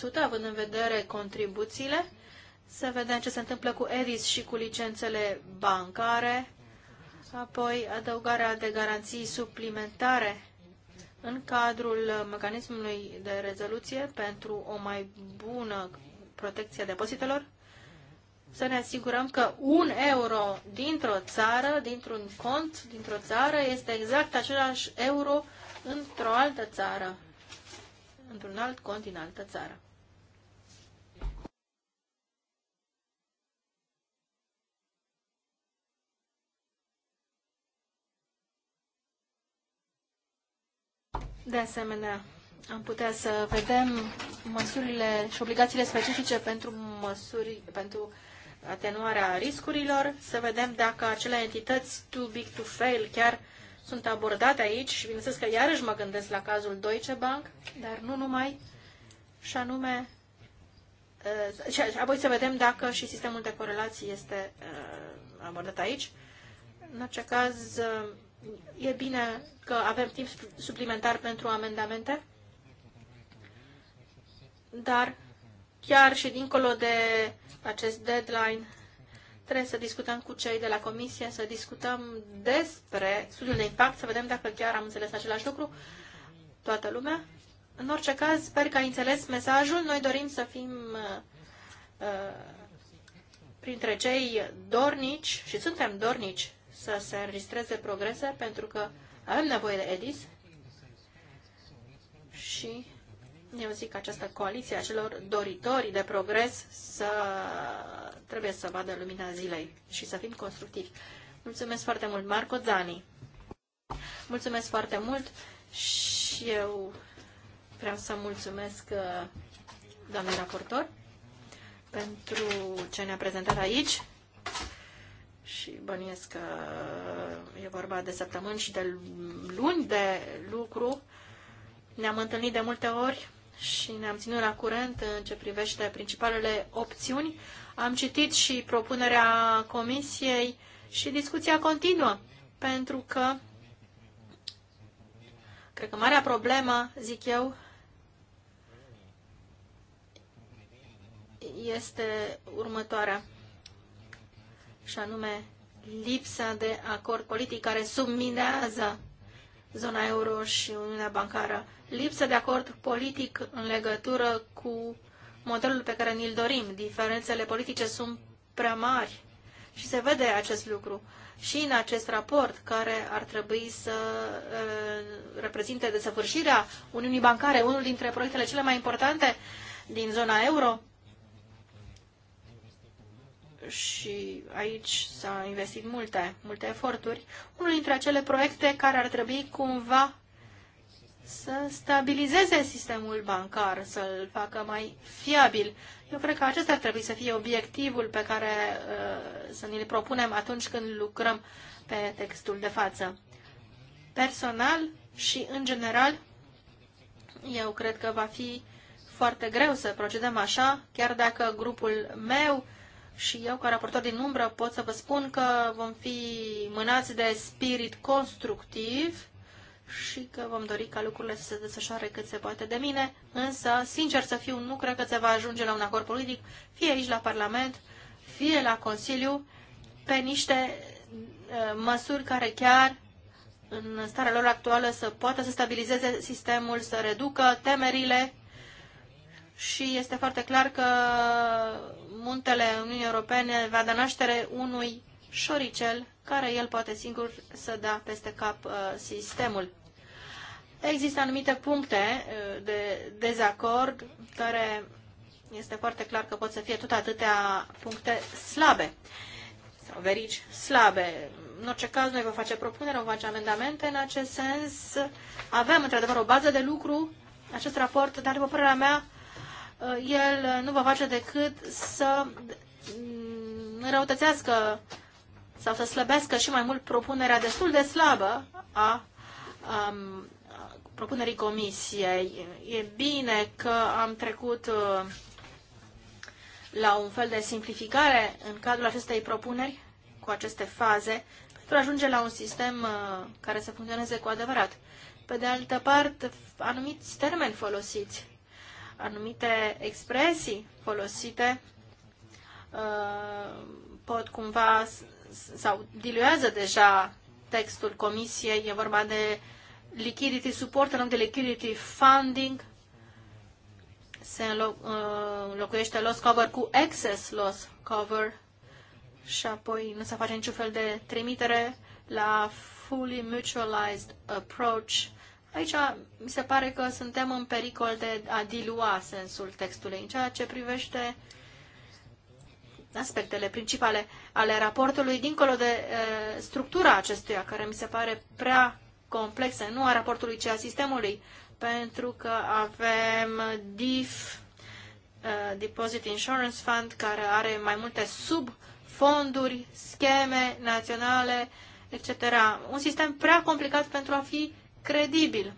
0,8%, având în vedere contribuțiile. Să vedem ce se întâmplă cu ERIS și cu licențele bancare, apoi adăugarea de garanții suplimentare în cadrul mecanismului de rezoluție pentru o mai bună protecție a depozitelor, să ne asigurăm că un euro dintr-o țară, dintr-un cont, dintr-o țară, este exact același euro într-o altă țară, într-un alt cont din altă țară. De asemenea, am putea să vedem măsurile și obligațiile specifice pentru măsuri pentru atenuarea riscurilor, să vedem dacă acele entități too big to fail chiar sunt abordate aici și bineînțeles că iarăși mă gândesc la cazul Deutsche Bank, dar nu numai, și anume eh, și apoi să vedem dacă și sistemul de corelații este eh, abordat aici. În orice caz, E bine că avem timp suplimentar pentru amendamente, dar chiar și dincolo de acest deadline, trebuie să discutăm cu cei de la comisie, să discutăm despre studiul de impact, să vedem dacă chiar am înțeles același lucru, toată lumea. În orice caz, sper că ai înțeles mesajul. Noi dorim să fim uh, uh printre cei dornici și suntem dornici să se înregistreze progrese, pentru că avem nevoie de EDIS și eu zic că această coaliție a celor doritori de progres să trebuie să vadă lumina zilei și să fim constructivi. Mulțumesc foarte mult, Marco Zani. Mulțumesc foarte mult și eu vreau să mulțumesc uh, doamnei raportor pentru ce ne-a prezentat aici și bănuiesc că e vorba de săptămâni și de luni de lucru. Ne-am întâlnit de multe ori și ne-am ținut la curent în ce privește principalele opțiuni. Am citit și propunerea comisiei și discuția continuă, pentru că cred că marea problemă, zic eu, este următoarea și anume lipsa de acord politic care subminează zona euro și Uniunea Bancară. Lipsa de acord politic în legătură cu modelul pe care ni-l dorim. Diferențele politice sunt prea mari și se vede acest lucru și în acest raport care ar trebui să e, reprezinte desăvârșirea Uniunii Bancare, unul dintre proiectele cele mai importante din zona euro, și aici s-au investit multe, multe eforturi. Unul dintre acele proiecte care ar trebui cumva să stabilizeze sistemul bancar, să-l facă mai fiabil. Eu cred că acesta ar trebui să fie obiectivul pe care uh, să ne-l propunem atunci când lucrăm pe textul de față. Personal și în general, eu cred că va fi foarte greu să procedăm așa, chiar dacă grupul meu și eu, ca raportor din umbră, pot să vă spun că vom fi mânați de spirit constructiv și că vom dori ca lucrurile să se desfășoare cât se poate de bine, însă, sincer să fiu, nu cred că se va ajunge la un acord politic, fie aici la Parlament, fie la Consiliu, pe niște uh, măsuri care chiar în starea lor actuală să poată să stabilizeze sistemul, să reducă temerile și este foarte clar că muntele Uniunii Europene va da naștere unui șoricel care el poate singur să dea peste cap uh, sistemul. Există anumite puncte uh, de dezacord care este foarte clar că pot să fie tot atâtea puncte slabe sau verici slabe. În orice caz, noi vom face propunere, vom face amendamente în acest sens. Avem, într-adevăr, o bază de lucru, acest raport, dar, după părerea mea, Uh, el uh, nu va face decât să mm, răutățească sau să slăbească și mai mult propunerea destul de slabă a, a um, propunerii comisiei. E bine că am trecut uh, la un fel de simplificare în cadrul acestei propuneri, cu aceste faze, pentru a ajunge la un sistem care să funcționeze cu adevărat. Pe de altă parte, anumiți termeni folosiți anumite expresii folosite uh, pot cumva sau diluează deja textul comisiei. E vorba de liquidity support, în de liquidity funding. Se uh, înlocuiește loss cover cu excess loss cover și apoi nu se face niciun fel de trimitere la fully mutualized approach Aici mi se pare că suntem în pericol de a dilua sensul textului în ceea ce privește aspectele principale ale raportului, dincolo de uh, structura acestuia, care mi se pare prea complexă, nu a raportului, ci a sistemului, pentru că avem DIF, uh, Deposit Insurance Fund, care are mai multe subfonduri, scheme naționale, etc. Un sistem prea complicat pentru a fi credibil.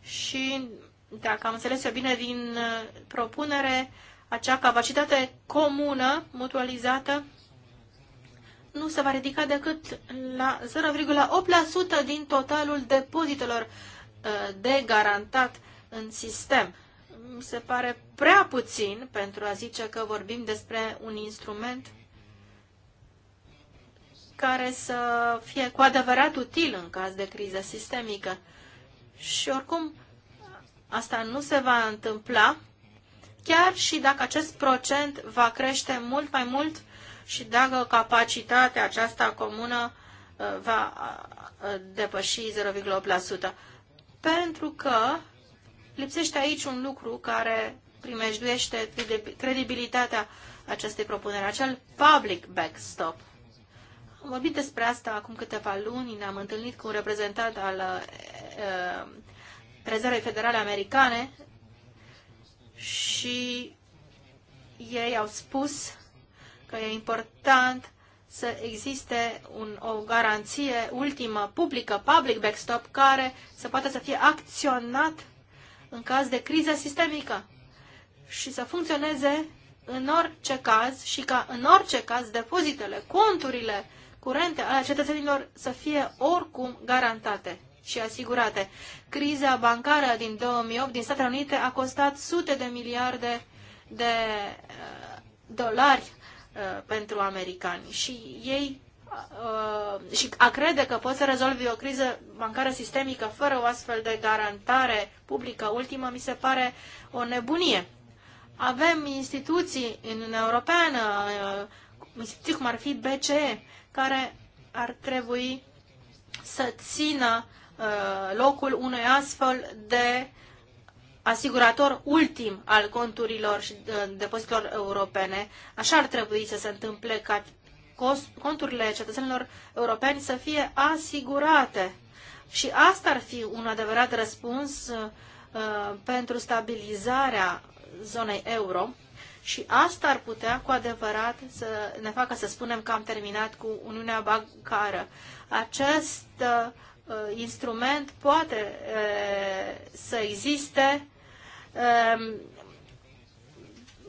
Și, dacă am înțeles eu bine din uh, propunere, acea capacitate comună, mutualizată, nu se va ridica decât la 0,8% din totalul depozitelor uh, de garantat în sistem. Mi se pare prea puțin pentru a zice că vorbim despre un instrument care să fie cu adevărat util în caz de criză sistemică. Și oricum, asta nu se va întâmpla, chiar și dacă acest procent va crește mult mai mult și dacă capacitatea aceasta comună uh, va uh, depăși 0,8%. Pentru că lipsește aici un lucru care primejduiește credibilitatea acestei propuneri, acel public backstop. Am vorbit despre asta acum câteva luni, ne-am întâlnit cu un reprezentant al uh, Rezervei Federale Americane și ei au spus că e important să existe un, o garanție ultimă publică, public backstop, care să poată să fie acționat în caz de criză sistemică și să funcționeze în orice caz și ca în orice caz depozitele, conturile curente ale cetățenilor să fie oricum garantate și asigurate. Criza bancară din 2008 din Statele Unite a costat sute de miliarde de uh, dolari uh, pentru americani și ei uh, și a crede că poți să rezolvi o criză bancară sistemică fără o astfel de garantare publică ultimă mi se pare o nebunie. Avem instituții în Uniunea Europeană, instituții cum ar fi BCE, care ar trebui să țină uh, locul unui astfel de asigurator ultim al conturilor și uh, depozitelor europene. Așa ar trebui să se întâmple ca conturile cetățenilor europeni să fie asigurate. Și asta ar fi un adevărat răspuns uh, pentru stabilizarea zonei euro și asta ar putea cu adevărat să ne facă să spunem că am terminat cu Uniunea Bancară. Acest uh, instrument poate uh, să existe, uh,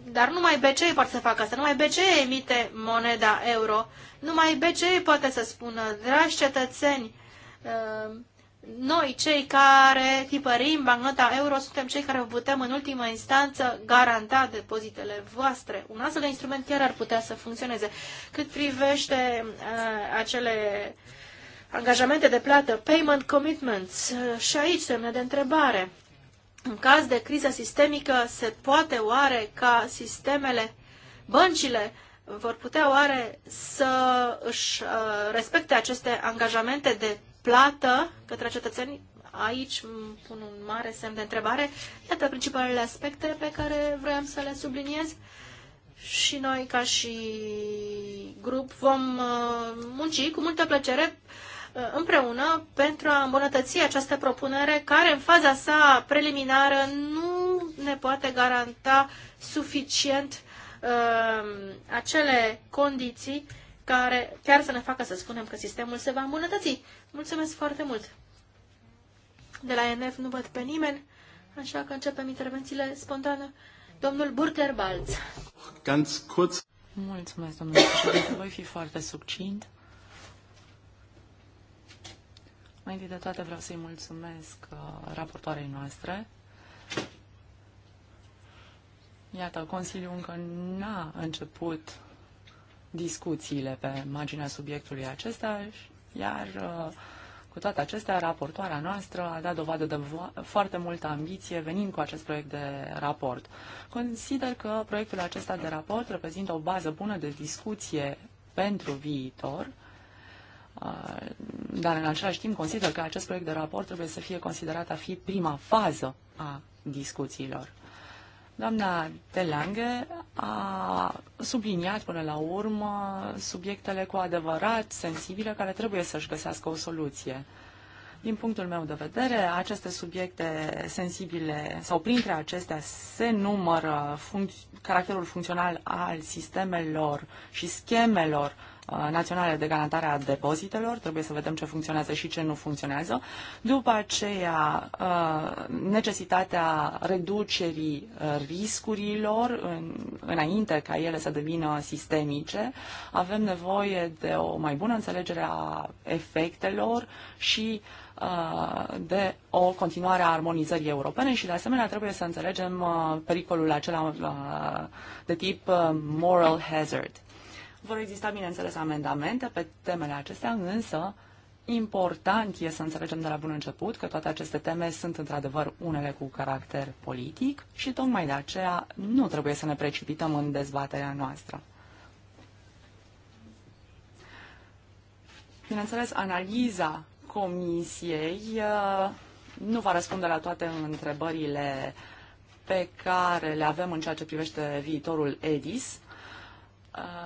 dar numai BCE poate să facă asta, numai BCE emite moneda euro, numai BCE poate să spună, dragi cetățeni, uh, noi, cei care tipărim bancnota euro, suntem cei care putem în ultimă instanță garanta depozitele voastre. Un astfel de instrument chiar ar putea să funcționeze. Cât privește uh, acele angajamente de plată, payment commitments, uh, și aici semne de întrebare. În caz de criză sistemică, se poate oare ca sistemele, băncile, vor putea oare să își uh, respecte aceste angajamente de plată către cetățeni, aici pun un mare semn de întrebare. Iată principalele aspecte pe care vreau să le subliniez și noi ca și grup vom uh, munci cu multă plăcere uh, împreună pentru a îmbunătăți această propunere care în faza sa preliminară nu ne poate garanta suficient uh, acele condiții care chiar să ne facă să spunem că sistemul se va îmbunătăți. Mulțumesc foarte mult! De la N.F. nu văd pe nimeni, așa că începem intervențiile spontane. Domnul Burter Balz. Ganz kurz. Mulțumesc, domnule președinte. Voi fi foarte succint. Mai întâi de toate vreau să-i mulțumesc uh, raportoarei noastre. Iată, Consiliul încă n-a început discuțiile pe marginea subiectului acesta, iar uh, cu toate acestea, raportoarea noastră a dat dovadă de foarte multă ambiție venind cu acest proiect de raport. Consider că proiectul acesta de raport reprezintă o bază bună de discuție pentru viitor, uh, dar în același timp consider că acest proiect de raport trebuie să fie considerat a fi prima fază a discuțiilor. Doamna De Lange a subliniat până la urmă subiectele cu adevărat sensibile care trebuie să-și găsească o soluție. Din punctul meu de vedere, aceste subiecte sensibile sau printre acestea se numără func- caracterul funcțional al sistemelor și schemelor Uh, naționale de Garantare a Depozitelor, trebuie să vedem ce funcționează și ce nu funcționează. După aceea, uh, necesitatea reducerii uh, riscurilor înainte ca ele să devină sistemice. Avem nevoie de o mai bună înțelegere a efectelor și de o continuare a armonizării europene și, de asemenea, trebuie să înțelegem pericolul acela de tip moral hazard. Vor exista, bineînțeles, amendamente pe temele acestea, însă important e să înțelegem de la bun început că toate aceste teme sunt într-adevăr unele cu caracter politic și tocmai de aceea nu trebuie să ne precipităm în dezbaterea noastră. Bineînțeles, analiza comisiei uh, nu va răspunde la toate întrebările pe care le avem în ceea ce privește viitorul EDIS,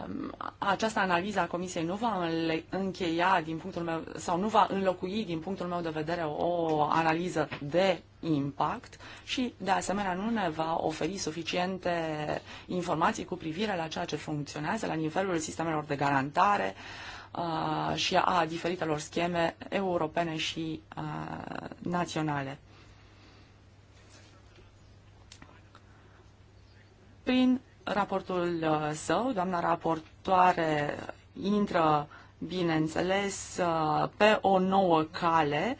Um, această analiză a Comisiei nu va încheia din punctul meu sau nu va înlocui din punctul meu de vedere o analiză de impact și de asemenea nu ne va oferi suficiente informații cu privire la ceea ce funcționează la nivelul sistemelor de garantare uh, și a diferitelor scheme europene și uh, naționale. Prin raportul uh, său. Doamna raportoare intră, bineînțeles, uh, pe o nouă cale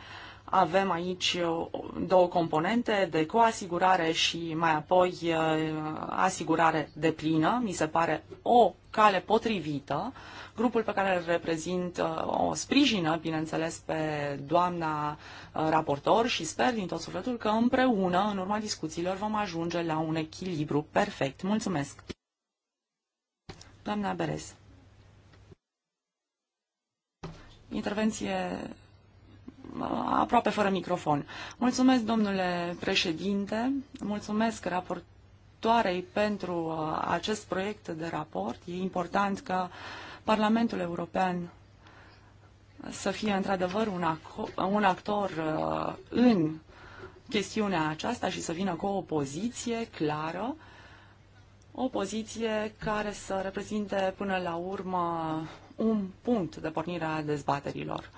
avem aici uh, două componente de coasigurare și mai apoi uh, asigurare de plină. Mi se pare o cale potrivită. Grupul pe care îl reprezint uh, o sprijină, bineînțeles, pe doamna raportor și sper din tot sufletul că împreună, în urma discuțiilor, vom ajunge la un echilibru perfect. Mulțumesc! Doamna Beres. Intervenție aproape fără microfon. Mulțumesc, domnule președinte, mulțumesc raportoarei pentru uh, acest proiect de raport. E important ca Parlamentul European să fie într-adevăr un, un actor uh, în chestiunea aceasta și să vină cu o poziție clară, o poziție care să reprezinte până la urmă un punct de pornire a dezbaterilor.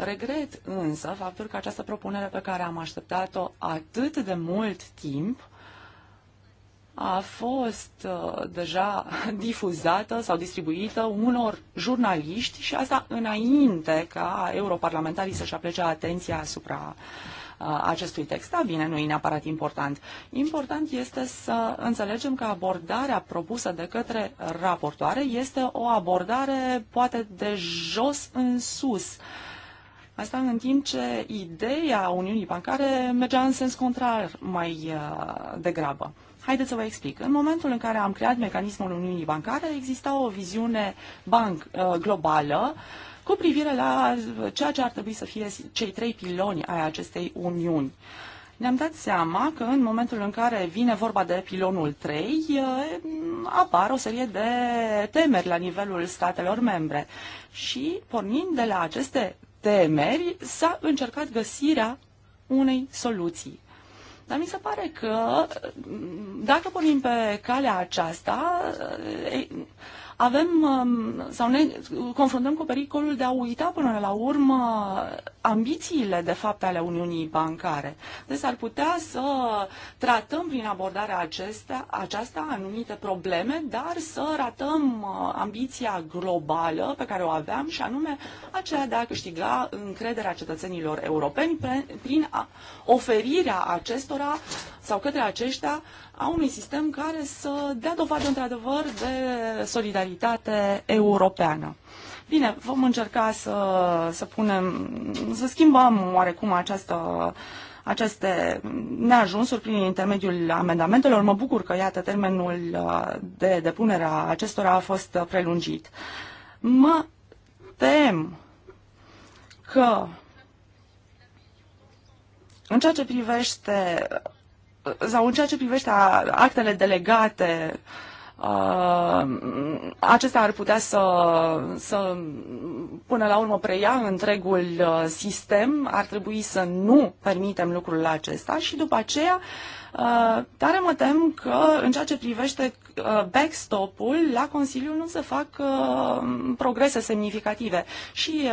Regret însă faptul că această propunere pe care am așteptat-o atât de mult timp a fost uh, deja (laughs) difuzată sau distribuită unor jurnaliști și asta înainte ca europarlamentarii să-și aplece atenția asupra uh, acestui text. Da, bine, nu e neapărat important. Important este să înțelegem că abordarea propusă de către raportoare este o abordare poate de jos în sus. Uh, Asta în timp ce ideea Uniunii Bancare mergea în sens contrar mai uh, degrabă. Haideți să vă explic. În momentul în care am creat mecanismul Uniunii Bancare, exista o viziune banc uh, globală cu privire la uh, ceea ce ar trebui să fie cei trei piloni ai acestei uniuni. Ne-am dat seama că în momentul în care vine vorba de pilonul 3, apar o serie de temeri la nivelul statelor membre. Și pornind de la aceste temeri s-a încercat găsirea unei soluții. Dar mi se pare că mm, dacă pornim pe calea aceasta, avem um, sau ne confruntăm cu pericolul de a uita până la urmă ambițiile de fapt ale Uniunii Bancare. Deci ar putea să tratăm prin abordarea acestea, aceasta anumite probleme, dar să ratăm uh, ambiția globală pe care o aveam și anume aceea de a câștiga încrederea cetățenilor europeni prin oferirea acestora sau către aceștia a unui sistem care să dea dovadă într-adevăr de solidaritate europeană. Bine, vom încerca să, să punem, să schimbăm oarecum această, aceste neajunsuri prin intermediul amendamentelor. Mă bucur că, iată, termenul uh, de depunere a acestora a fost prelungit. Mă tem că în ceea ce privește sau în ceea ce privește actele delegate, acesta ar putea să, să până la urmă preia întregul uh, sistem, ar trebui să nu permitem lucrul acesta și după aceea uh, Uh, tare mă tem că în ceea ce privește uh, backstop-ul, la Consiliu nu se fac uh, progrese semnificative. Și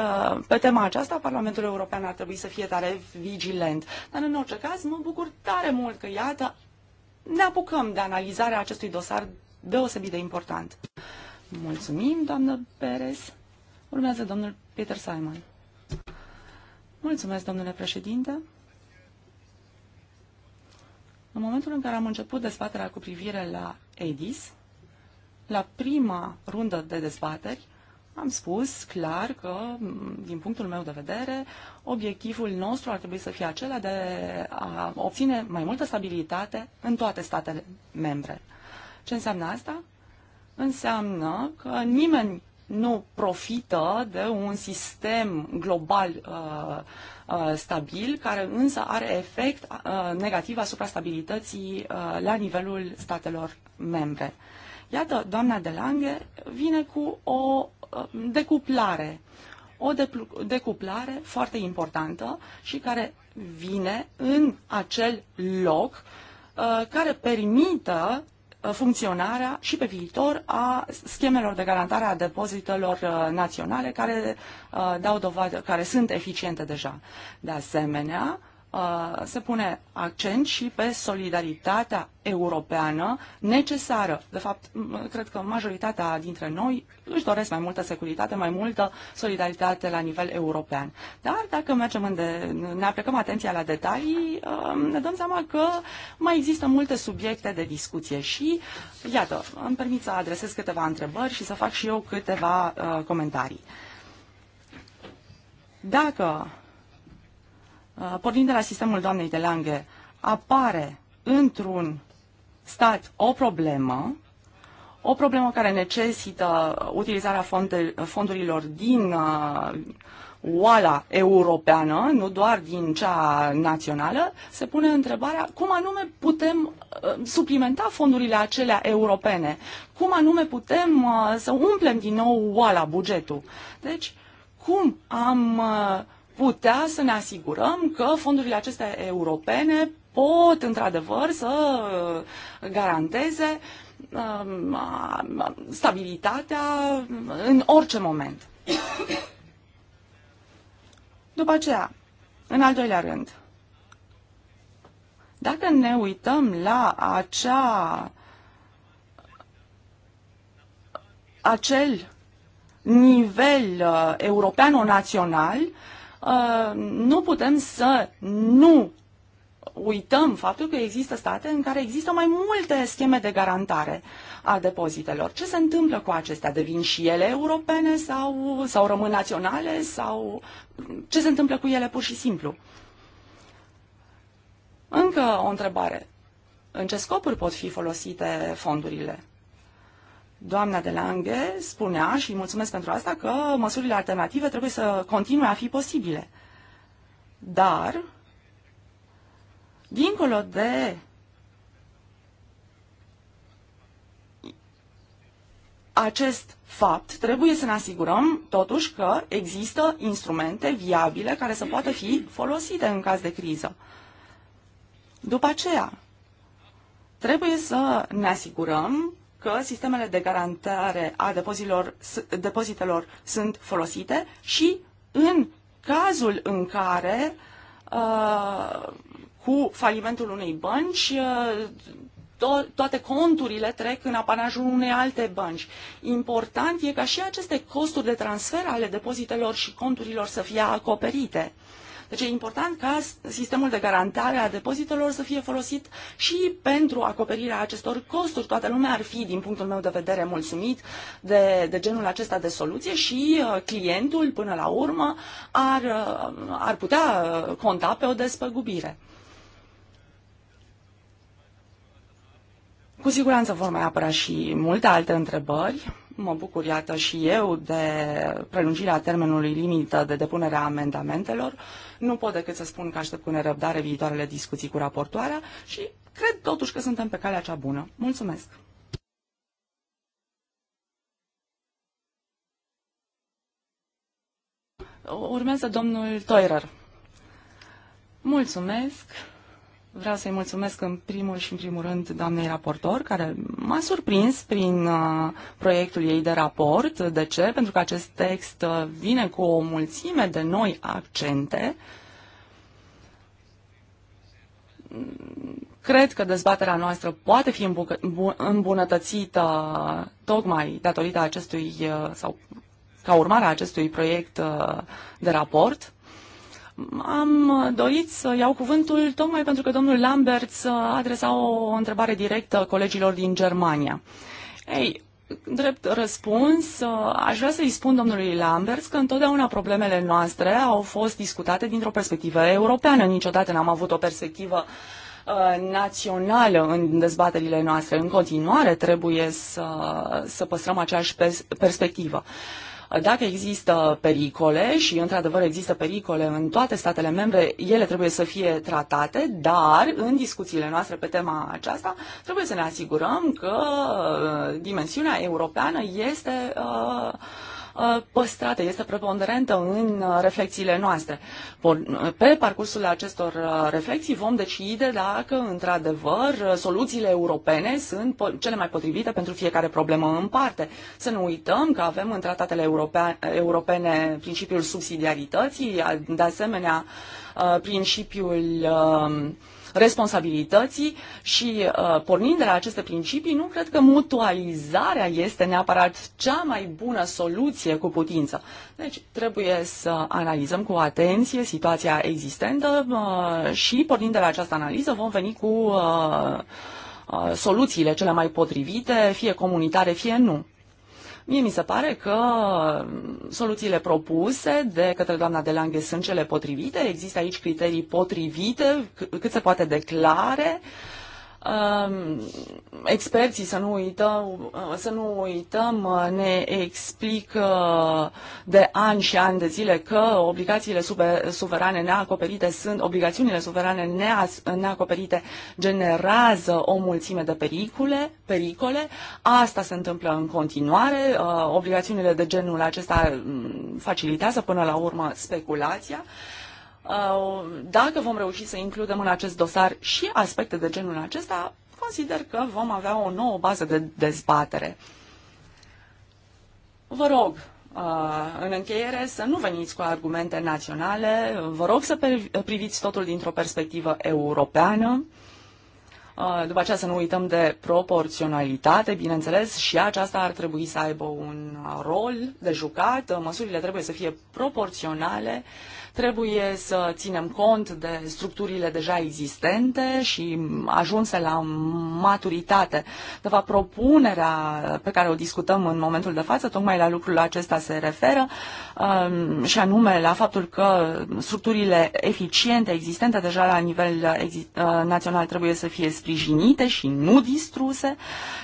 pe tema aceasta, Parlamentul European ar trebui să fie tare vigilent. Dar în orice caz, mă bucur tare mult că, iată, ne apucăm de analizarea acestui dosar deosebit de important. Mulțumim, doamnă Perez. Urmează domnul Peter Simon. Mulțumesc, domnule președinte. În momentul în care am început dezbaterea cu privire la EDIS, la prima rundă de dezbateri, am spus clar că, din punctul meu de vedere, obiectivul nostru ar trebui să fie acela de a obține mai multă stabilitate în toate statele membre. Ce înseamnă asta? Înseamnă că nimeni nu profită de un sistem global uh, uh, stabil, care însă are efect uh, negativ asupra stabilității uh, la nivelul statelor membre. Iată, doamna de Lange vine cu o uh, decuplare, o decuplare foarte importantă și care vine în acel loc uh, care permită Uh, funcționarea și pe viitor a schemelor de garantare a depozitelor uh, naționale care uh, dau dovadă, care sunt eficiente deja. De asemenea, Uh, se pune accent și pe solidaritatea europeană necesară. De fapt, cred că majoritatea dintre noi își doresc mai multă securitate, mai multă solidaritate la nivel european. Dar dacă mergem în de, ne aplicăm atenția la detalii, uh, ne dăm seama că mai există multe subiecte de discuție și, iată, îmi permit să adresez câteva întrebări și să fac și eu câteva uh, comentarii. Dacă Uh, pornind de la sistemul doamnei de Lange, apare într-un stat o problemă, o problemă care necesită utilizarea fonde, fondurilor din uh, oala europeană, nu doar din cea națională, se pune întrebarea cum anume putem uh, suplimenta fondurile acelea europene, cum anume putem uh, să umplem din nou oala, bugetul. Deci, cum am uh, putea să ne asigurăm că fondurile acestea europene pot într-adevăr să uh, garanteze um, uh, stabilitatea în orice moment. După aceea, în al doilea rând, dacă ne uităm la acea, acel nivel european european-național, uh, Uh, nu putem să nu uităm faptul că există state în care există mai multe scheme de garantare a depozitelor. Ce se întâmplă cu acestea? Devin și ele europene sau, sau rămân naționale? sau Ce se întâmplă cu ele pur și simplu? Încă o întrebare. În ce scopuri pot fi folosite fondurile? Doamna de Lange spunea, și mulțumesc pentru asta, că măsurile alternative trebuie să continue a fi posibile. Dar, dincolo de acest fapt, trebuie să ne asigurăm totuși că există instrumente viabile care să poată fi folosite în caz de criză. După aceea, trebuie să ne asigurăm că sistemele de garantare a depozitelor sunt folosite și în cazul în care uh, cu falimentul unei bănci uh, to- toate conturile trec în apanajul unei alte bănci. Important e ca și aceste costuri de transfer ale depozitelor și conturilor să fie acoperite. Uh, deci e important ca sistemul de garantare a depozitelor să fie folosit și pentru acoperirea acestor costuri. Toată lumea ar fi, din punctul meu de vedere, mulțumit de, de genul acesta de soluție și uh, clientul, până la urmă, ar, uh, ar putea uh, conta pe o despăgubire. Cu siguranță vor mai apărea și multe alte întrebări. Mă bucur, iată, și eu de prelungirea termenului limită de depunere a amendamentelor. Nu pot decât să spun că aștept cu nerăbdare viitoarele discuții cu raportoarea și cred totuși că suntem pe calea cea bună. Mulțumesc! Urmează domnul Toirer. Mulțumesc! Vreau să-i mulțumesc în primul și în primul rând doamnei raportor, care m-a surprins prin uh, proiectul ei de raport. De ce? Pentru că acest text uh, vine cu o mulțime de noi accente. Cred că dezbaterea noastră poate fi îmbunătățită tocmai datorită acestui uh, sau ca urmare a acestui proiect uh, de raport. Am dorit să iau cuvântul tocmai pentru că domnul Lambert adresa o întrebare directă colegilor din Germania. Ei, drept răspuns, aș vrea să-i spun domnului Lambert că întotdeauna problemele noastre au fost discutate dintr-o perspectivă europeană. Niciodată n-am avut o perspectivă uh, națională în dezbaterile noastre. În continuare trebuie să, să păstrăm aceeași pers- perspectivă. Dacă există pericole și într-adevăr există pericole în toate statele membre, ele trebuie să fie tratate, dar în discuțiile noastre pe tema aceasta trebuie să ne asigurăm că uh, dimensiunea europeană este uh, Uh, păstrată, este preponderentă în uh, reflexiile noastre. Pe parcursul acestor uh, reflexii vom decide dacă, într-adevăr, soluțiile europene sunt cele mai potrivite pentru fiecare problemă în parte. Să nu uităm că avem în tratatele europene principiul subsidiarității, de asemenea principiul uh, responsabilității și uh, pornind de la aceste principii, nu cred că mutualizarea este neapărat cea mai bună soluție cu putință. Deci trebuie să analizăm cu atenție situația existentă uh, și pornind de la această analiză vom veni cu uh, soluțiile cele mai potrivite, fie comunitare, fie nu. Mie mi se pare că soluțiile propuse de către doamna de Lange sunt cele potrivite. Există aici criterii potrivite, cât se poate declare. Uh, Um, experții, să nu uităm, uh, să nu uităm, uh, ne explică uh, de ani și ani de zile că obligațiile suverane neacoperite sunt, obligațiunile suverane neacoperite generează o mulțime de pericole, pericole. Asta se întâmplă în continuare. Obligațiunile de genul acesta mm, facilitează până la urmă speculația. Dacă vom reuși să includem în acest dosar și aspecte de genul acesta, consider că vom avea o nouă bază de dezbatere. Vă rog, uh, în încheiere, să nu veniți cu argumente naționale, vă rog să priviți totul dintr-o perspectivă europeană. Uh, după aceea să nu uităm de proporționalitate, bineînțeles, și aceasta ar trebui să aibă un rol de jucat. Măsurile trebuie să fie proporționale Trebuie să ținem cont de structurile deja existente și ajunse la maturitate. De fapt, propunerea pe care o discutăm în momentul de față, tocmai la lucrul acesta se referă um, și anume la faptul că structurile eficiente existente deja la nivel uh, uh, național trebuie să fie sprijinite și nu distruse,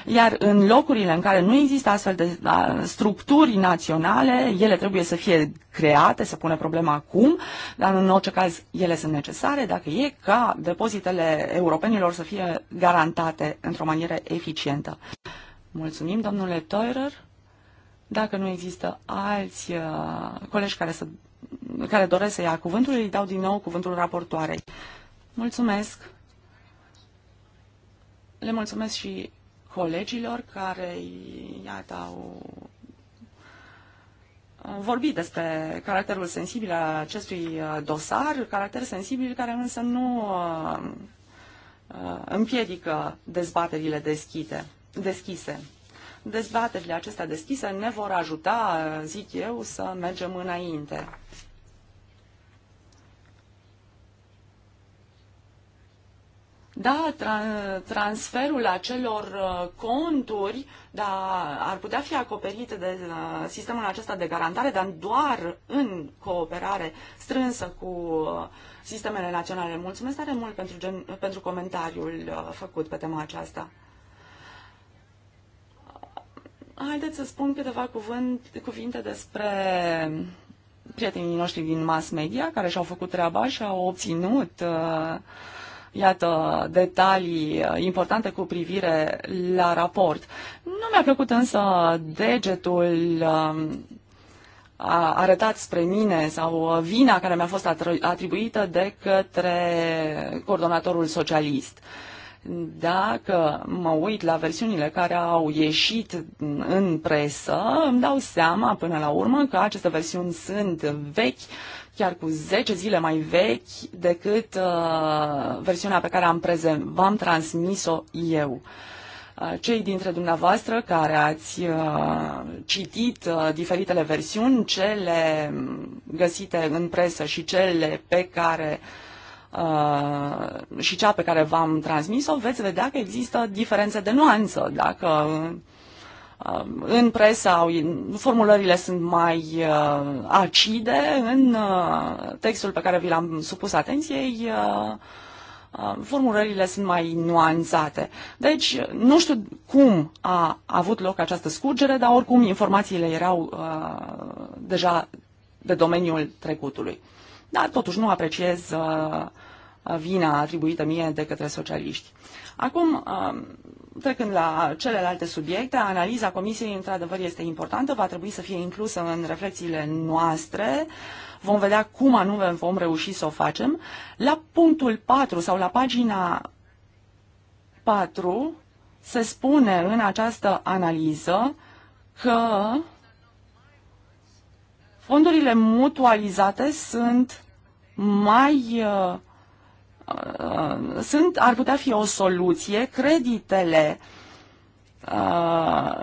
iar în locurile în care nu există astfel de uh, structuri naționale, ele trebuie să fie create, să pune problema acum dar în orice caz ele sunt necesare dacă e ca depozitele europenilor să fie garantate într-o manieră eficientă. Mulțumim, domnule Teurer. Dacă nu există alți uh, colegi care, să, care doresc să ia cuvântul, îi dau din nou cuvântul raportoarei. Mulțumesc. Le mulțumesc și colegilor care, iată, au vorbit despre caracterul sensibil al acestui uh, dosar, caracter sensibil care însă nu uh, uh, împiedică dezbaterile deschide, deschise. Dezbaterile acestea deschise ne vor ajuta, zic eu, să mergem înainte. Da, tra- transferul acelor uh, conturi da, ar putea fi acoperit de uh, sistemul acesta de garantare, dar doar în cooperare strânsă cu uh, sistemele naționale. Mulțumesc tare mult pentru, gen- pentru comentariul făcut pe tema aceasta. Haideți să spun câteva cuvânt, cuvinte despre prietenii noștri din mass media care și-au făcut treaba și au obținut uh, Iată detalii uh, importante cu privire la raport. Nu mi-a plăcut însă degetul um, arătat spre mine sau uh, vina care mi-a fost atribuită de către coordonatorul socialist. Dacă mă uit la versiunile care au ieșit în presă, îmi dau seama până la urmă că aceste versiuni sunt vechi, chiar cu 10 zile mai vechi decât uh, versiunea pe care am prezent, v-am transmis-o eu. Uh, cei dintre dumneavoastră care ați uh, citit uh, diferitele versiuni, cele mm, găsite în presă și cele pe care și cea pe care v-am transmis-o, veți vedea că există diferențe de nuanță. Dacă Uh, în presă formulările sunt mai uh, acide, în uh, textul pe care vi l-am supus atenției formulările sunt mai nuanțate. Deci, nu știu cum a avut loc această scurgere, dar oricum informațiile erau uh, deja de domeniul trecutului. Dar totuși nu apreciez uh, vina atribuită mie de către socialiști. Acum, uh, Trecând la celelalte subiecte, analiza comisiei într-adevăr este importantă, va trebui să fie inclusă în reflexiile noastre. Vom vedea cum anume vom reuși să o facem. La punctul 4 sau la pagina 4 se spune în această analiză că fondurile mutualizate sunt mai uh, sunt, ar putea fi o soluție creditele uh,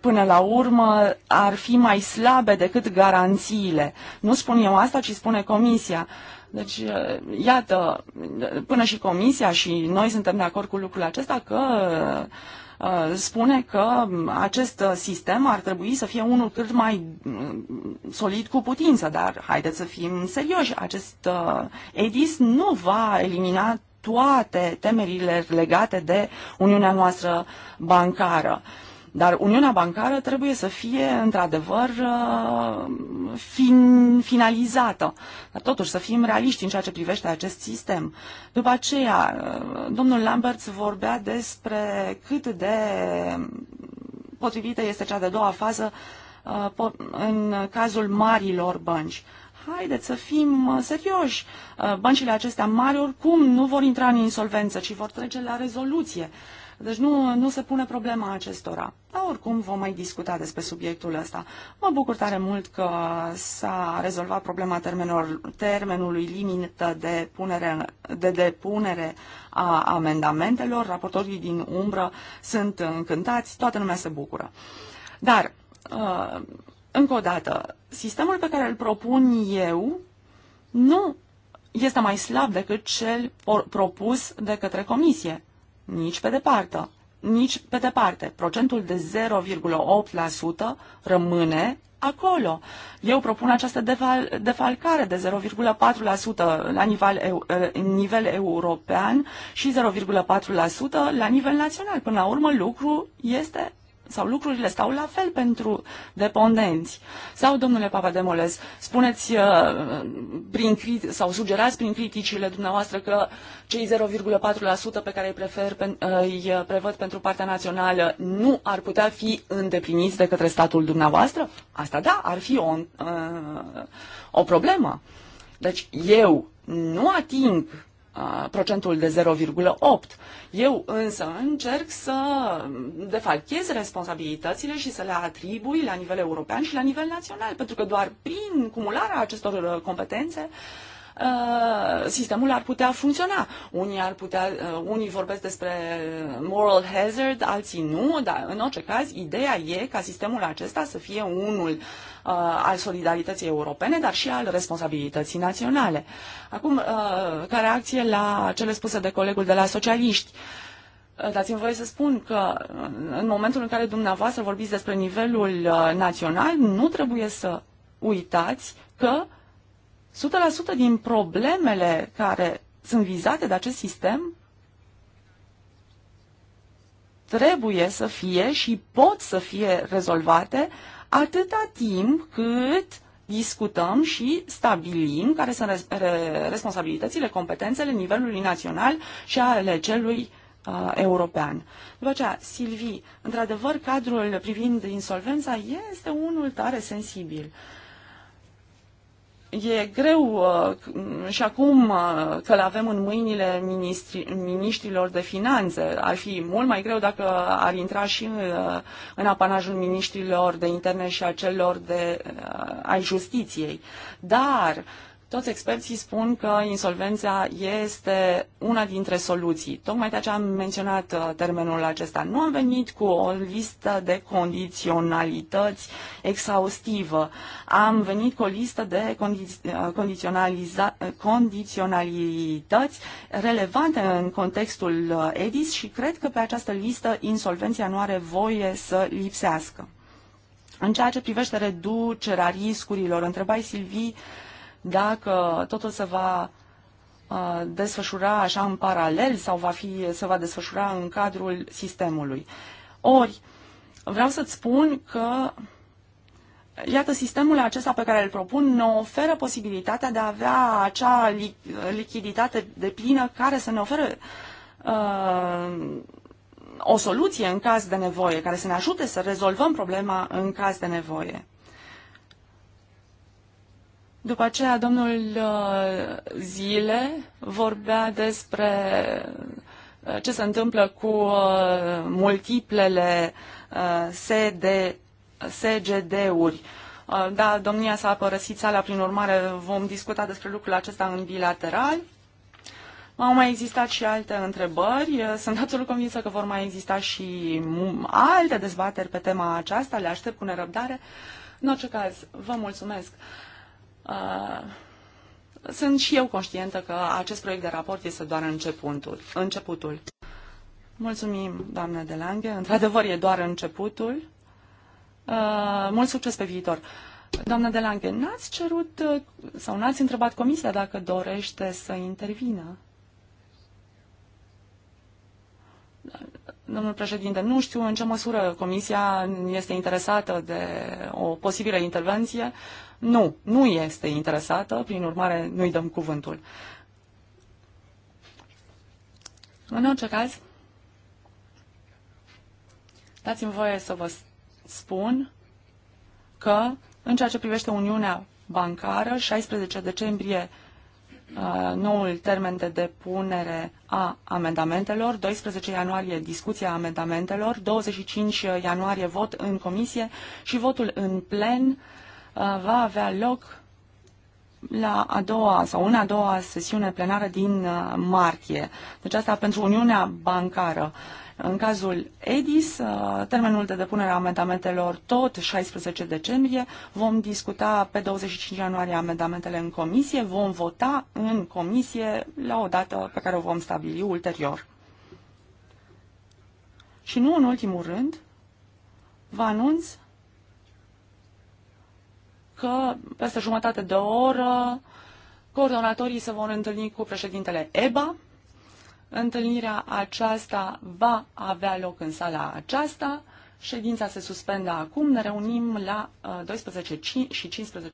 până la urmă ar fi mai slabe decât garanțiile. Nu spun eu asta, ci spune Comisia. Deci, uh, iată, până și Comisia și noi suntem de acord cu lucrul acesta că uh, Uh, spune că um, acest uh, sistem ar trebui să fie unul cât mai um, solid cu putință, dar haideți să fim serioși, acest uh, EDIS nu va elimina toate temerile legate de Uniunea noastră bancară. Uh, dar Uniunea Bancară trebuie să fie, într-adevăr, uh, fin, finalizată. Dar totuși să fim realiști în ceea ce privește acest sistem. După aceea, uh, domnul Lambert vorbea despre cât de potrivită este cea de-a doua fază uh, în cazul marilor bănci haideți să fim serioși. Băncile acestea mari oricum nu vor intra în insolvență, ci vor trece la rezoluție. Deci nu, nu se pune problema acestora. Dar oricum vom mai discuta despre subiectul ăsta. Mă bucur tare mult că s-a rezolvat problema termenor, termenului limită de punere, de depunere a amendamentelor. Raportorii din umbră sunt încântați, toată lumea se bucură. Dar, uh, încă o dată, sistemul pe care îl propun eu nu este mai slab decât cel propus de către comisie. Nici pe departe. Nici pe departe. Procentul de 0,8% rămâne acolo. Eu propun această defal- defalcare de 0,4% la nivel, eu, ă, nivel european și 0,4% la nivel național. Până la urmă, lucru este sau lucrurile stau la fel pentru dependenți. Sau, domnule Papademoles, spuneți uh, prin, sau sugerați prin criticile dumneavoastră că cei 0,4% pe care îi, prefer, pe uh, îi uh, prevăd pentru partea națională nu ar putea fi îndepliniți de către statul dumneavoastră? Asta da, ar fi o, uh, o problemă. Deci eu nu ating Uh, procentul de 0,8. Eu însă încerc să defalchez responsabilitățile și să le atribui la nivel european și la nivel național, pentru că doar prin cumularea acestor uh, competențe uh, sistemul ar putea funcționa. Unii, ar putea, unii vorbesc despre moral hazard, alții nu, dar în orice caz, ideea e ca sistemul acesta să fie unul uh, uh, al solidarității europene, dar și al responsabilității naționale. Acum, uh, ca reacție la cele spuse de colegul de la socialiști, uh, Dați-mi voie să spun că uh, în momentul în care dumneavoastră vorbiți despre nivelul uh, național, nu trebuie să uitați că 100% din problemele care sunt vizate de acest sistem trebuie să fie și pot să fie rezolvate atâta timp cât discutăm și stabilim care sunt responsabilitățile, competențele nivelului național și ale celui uh, european. După aceea, Silvi, într-adevăr, cadrul privind insolvența este unul tare sensibil. Uh, e greu uh, și acum uh, că le avem în mâinile ministri, miniștrilor de finanțe. Ar fi mult mai greu dacă ar intra și în, uh, în apanajul miniștrilor de interne și a celor de, ai justiției. Dar uh, toți experții spun că insolvența este una dintre soluții. Tocmai de aceea am menționat uh, termenul acesta. Nu am venit cu o listă de condiționalități exhaustivă. Am venit cu o listă de condi uh, condiționalități relevante în contextul uh, EDIS și cred că pe această listă insolvenția nu are voie să lipsească. În ceea ce privește reducerea riscurilor, întrebai Silvii dacă totul se va uh, desfășura așa în paralel sau va fi, se va desfășura în cadrul sistemului. Ori, vreau să-ți spun că Iată, sistemul acesta pe care îl propun ne oferă posibilitatea de a avea acea lichiditate de plină care să ne ofere uh, o soluție în caz de nevoie, care să ne ajute să rezolvăm problema în caz de nevoie. După aceea, domnul uh, Zile vorbea despre uh, ce se întâmplă cu uh, multiplele CD, SGD-uri. Da, domnia s-a părăsit sala, prin urmare vom discuta despre lucrul acesta în bilateral. Au mai existat și alte întrebări. Sunt absolut convinsă că vor mai exista și mm, alte dezbateri pe tema aceasta. Le aștept cu nerăbdare. În orice caz, vă mulțumesc. Uh, sunt și eu conștientă că acest proiect de raport este doar începutul. începutul. Mulțumim, doamnă de Lange. Într-adevăr, e doar începutul. Uh, mult succes pe viitor. Doamnă de Lange, n-ați cerut uh, sau n-ați întrebat comisia dacă dorește să intervină? Domnul președinte, nu știu în ce măsură comisia este interesată de o posibilă intervenție. Nu, nu este interesată, prin urmare nu-i dăm cuvântul. În orice caz, dați-mi voie să vă spun că în ceea ce privește Uniunea Bancară, 16 decembrie uh, noul termen de depunere a amendamentelor, 12 ianuarie discuția amendamentelor, 25 ianuarie vot în comisie și votul în plen Uh, va avea loc la a doua sau în a doua sesiune plenară din uh, martie. Deci asta pentru Uniunea Bancară. În cazul EDIS, uh, termenul de depunere a amendamentelor tot 16 decembrie, vom discuta pe 25 ianuarie amendamentele în comisie, vom vota în comisie la o dată pe care o vom stabili ulterior. Și nu în ultimul rând, vă anunț că peste jumătate de oră coordonatorii se vor întâlni cu președintele EBA. Întâlnirea aceasta va avea loc în sala aceasta. Ședința se suspendă acum. Ne reunim la 12 uh, și 15.